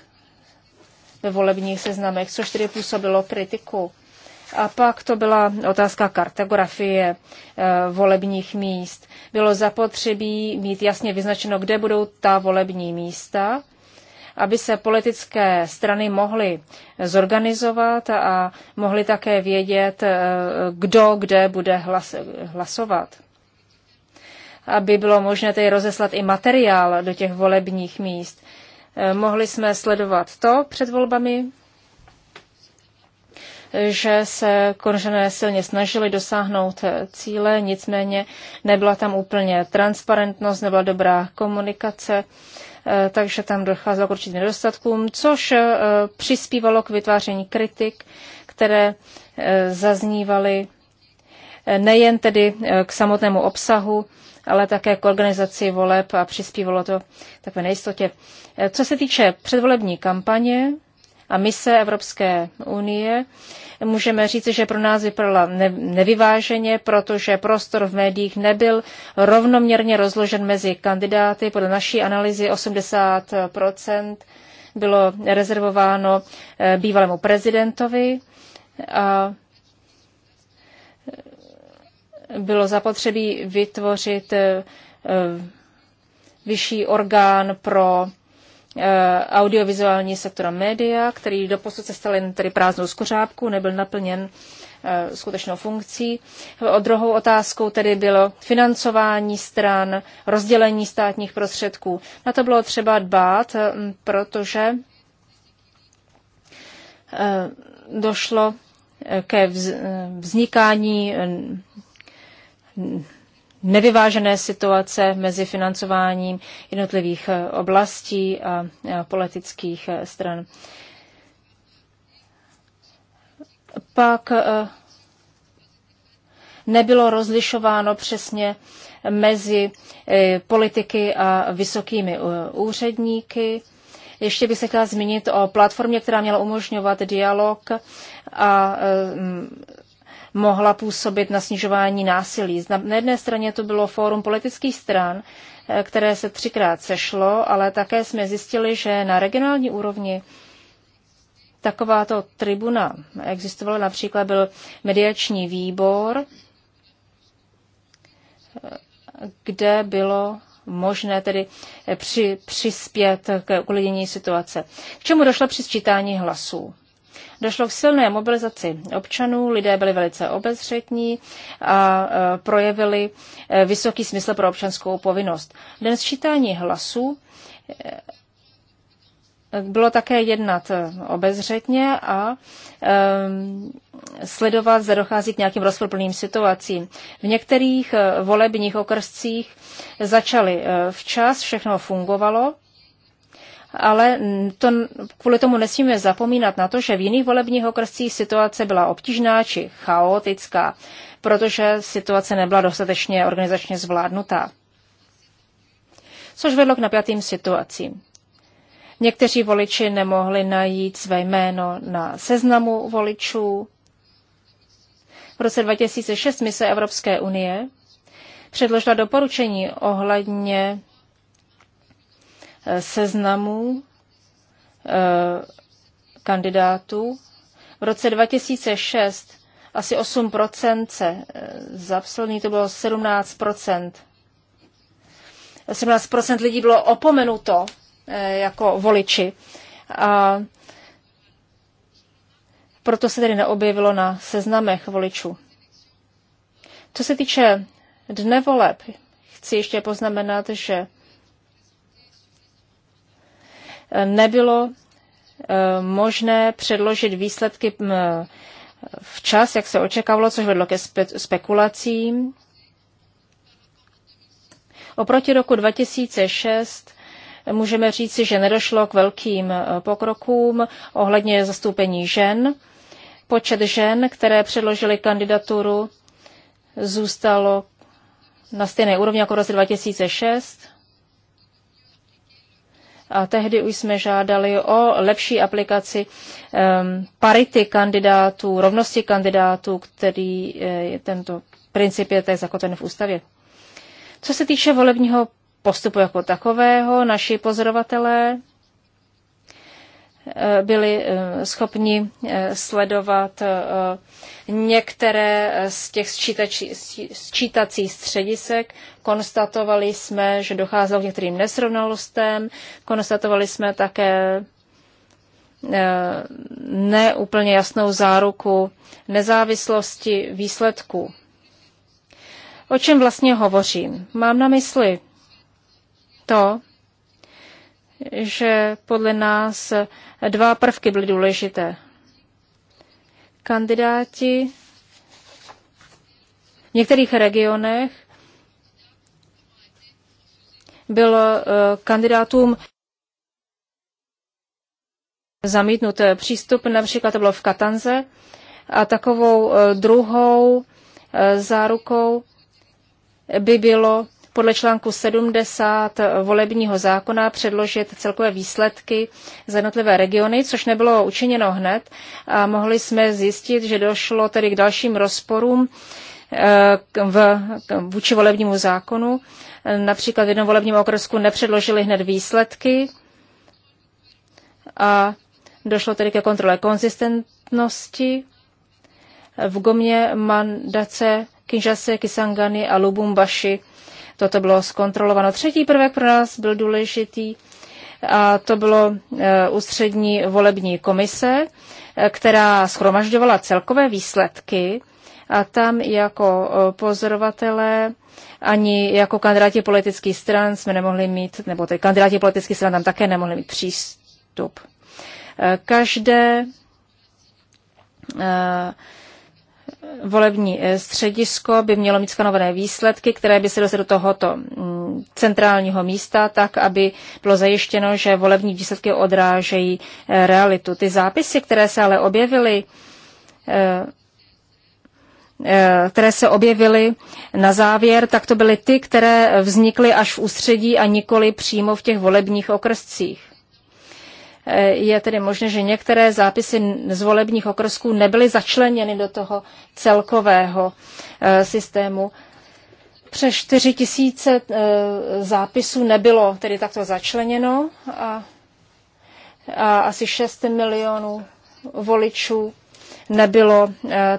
ve volebních seznamech, což tedy působilo kritiku. A pak to byla otázka kartografie eh, volebních míst. Bylo zapotřebí mít jasně vyznačeno, kde budou ta volební místa, aby se politické strany mohly zorganizovat a mohly také vědět, eh, kdo kde bude hlas, hlasovat. Aby bylo možné tedy rozeslat i materiál do těch volebních míst. Eh, mohli jsme sledovat to před volbami, že se konžené silně snažili dosáhnout eh, cíle, nicméně nebyla tam úplně transparentnost, nebyla dobrá komunikace, eh, takže tam docházelo k určitým nedostatkům, což přispívalo k vytváření kritik, které zaznívaly nejen tedy k samotnému obsahu ale také k organizaci voleb a přispívalo to takové nejistotě. Eh, co se týče předvolební kampaně a mise Evropské unie, můžeme říct, že pro nás vypadala nevyváženě, protože prostor v médiích nebyl rovnoměrně rozložen mezi kandidáty. Podle naší analýzy 80 bylo rezervováno eh, bývalému prezidentovi a bylo zapotřebí vytvořit eh, eh, vyšší orgán pro eh, audiovizuální sektor média, který posud se stal jen tedy prázdnou skořápku, nebyl naplněn skutečnou funkcí. O druhou otázkou tedy bylo financování stran, rozdělení státních prostředků. Na to bylo třeba dbát, protože došlo ke vznikání nevyvážené situace mezi financováním jednotlivých eh, oblastí a politických eh, stran. Pak eh, nebylo rozlišováno přesně mezi politiky a vysokými úředníky. Ještě bych se chtěla zmínit o platformě, která měla umožňovat dialog a mohla působit na snižování násilí. Na jedné straně to bylo fórum politických stran, eh, které se třikrát sešlo, ale také jsme zjistili, že na regionální úrovni takováto tribuna existovala. Například byl mediační výbor, eh, kde bylo možné tedy eh, při, přispět k uklidění situace. K čemu došlo při sčítání hlasů? Došlo k silné mobilizaci občanů, lidé byli velice obezřetní a e, projevili e, vysoký smysl pro občanskou povinnost. Den sčítání hlasů e, bylo také jednat obezřetně a um, sledovat, zda dochází k nějakým rozporplným situacím. V některých volebních okrscích začaly včas, všechno fungovalo ale to, kvůli tomu nesmíme zapomínat na to, že v jiných volebních okrscích situace byla obtížná či chaotická, protože situace nebyla dostatečně organizačně zvládnutá. Což vedlo k napjatým situacím. Někteří voliči nemohli najít své jméno na seznamu voličů. V roce 2006 mise Evropské unie předložila doporučení ohledně Eh, seznamů eh, kandidátů. V roce 2006 asi 8% se eh, zapsalo, to bylo 17%. 17% lidí bylo opomenuto jako voliči. A proto se tedy neobjevilo na seznamech voličů. Co se týče dne voleb, chci ještě poznamenat, že nebylo eh, možné předložit výsledky eh, včas, jak se očekávalo, což vedlo ke spe- spekulacím. Oproti roku 2006 můžeme říci, že nedošlo k velkým eh, pokrokům ohledně zastoupení žen. Počet žen, které předložily kandidaturu, zůstalo na stejné úrovni jako v roce 2006 a tehdy už jsme žádali o lepší aplikaci um, parity kandidátů, rovnosti kandidátů, který eh, je tento princip je tak zakotven v ústavě. Co se týče volebního postupu jako takového, naši pozorovatelé Eh, byli eh, schopni eh, sledovat některé z těch sčítačí, sčítacích středisek. Konstatovali jsme, že docházelo k některým nesrovnalostem, konstatovali jsme také neúplně jasnou záruku nezávislosti výsledků. O čem vlastně hovořím? Mám na mysli to, že podle nás dva prvky byly důležité. Kandidáti v některých regionech byl eh, kandidátům zamítnut eh, přístup, například to bylo v Katanze, a takovou eh, druhou zárukou by bylo podle článku 70 volebního zákona předložit celkové výsledky za jednotlivé regiony, což nebylo učiněno hned. A mohli jsme zjistit, že došlo tedy k dalším rozporům eh, v, vůči volebnímu zákonu. Například v jednom volebním okresku nepředložili hned výsledky a došlo tedy ke kontrole konzistentnosti. V Gomě, Mandace, Kinžase, Kisangany a Lubumbashi Toto bylo zkontrolováno. Třetí prvek pro nás byl důležitý a to bylo e, ústřední volební komise, e, která schromažďovala celkové výsledky a tam jako e, pozorovatelé ani jako kandidáti politických stran jsme nemohli mít, nebo ty kandidáti politických stran tam také nemohli mít přístup. Každé volební eh, středisko by mělo mít skanované výsledky, které by se dostaly do tohoto mm, centrálního místa, tak aby bylo zajištěno, že volební výsledky odrážejí eh, realitu. Ty zápisy, které se ale objevily, eh, které se objevily na závěr, tak to byly ty, které vznikly až v ústředí a nikoli přímo v těch volebních okrscích. Eh, je tedy možné, že některé zápisy z volebních okrsků nebyly začleněny do toho celkového eh, systému. Přes 4 tisíce eh, zápisů nebylo tedy takto začleněno a, a asi 6 milionů voličů nebylo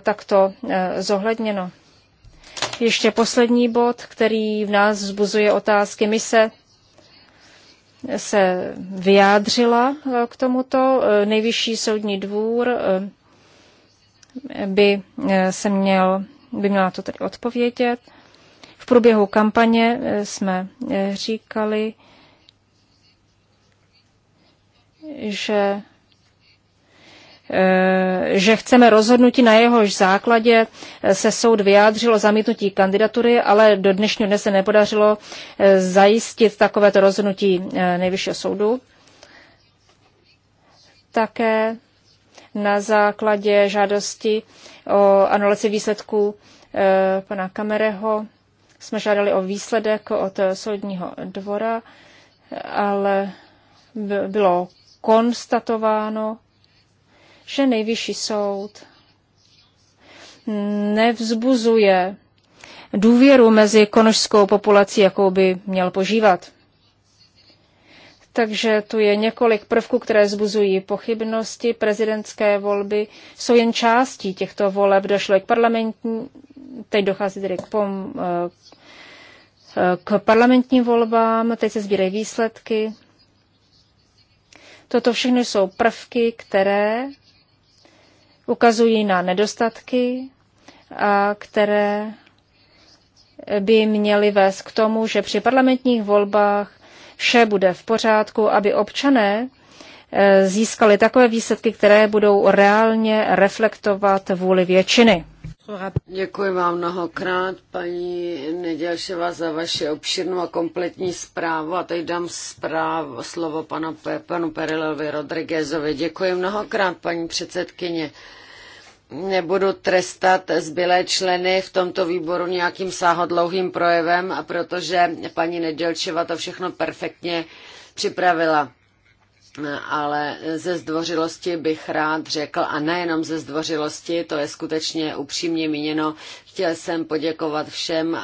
takto zohledněno. Ještě poslední bod, který v nás vzbuzuje otázky. My se se vyjádřila eh, k tomuto. Eh, Nejvyšší soudní dvůr eh, by se měl, by měla to tedy odpovědět. V průběhu kampaně jsme říkali, že Eh, že chceme rozhodnutí, na jehož základě se soud vyjádřilo zamítnutí kandidatury, ale do dnešního dne se nepodařilo eh, zajistit takovéto rozhodnutí eh, nejvyššího soudu. Také na základě žádosti o anulaci výsledků pana Kamereho jsme žádali o výsledek od soudního dvora, ale bylo konstatováno, že nejvyšší soud nevzbuzuje důvěru mezi konožskou populací, jakou by měl požívat. Takže tu je několik prvků, které zbuzují pochybnosti. Prezidentské volby jsou jen částí těchto voleb. Došlo k parlamentní, teď dochází tedy k, pom, eh, k parlamentním volbám, teď se sbírají výsledky. Toto všechny jsou prvky, které ukazují na nedostatky, a které by měly vést k tomu, že při parlamentních volbách vše bude v pořádku, aby občané e, získali takové výsledky, které budou reálně reflektovat vůli většiny. Děkuji vám mnohokrát, paní Nedělševa, za vaši obširnou a kompletní zprávu. A teď dám zpráv, slovo panu, panu Perilovi Rodriguezovi. Děkuji mnohokrát, paní předsedkyně nebudu trestat zbylé členy v tomto výboru nějakým sáhodlouhým projevem, a protože paní Nedělčeva to všechno perfektně připravila. Ale ze zdvořilosti bych rád řekl, a nejenom ze zdvořilosti, to je skutečně upřímně míněno, chtěl jsem poděkovat všem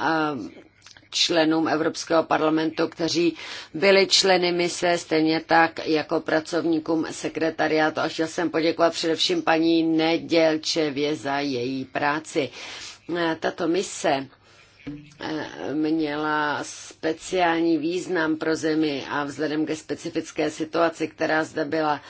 členům Evropského parlamentu, kteří byli členy mise, stejně tak jako pracovníkům sekretariátu. A chtěl jsem poděkovat především paní Nedělčevě za její práci. E, tato mise e, měla speciální význam pro zemi a vzhledem ke specifické situaci, která zde byla,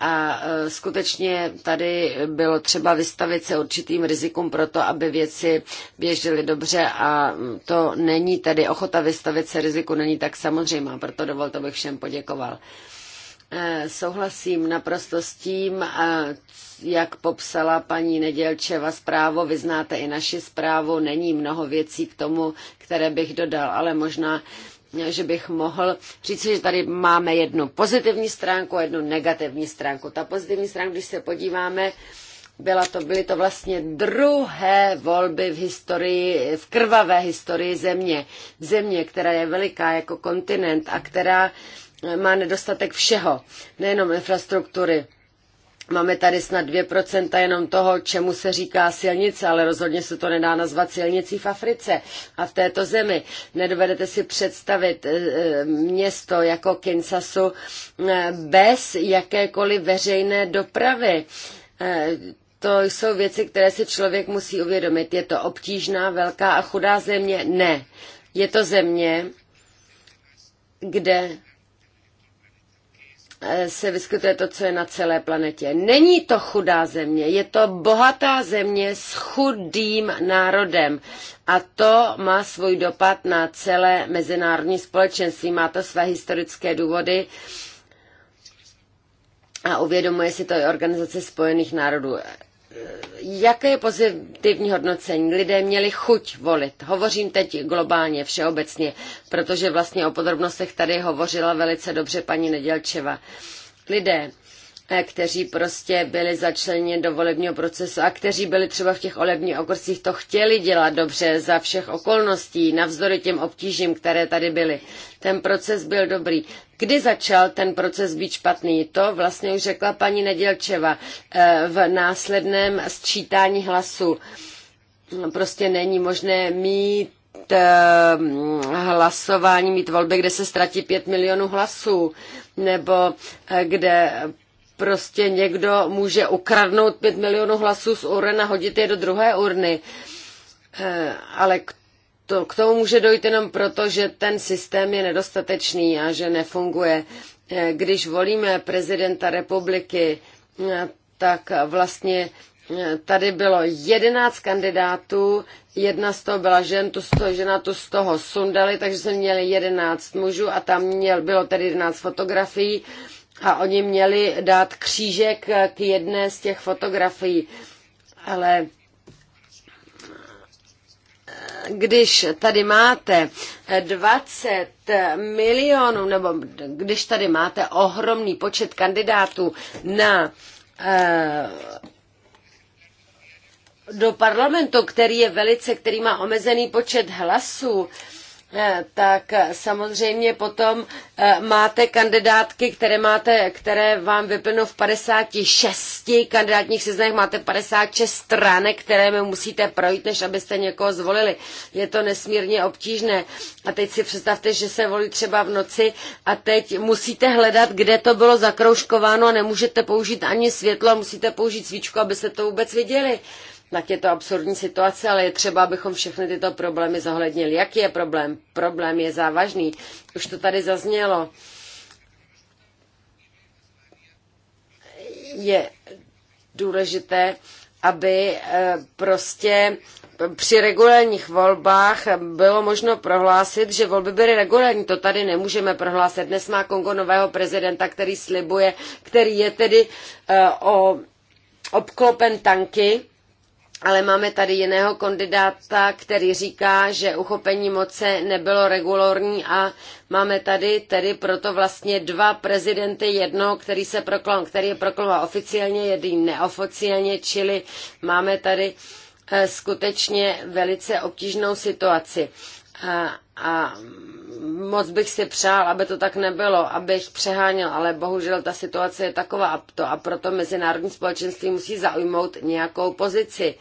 a e, skutečně tady bylo třeba vystavit se určitým rizikům pro to, aby věci běžely dobře a to není tedy ochota vystavit se riziku, není tak samozřejmá, proto dovolte, bych všem poděkoval. E, souhlasím naprosto s tím, e, jak popsala paní Nedělčeva zprávu, vy znáte i naši zprávu, není mnoho věcí k tomu, které bych dodal, ale možná že bych mohl říct, že tady máme jednu pozitivní stránku a jednu negativní stránku. Ta pozitivní stránka, když se podíváme, byla to, byly to vlastně druhé volby v historii, v krvavé historii země. Země, která je veliká jako kontinent a která má nedostatek všeho, nejenom infrastruktury, Máme tady snad 2% jenom toho, čemu se říká silnice, ale rozhodně se to nedá nazvat silnicí v Africe a v této zemi. Nedovedete si představit eh, eh, město jako Kinsasu eh, bez jakékoliv veřejné dopravy to jsou věci, které si člověk musí uvědomit. Je to obtížná, velká a chudá země? Ne. Je to země, kde Eh, se vyskytuje to, co je na celé planetě. Není to chudá země, je to bohatá země s chudým národem. A to má svůj dopad na celé mezinárodní společenství. Má to své historické důvody a uvědomuje si to i Organizace spojených národů jaké je pozitivní hodnocení? Lidé měli chuť volit. Hovořím teď globálně, všeobecně, protože vlastně o podrobnostech tady hovořila velice dobře paní Nedělčeva. Lidé E, kteří prostě byli začleněni do volebního procesu a kteří byli třeba v těch volebních okrscích, to chtěli dělat dobře za všech okolností, navzdory těm obtížím, které tady byly. Ten proces byl dobrý. Kdy začal ten proces být špatný? To vlastně už řekla paní Nedělčeva e, v následném sčítání hlasu. Prostě není možné mít e, hlasování, mít volby, kde se ztratí pět milionů hlasů, nebo kde prostě někdo může ukradnout pět milionů hlasů z urny a hodit je do druhé urny. Eh, ale k, to, k tomu může dojít jenom proto, že ten systém je nedostatečný a že nefunguje. Eh, když volíme prezidenta republiky, eh, tak vlastně tady bylo jedenáct kandidátů, jedna z toho byla žen, tu z toho, žena tu z toho sundali, takže jsme měli jedenáct mužů a tam měl, bylo tedy jedenáct fotografií a oni měli dát křížek k jedné z těch fotografií. Ale když tady máte 20 milionů, nebo když tady máte ohromný počet kandidátů na eh, do parlamentu, který je velice, který má omezený počet hlasů, Eh, tak eh, samozřejmě potom eh, máte kandidátky, které, máte, které vám vyplnou v 56 kandidátních seznamech, máte 56 stránek, které musíte projít, než abyste někoho zvolili. Je to nesmírně obtížné. A teď si představte, že se volí třeba v noci a teď musíte hledat, kde to bylo zakrouškováno a nemůžete použít ani světlo, musíte použít svíčku, abyste to vůbec viděli. Tak je to absurdní situace, ale je třeba, abychom všechny tyto problémy zohlednili. Jaký je problém? Problém je závažný. Už to tady zaznělo. Je důležité, aby eh, prostě při regulárních volbách bylo možno prohlásit, že volby byly regulární. To tady nemůžeme prohlásit. Dnes má Kongo nového prezidenta, který slibuje, který je tedy uh, o, obklopen tanky ale máme tady jiného kandidáta, který říká, že uchopení moce nebylo regulární a máme tady tedy proto vlastně dva prezidenty, jedno, který, se proklon, který je proklonoval oficiálně, jedný neoficiálně, čili máme tady eh, skutečně velice obtížnou situaci. A a moc bych si přál, aby to tak nebylo, abych přeháněl, ale bohužel ta situace je taková a, to, a proto mezinárodní společenství musí zaujmout nějakou pozici.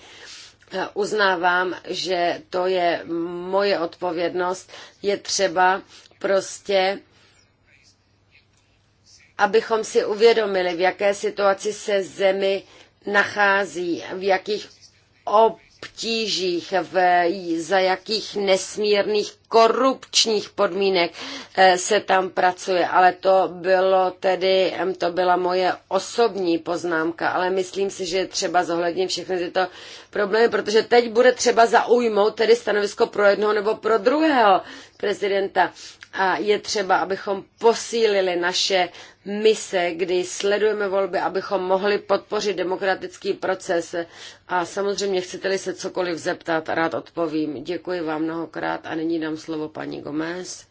E, uznávám, že to je moje odpovědnost. Je třeba prostě abychom si uvědomili, v jaké situaci se zemi nachází, v jakých op obtížích, v, za jakých nesmírných korupčních podmínek eh, se tam pracuje. Ale to bylo tedy, to byla moje osobní poznámka, ale myslím si, že je třeba zohlednit všechny tyto problémy, protože teď bude třeba zaujmout tedy stanovisko pro jednoho nebo pro druhého prezidenta a je třeba, abychom posílili naše mise, kdy sledujeme volby, abychom mohli podpořit demokratický proces. A samozřejmě chcete-li se cokoliv zeptat, rád odpovím. Děkuji vám mnohokrát a nyní dám slovo paní Gomez.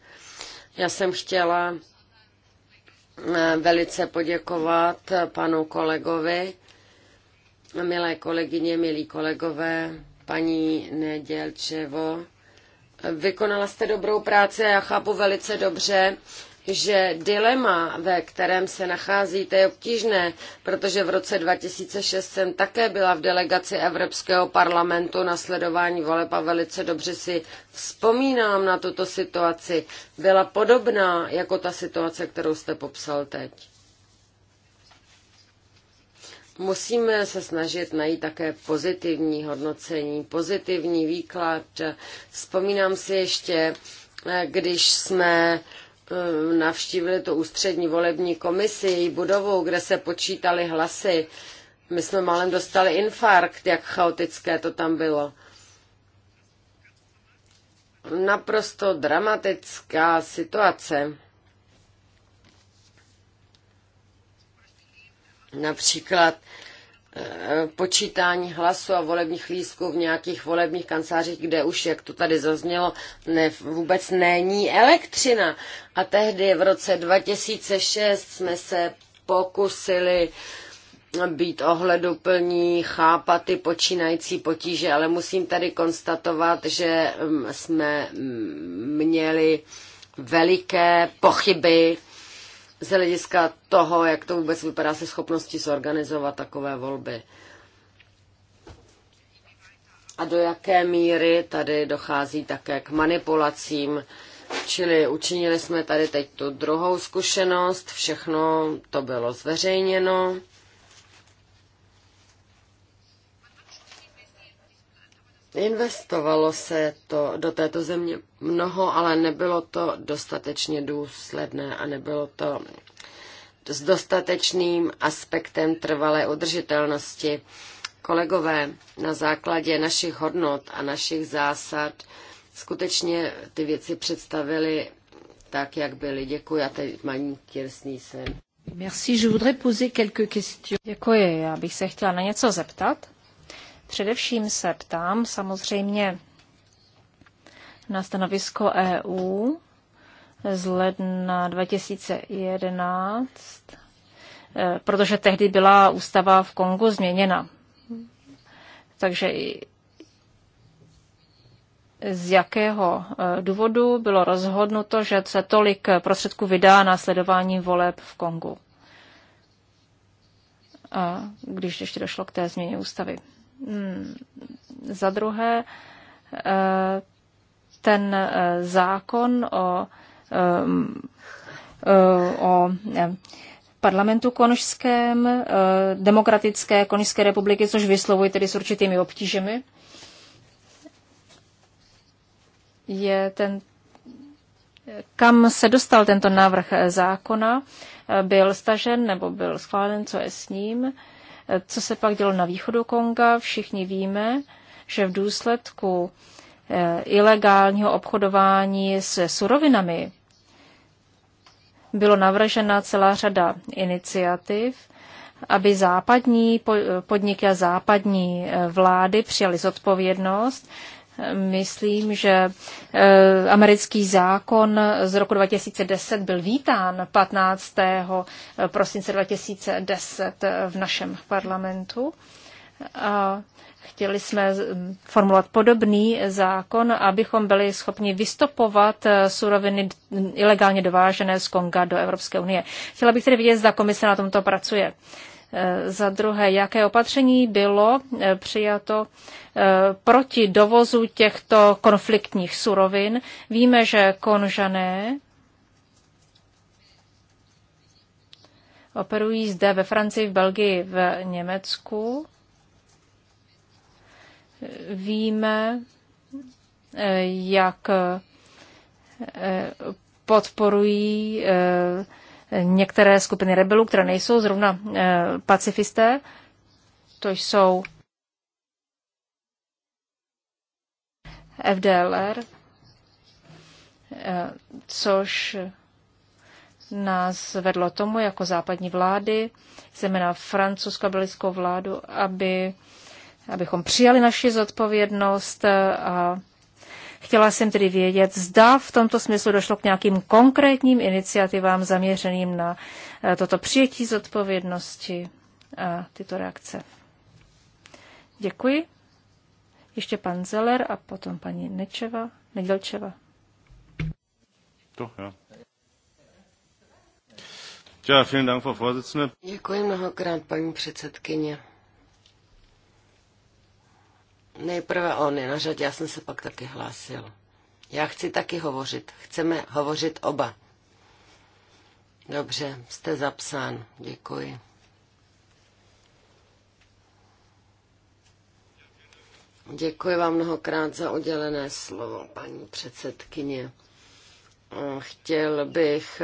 Já jsem chtěla eh, velice poděkovat panu kolegovi, milé kolegyně, milí kolegové, paní Nedělčevo Vykonala jste dobrou práci a já chápu velice dobře, že dilema, ve kterém se nacházíte, je obtížné, protože v roce 2006 jsem také byla v delegaci Evropského parlamentu na sledování voleb a velice dobře si vzpomínám na tuto situaci. Byla podobná jako ta situace, kterou jste popsal teď. Musíme se snažit najít také pozitivní hodnocení, pozitivní výklad. Vzpomínám si ještě, když jsme eh, navštívili tu ústřední volební komisi, její budovu, kde se počítali hlasy. My jsme málem dostali infarkt, jak chaotické to tam bylo. Naprosto dramatická situace. například eh, počítání hlasu a volebních lístků v nějakých volebních kancelářích, kde už, jak to tady zaznělo, ne, vůbec není elektřina. A tehdy v roce 2006 jsme se pokusili být ohleduplní, chápat ty počínající potíže, ale musím tady konstatovat, že mm, jsme mm, měli veliké pochyby, z hlediska toho, jak to vůbec vypadá se schopností zorganizovat takové volby. A do jaké míry tady dochází také k manipulacím, čili učinili jsme tady teď tu druhou zkušenost, všechno to bylo zveřejněno. Investovalo se to do této země mnoho, ale nebylo to dostatečně důsledné a nebylo to s dostatečným aspektem trvalé udržitelnosti. Kolegové, na základě našich hodnot a našich zásad skutečně ty věci představili tak, jak byly. Děkuji a teď maní Kirstný sen. Merci, je voudrais poser quelques questions. Děkuji, já bych se chtěla na něco zeptat. Především se ptám samozřejmě na stanovisko EU z ledna 2011, eh, protože tehdy byla ústava v Kongu změněna. Takže z jakého eh, důvodu bylo rozhodnuto, že se tolik prostředků vydá na sledování voleb v Kongu. A když ještě došlo k té změně ústavy. Mm, za druhé, eh, ten eh, zákon o, ehm, eh, o parlamentu konžském, demokratické konžské republiky, což vyslovuji tedy s určitými obtížemi, je ten, kam se dostal tento návrh zákona, byl stažen nebo byl schválen, co je s ním. Co se pak dělo na východu Konga, všichni víme, že v důsledku eh, ilegálního obchodování se surovinami bylo navržena celá řada iniciativ, aby západní podniky a západní eh, vlády přijali zodpovědnost Myslím, že eh, americký zákon z roku 2010 byl vítán 15. prosince 2010 v našem parlamentu. A chtěli jsme formulovat podobný zákon, abychom byli schopni vystopovat eh, suroviny ilegálně dovážené z Konga do Evropské unie. Chtěla bych tedy vidět, zda komise na tomto pracuje. Za druhé, jaké opatření bylo eh, přijato eh, proti dovozu těchto konfliktních surovin? Víme, že konžané operují zde ve Francii, v Belgii, v Německu. Víme, eh, jak podporují některé skupiny rebelů, které nejsou zrovna eh, pacifisté, to jsou FDLR, eh, což nás vedlo tomu, jako západní vlády, zejména francouzskou a belickou vládu, aby, abychom přijali naši zodpovědnost eh, a Chtěla jsem tedy vědět, zda v tomto smyslu došlo k nějakým konkrétním iniciativám zaměřeným na eh, toto přijetí zodpovědnosti a tyto reakce. Děkuji. Ještě pan Zeller a potom paní Nečeva, Nedělčeva. To, já. Děkuji mnohokrát, paní předsedkyně. Nejprve on je na řadě, já jsem se pak taky hlásil. Já chci taky hovořit. Chceme hovořit oba. Dobře, jste zapsán. Děkuji. Děkuji vám mnohokrát za udělené slovo, paní předsedkyně. Chtěl bych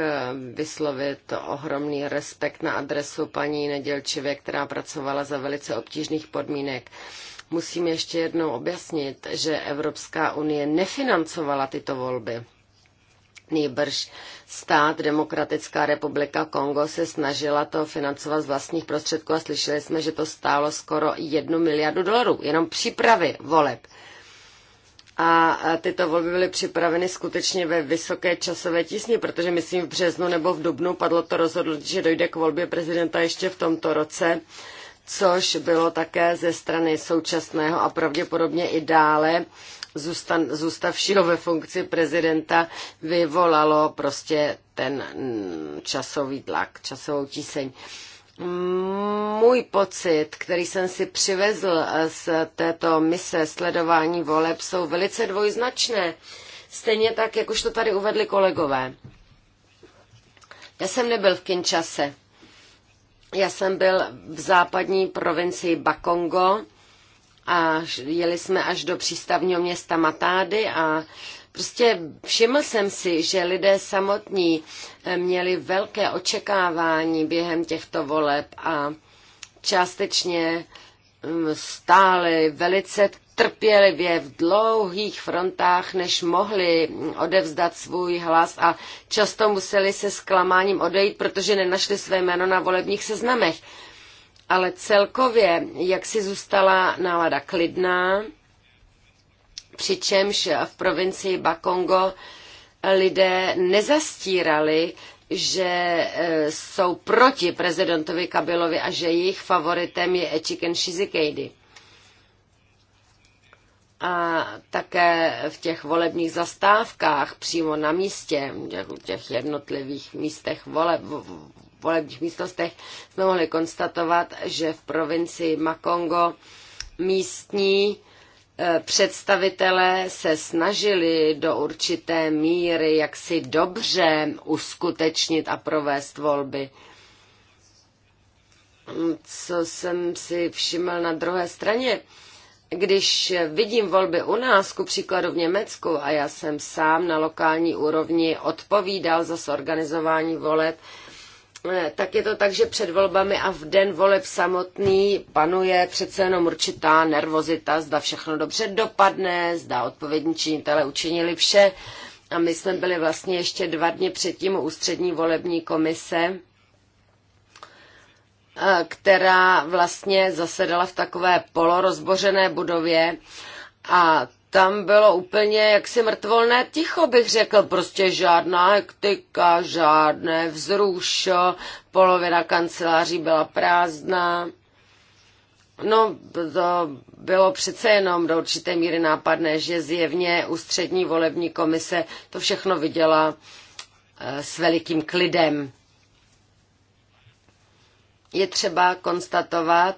vyslovit ohromný respekt na adresu paní Nedělčivě, která pracovala za velice obtížných podmínek. Musím ještě jednou objasnit, že Evropská unie nefinancovala tyto volby. Nýbrž stát Demokratická republika Kongo se snažila to financovat z vlastních prostředků a slyšeli jsme, že to stálo skoro jednu miliardu dolarů, jenom přípravy voleb. A tyto volby byly připraveny skutečně ve vysoké časové tísni, protože myslím v březnu nebo v dubnu padlo to rozhodnutí, že dojde k volbě prezidenta ještě v tomto roce což bylo také ze strany současného a pravděpodobně i dále zůstan, zůstavšího ve funkci prezidenta vyvolalo prostě ten mm, časový tlak, časovou tíseň. Můj pocit, který jsem si přivezl z této mise sledování voleb, jsou velice dvojznačné. Stejně tak, jak už to tady uvedli kolegové. Já jsem nebyl v Kinčase já jsem byl v západní provincii Bakongo a jeli jsme až do přístavního města Matády a prostě všiml jsem si, že lidé samotní eh, měli velké očekávání během těchto voleb a částečně mm, stáli velice trpělivě v dlouhých frontách, než mohli odevzdat svůj hlas a často museli se zklamáním odejít, protože nenašli své jméno na volebních seznamech. Ale celkově, jak si zůstala nálada klidná, přičemž v provincii Bakongo lidé nezastírali, že e, jsou proti prezidentovi Kabilovi a že jejich favoritem je Echiken Shizikeidi a také v těch volebních zastávkách přímo na místě, v těch jednotlivých místech voleb, volebních místnostech, jsme mohli konstatovat, že v provincii Makongo místní eh, představitelé se snažili do určité míry jaksi dobře uskutečnit a provést volby. Co jsem si všiml na druhé straně, když vidím volby u nás, ku příkladu v Německu, a já jsem sám na lokální úrovni odpovídal za zorganizování voleb, eh, tak je to tak, že před volbami a v den voleb samotný panuje přece jenom určitá nervozita, zda všechno dobře dopadne, zda odpovědní činitele učinili vše. A my jsme byli vlastně ještě dva dny předtím u ústřední volební komise, Eh, která vlastně zasedala v takové polorozbořené budově a tam bylo úplně jaksi mrtvolné ticho, bych řekl, prostě žádná hektika, žádné vzrušo, polovina kanceláří byla prázdná. No, to bylo přece jenom do určité míry nápadné, že zjevně ústřední volební komise to všechno viděla eh, s velikým klidem je třeba konstatovat,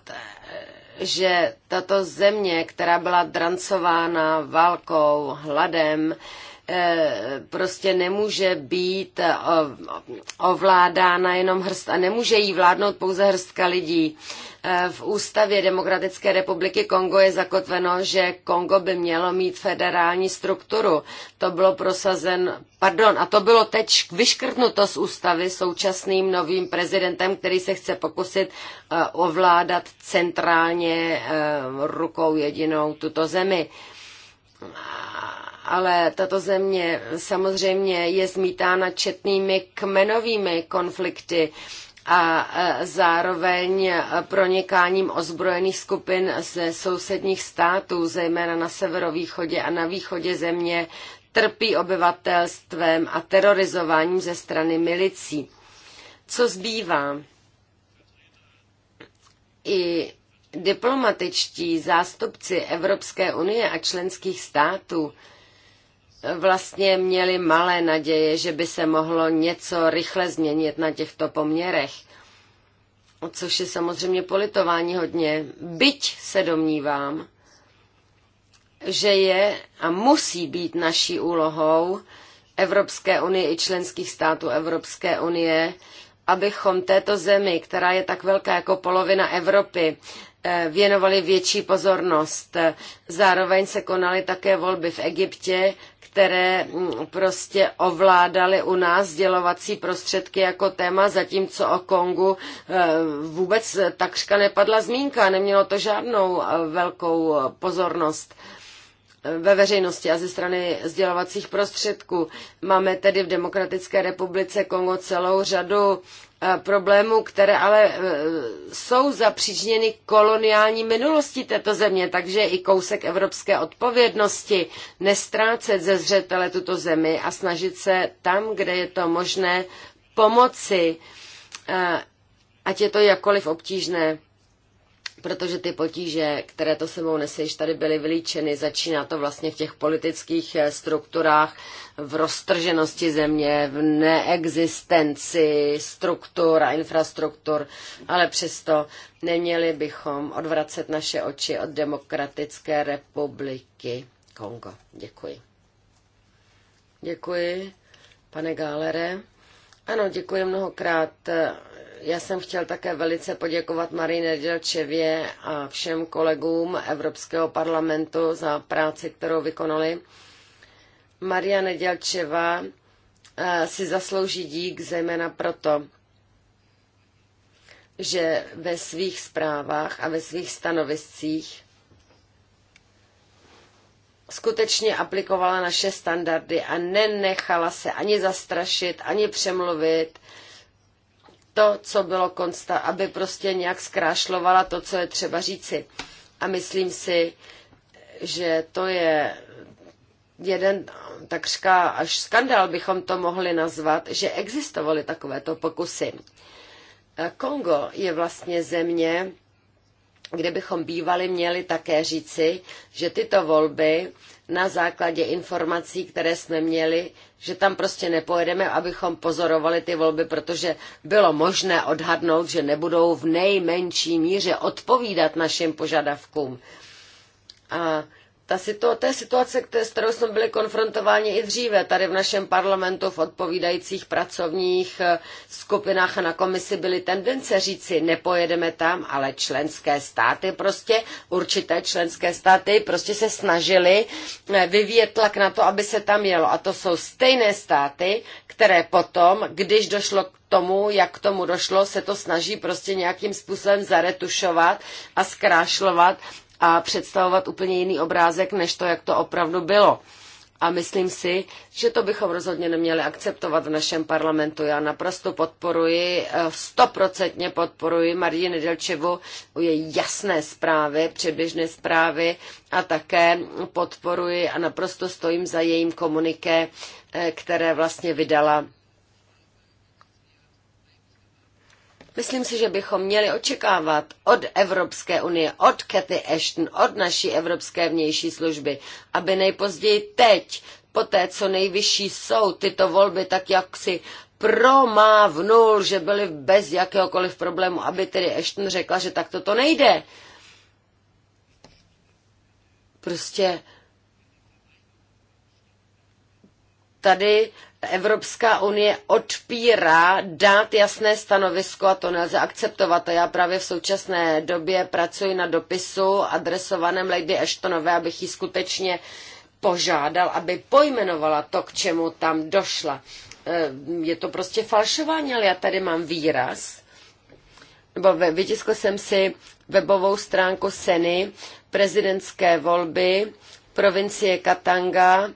že tato země, která byla drancována válkou, hladem, E, prostě nemůže být e, ovládána jenom hrst a nemůže jí vládnout pouze hrstka lidí. E, v ústavě Demokratické republiky Kongo je zakotveno, že Kongo by mělo mít federální strukturu. To bylo prosazen, pardon, a to bylo teď vyškrtnuto z ústavy současným novým prezidentem, který se chce pokusit ovládat centrálně rukou jedinou tuto zemi ale tato země samozřejmě je zmítána četnými kmenovými konflikty a e, zároveň pronikáním ozbrojených skupin ze sousedních států, zejména na severovýchodě a na východě země, trpí obyvatelstvem a terorizováním ze strany milicí. Co zbývá? I diplomatičtí zástupci Evropské unie a členských států vlastně měli malé naděje, že by se mohlo něco rychle změnit na těchto poměrech. Což je samozřejmě politování hodně. Byť se domnívám, že je a musí být naší úlohou Evropské unie i členských států Evropské unie, abychom této zemi, která je tak velká jako polovina Evropy, eh, věnovali větší pozornost. Zároveň se konaly také volby v Egyptě které mm, prostě ovládaly u nás dělovací prostředky jako téma, zatímco o Kongu eh, vůbec takřka nepadla zmínka, nemělo to žádnou eh, velkou pozornost eh, ve veřejnosti a ze strany sdělovacích prostředků. Máme tedy v Demokratické republice Kongo celou řadu problémů, které ale e, jsou zapříčněny koloniální minulostí této země, takže i kousek evropské odpovědnosti nestrácet ze zřetele tuto zemi a snažit se tam, kde je to možné, pomoci, ať je to jakkoliv obtížné protože ty potíže, které to sebou nese, již tady byly vylíčeny, začíná to vlastně v těch politických eh, strukturách, v roztrženosti země, v neexistenci struktur a infrastruktur, ale přesto neměli bychom odvracet naše oči od Demokratické republiky Kongo. Děkuji. Děkuji, pane Gálere. Ano, děkuji mnohokrát eh, já jsem chtěl také velice poděkovat Marii Nedělčevě a všem kolegům Evropského parlamentu za práci, kterou vykonali. Maria Nedělčeva eh, si zaslouží dík zejména proto, že ve svých zprávách a ve svých stanoviscích skutečně aplikovala naše standardy a nenechala se ani zastrašit, ani přemluvit, to, co bylo konsta, aby prostě nějak zkrášlovala to, co je třeba říci. A myslím si, že to je jeden takřka až skandal bychom to mohli nazvat, že existovaly takovéto pokusy. Eh, Kongo je vlastně země, kde bychom bývali měli také říci, že tyto volby na základě informací, které jsme měli, že tam prostě nepojedeme, abychom pozorovali ty volby, protože bylo možné odhadnout, že nebudou v nejmenší míře odpovídat našim požadavkům. A ta to je situace, které, s kterou jsme byli konfrontováni i dříve tady v našem parlamentu v odpovídajících pracovních eh, skupinách a na komisi byly tendence říci, nepojedeme tam, ale členské státy prostě, určité členské státy prostě se snažili eh, vyvíjet tlak na to, aby se tam jelo. A to jsou stejné státy, které potom, když došlo k tomu, jak k tomu došlo, se to snaží prostě nějakým způsobem zaretušovat a zkrášlovat a představovat úplně jiný obrázek, než to, jak to opravdu bylo. A myslím si, že to bychom rozhodně neměli akceptovat v našem parlamentu. Já naprosto podporuji, eh, stoprocentně podporuji Marii Nedelčevu u její jasné zprávy, předběžné zprávy a také podporuji a naprosto stojím za jejím komuniké, eh, které vlastně vydala Myslím si, že bychom měli očekávat od Evropské unie, od Cathy Ashton, od naší Evropské vnější služby, aby nejpozději teď, poté co nejvyšší jsou tyto volby, tak jak si promávnul, že byly bez jakéhokoliv problému, aby tedy Ashton řekla, že takto to nejde. Prostě tady Evropská unie odpírá dát jasné stanovisko a to nelze akceptovat. A já právě v současné době pracuji na dopisu adresovaném Lady Ashtonové, abych ji skutečně požádal, aby pojmenovala to, k čemu tam došla. E, je to prostě falšování, ale já tady mám výraz. Nebo vytiskl jsem si webovou stránku Seny, prezidentské volby, provincie Katanga,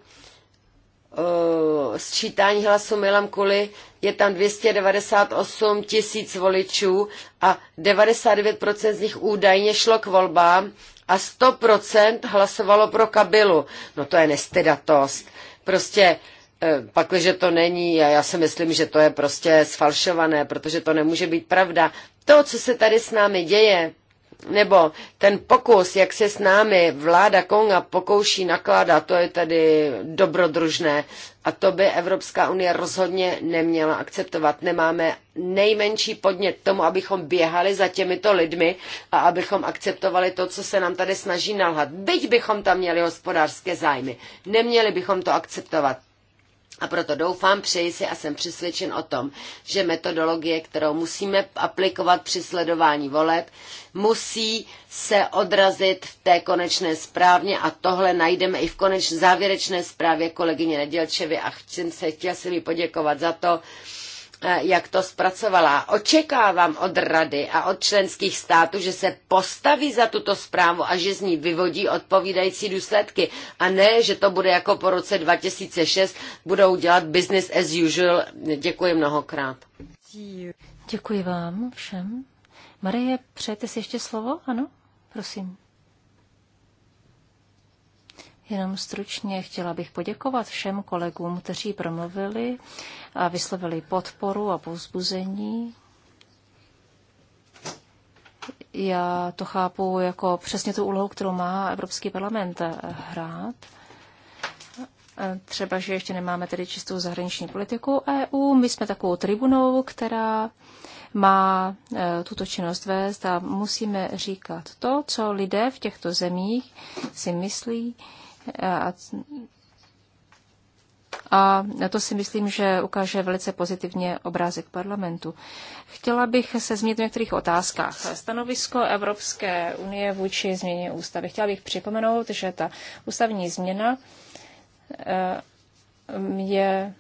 Eh, sčítání hlasů Milan Kuli je tam 298 tisíc voličů a 99% z nich údajně šlo k volbám a 100% hlasovalo pro Kabilu. No to je nestydatost. Prostě eh, pakliže to není, a já si myslím, že to je prostě sfalšované, protože to nemůže být pravda. To, co se tady s námi děje, nebo ten pokus, jak se s námi vláda Konga pokouší nakládat, to je tedy dobrodružné. A to by Evropská unie rozhodně neměla akceptovat. Nemáme nejmenší podnět tomu, abychom běhali za těmito lidmi a abychom akceptovali to, co se nám tady snaží nalhat. Byť bychom tam měli hospodářské zájmy, neměli bychom to akceptovat. A proto doufám, přeji si a jsem přesvědčen o tom, že metodologie, kterou musíme aplikovat při sledování voleb, musí se odrazit v té konečné správně a tohle najdeme i v konečné závěrečné zprávě kolegyně Nedělčevy a chci se, chtěl jsem jí poděkovat za to, Eh, jak to zpracovala. Očekávám od rady a od členských států, že se postaví za tuto zprávu a že z ní vyvodí odpovídající důsledky. A ne, že to bude jako po roce 2006, budou dělat business as usual. Děkuji mnohokrát. Děkuji vám všem. Marie, přejete si ještě slovo? Ano, prosím. Jenom stručně chtěla bych poděkovat všem kolegům, kteří promluvili a vyslovili podporu a povzbuzení. Já to chápu jako přesně tu úlohu, kterou má Evropský parlament hrát. Třeba, že ještě nemáme tedy čistou zahraniční politiku EU. My jsme takovou tribunou, která má e, tuto činnost vést a musíme říkat to, co lidé v těchto zemích si myslí, a, to si myslím, že ukáže velice pozitivně obrázek parlamentu. Chtěla bych se zmínit v některých otázkách. Stanovisko Evropské unie vůči změně ústavy. Chtěla bych připomenout, že ta ústavní změna eh, je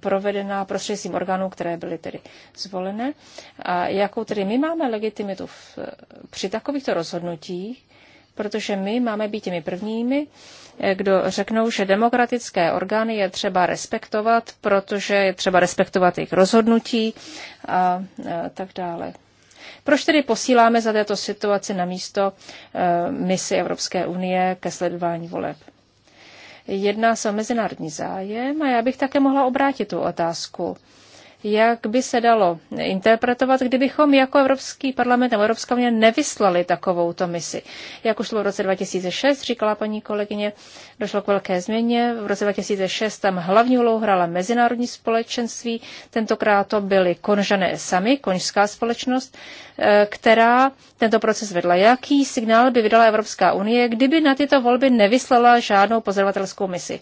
provedená prostřednictvím orgánů, které byly tedy zvolené. A jakou tedy my máme legitimitu v, při takovýchto rozhodnutích, protože my máme být těmi prvními, kdo řeknou, že demokratické orgány je třeba respektovat, protože je třeba respektovat jejich rozhodnutí a tak dále. Proč tedy posíláme za této situaci na místo e, misi Evropské unie ke sledování voleb? Jedná se o mezinárodní zájem a já bych také mohla obrátit tu otázku jak by se dalo interpretovat, kdybychom jako Evropský parlament nebo Evropská unie nevyslali to misi. Jak už bylo v roce 2006, říkala paní kolegyně, došlo k velké změně. V roce 2006 tam hlavní úlohu hrála mezinárodní společenství, tentokrát to byly konžané sami, konžská společnost, eh, která tento proces vedla. Jaký signál by vydala Evropská unie, kdyby na tyto volby nevyslala žádnou pozorovatelskou misi?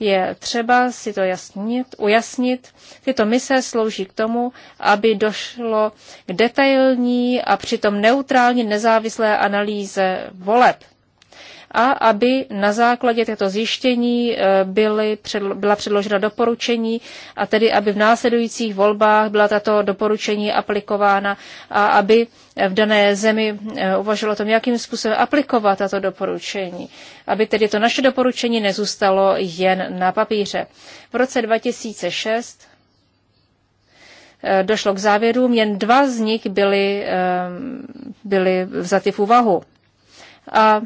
Je třeba si to jasnit, ujasnit. Tyto mise slou- slouží k tomu, aby došlo k detailní a přitom neutrální nezávislé analýze voleb a aby na základě těchto zjištění eh, byly, byla předložena doporučení a tedy aby v následujících volbách byla tato doporučení aplikována a aby v dané zemi eh, uvažovalo o tom, jakým způsobem aplikovat tato doporučení, aby tedy to naše doporučení nezůstalo jen na papíře. V roce 2006 Eh, došlo k závěrům, jen dva z nich byly, eh, byly vzaty v úvahu. A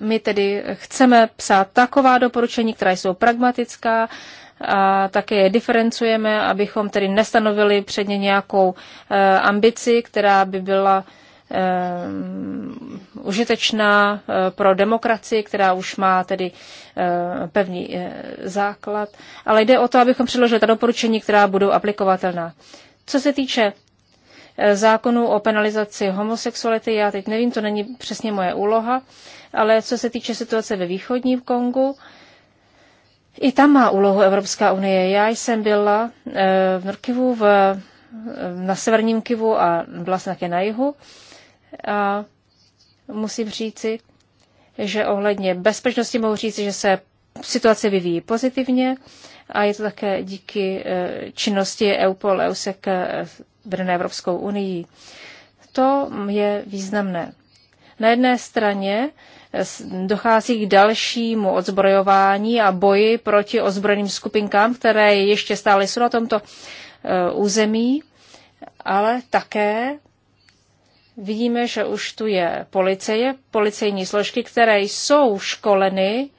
my tedy chceme psát taková doporučení, která jsou pragmatická, a také je diferencujeme, abychom tedy nestanovili předně nějakou eh, ambici, která by byla Eh, užitečná eh, pro demokracii, která už má tedy eh, pevný základ. Ale jde o to, abychom předložili ta doporučení, která budou aplikovatelná. Co se týče zákonu o penalizaci homosexuality, já teď nevím, to není přesně moje úloha, ale co se týče situace ve východním Kongu, i tam má úlohu Evropská unie. Já jsem byla v Norkivu, v, na severním Kivu a byla jsem také na jihu. A musím říci, že ohledně bezpečnosti mohu říci, že se situace vyvíjí pozitivně a je to také díky e, činnosti EUPOL, EUSEC e, vedené Evropskou unii. To je významné. Na jedné straně e, dochází k dalšímu odzbrojování a boji proti ozbrojeným skupinkám, které ještě stále jsou na tomto území, ale také Vidíme, že už tu je policie, policejní složky, které jsou školeny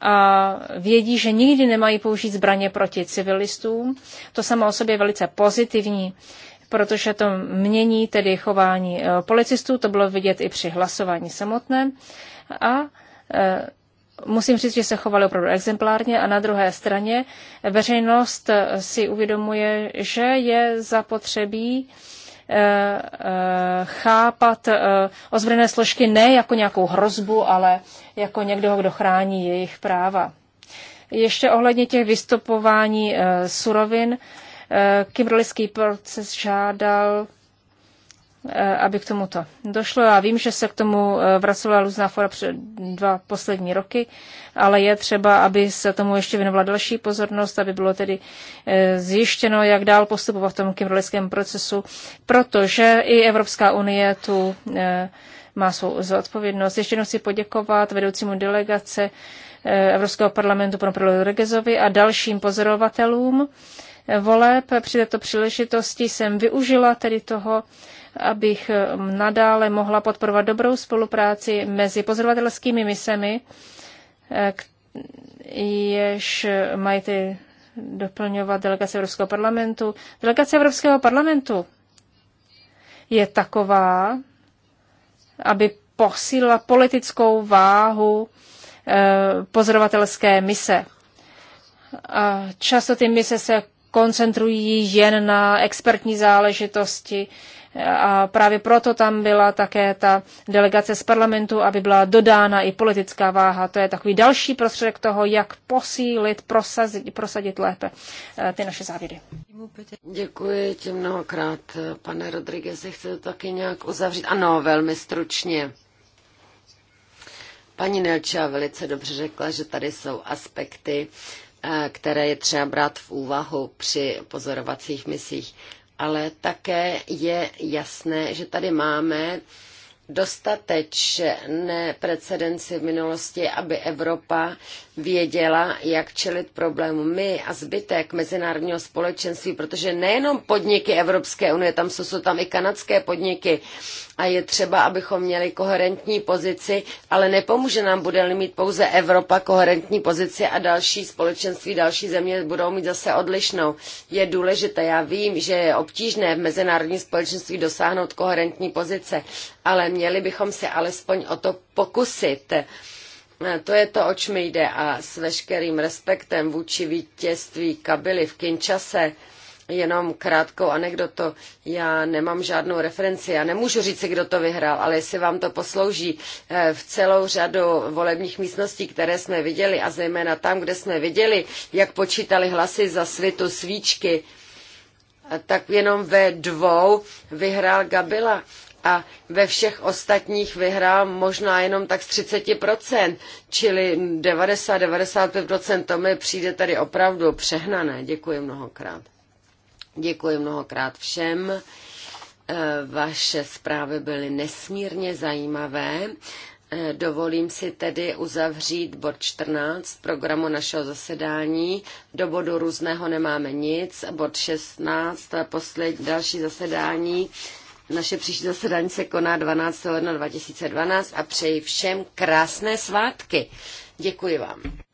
a vědí, že nikdy nemají použít zbraně proti civilistům. To samo o sobě je velice pozitivní, protože to mění tedy chování eh, policistů, to bylo vidět i při hlasování samotném. A eh, musím říct, že se chovali opravdu exemplárně a na druhé straně veřejnost si uvědomuje, že je zapotřebí Eh, eh, chápat eh, ozbrojené složky ne jako nějakou hrozbu, ale jako někdo, kdo chrání jejich práva. Ještě ohledně těch vystupování surovin, Kimberlyský proces žádal Eh, aby k tomuto došlo. Já vím, že se k tomu eh, vracovala různá fora před dva poslední roky, ale je třeba, aby se tomu ještě věnovala další pozornost, aby bylo tedy eh, zjištěno, jak dál postupovat v tom kimberlickém procesu, protože i Evropská unie tu má svou zodpovědnost. Ještě jednou chci poděkovat vedoucímu delegace Evropského parlamentu panu Pedro Regezovi a dalším pozorovatelům voleb. Při této příležitosti jsem využila tedy toho, abych um, nadále mohla podporovat dobrou spolupráci mezi pozorovatelskými misemi, eh, jež mají ty doplňovat delegace Evropského parlamentu. Delegace Evropského parlamentu je taková, aby posílila politickou váhu eh, pozorovatelské mise. A často ty mise se koncentrují jen na expertní záležitosti, a právě proto tam byla také ta delegace z parlamentu, aby byla dodána i politická váha. To je takový další prostředek toho, jak posílit, prosazit, prosadit lépe eh, ty naše závěry. Děkuji ti mnohokrát, pane Rodriguez. Chcete to taky nějak uzavřít? Ano, velmi stručně. Paní Nelča velice dobře řekla, že tady jsou aspekty, eh, které je třeba brát v úvahu při pozorovacích misích ale také je jasné, že tady máme dostatečné precedenci v minulosti, aby Evropa věděla, jak čelit problému. My a zbytek mezinárodního společenství, protože nejenom podniky Evropské unie, tam jsou, jsou tam i kanadské podniky a je třeba, abychom měli koherentní pozici, ale nepomůže nám, bude mít pouze Evropa koherentní pozici a další společenství, další země budou mít zase odlišnou. Je důležité, já vím, že je obtížné v mezinárodním společenství dosáhnout koherentní pozice, ale měli bychom se alespoň o to pokusit. To je to, oč mi jde a s veškerým respektem vůči vítězství kabily v Kinčase, jenom krátkou anekdotu. Já nemám žádnou referenci, já nemůžu říct si, kdo to vyhrál, ale jestli vám to poslouží eh, v celou řadu volebních místností, které jsme viděli a zejména tam, kde jsme viděli, jak počítali hlasy za svitu svíčky, eh, tak jenom ve dvou vyhrál Gabila a ve všech ostatních vyhrál možná jenom tak z 30%, čili 90-95% to mi přijde tady opravdu přehnané. Děkuji mnohokrát. Děkuji mnohokrát všem. Eh, vaše zprávy byly nesmírně zajímavé. Eh, dovolím si tedy uzavřít bod 14 programu našeho zasedání. Do bodu různého nemáme nic. Bod 16, eh, poslední další zasedání naše příští zasedání se koná 12. ledna 2012 a přeji všem krásné svátky. Děkuji vám.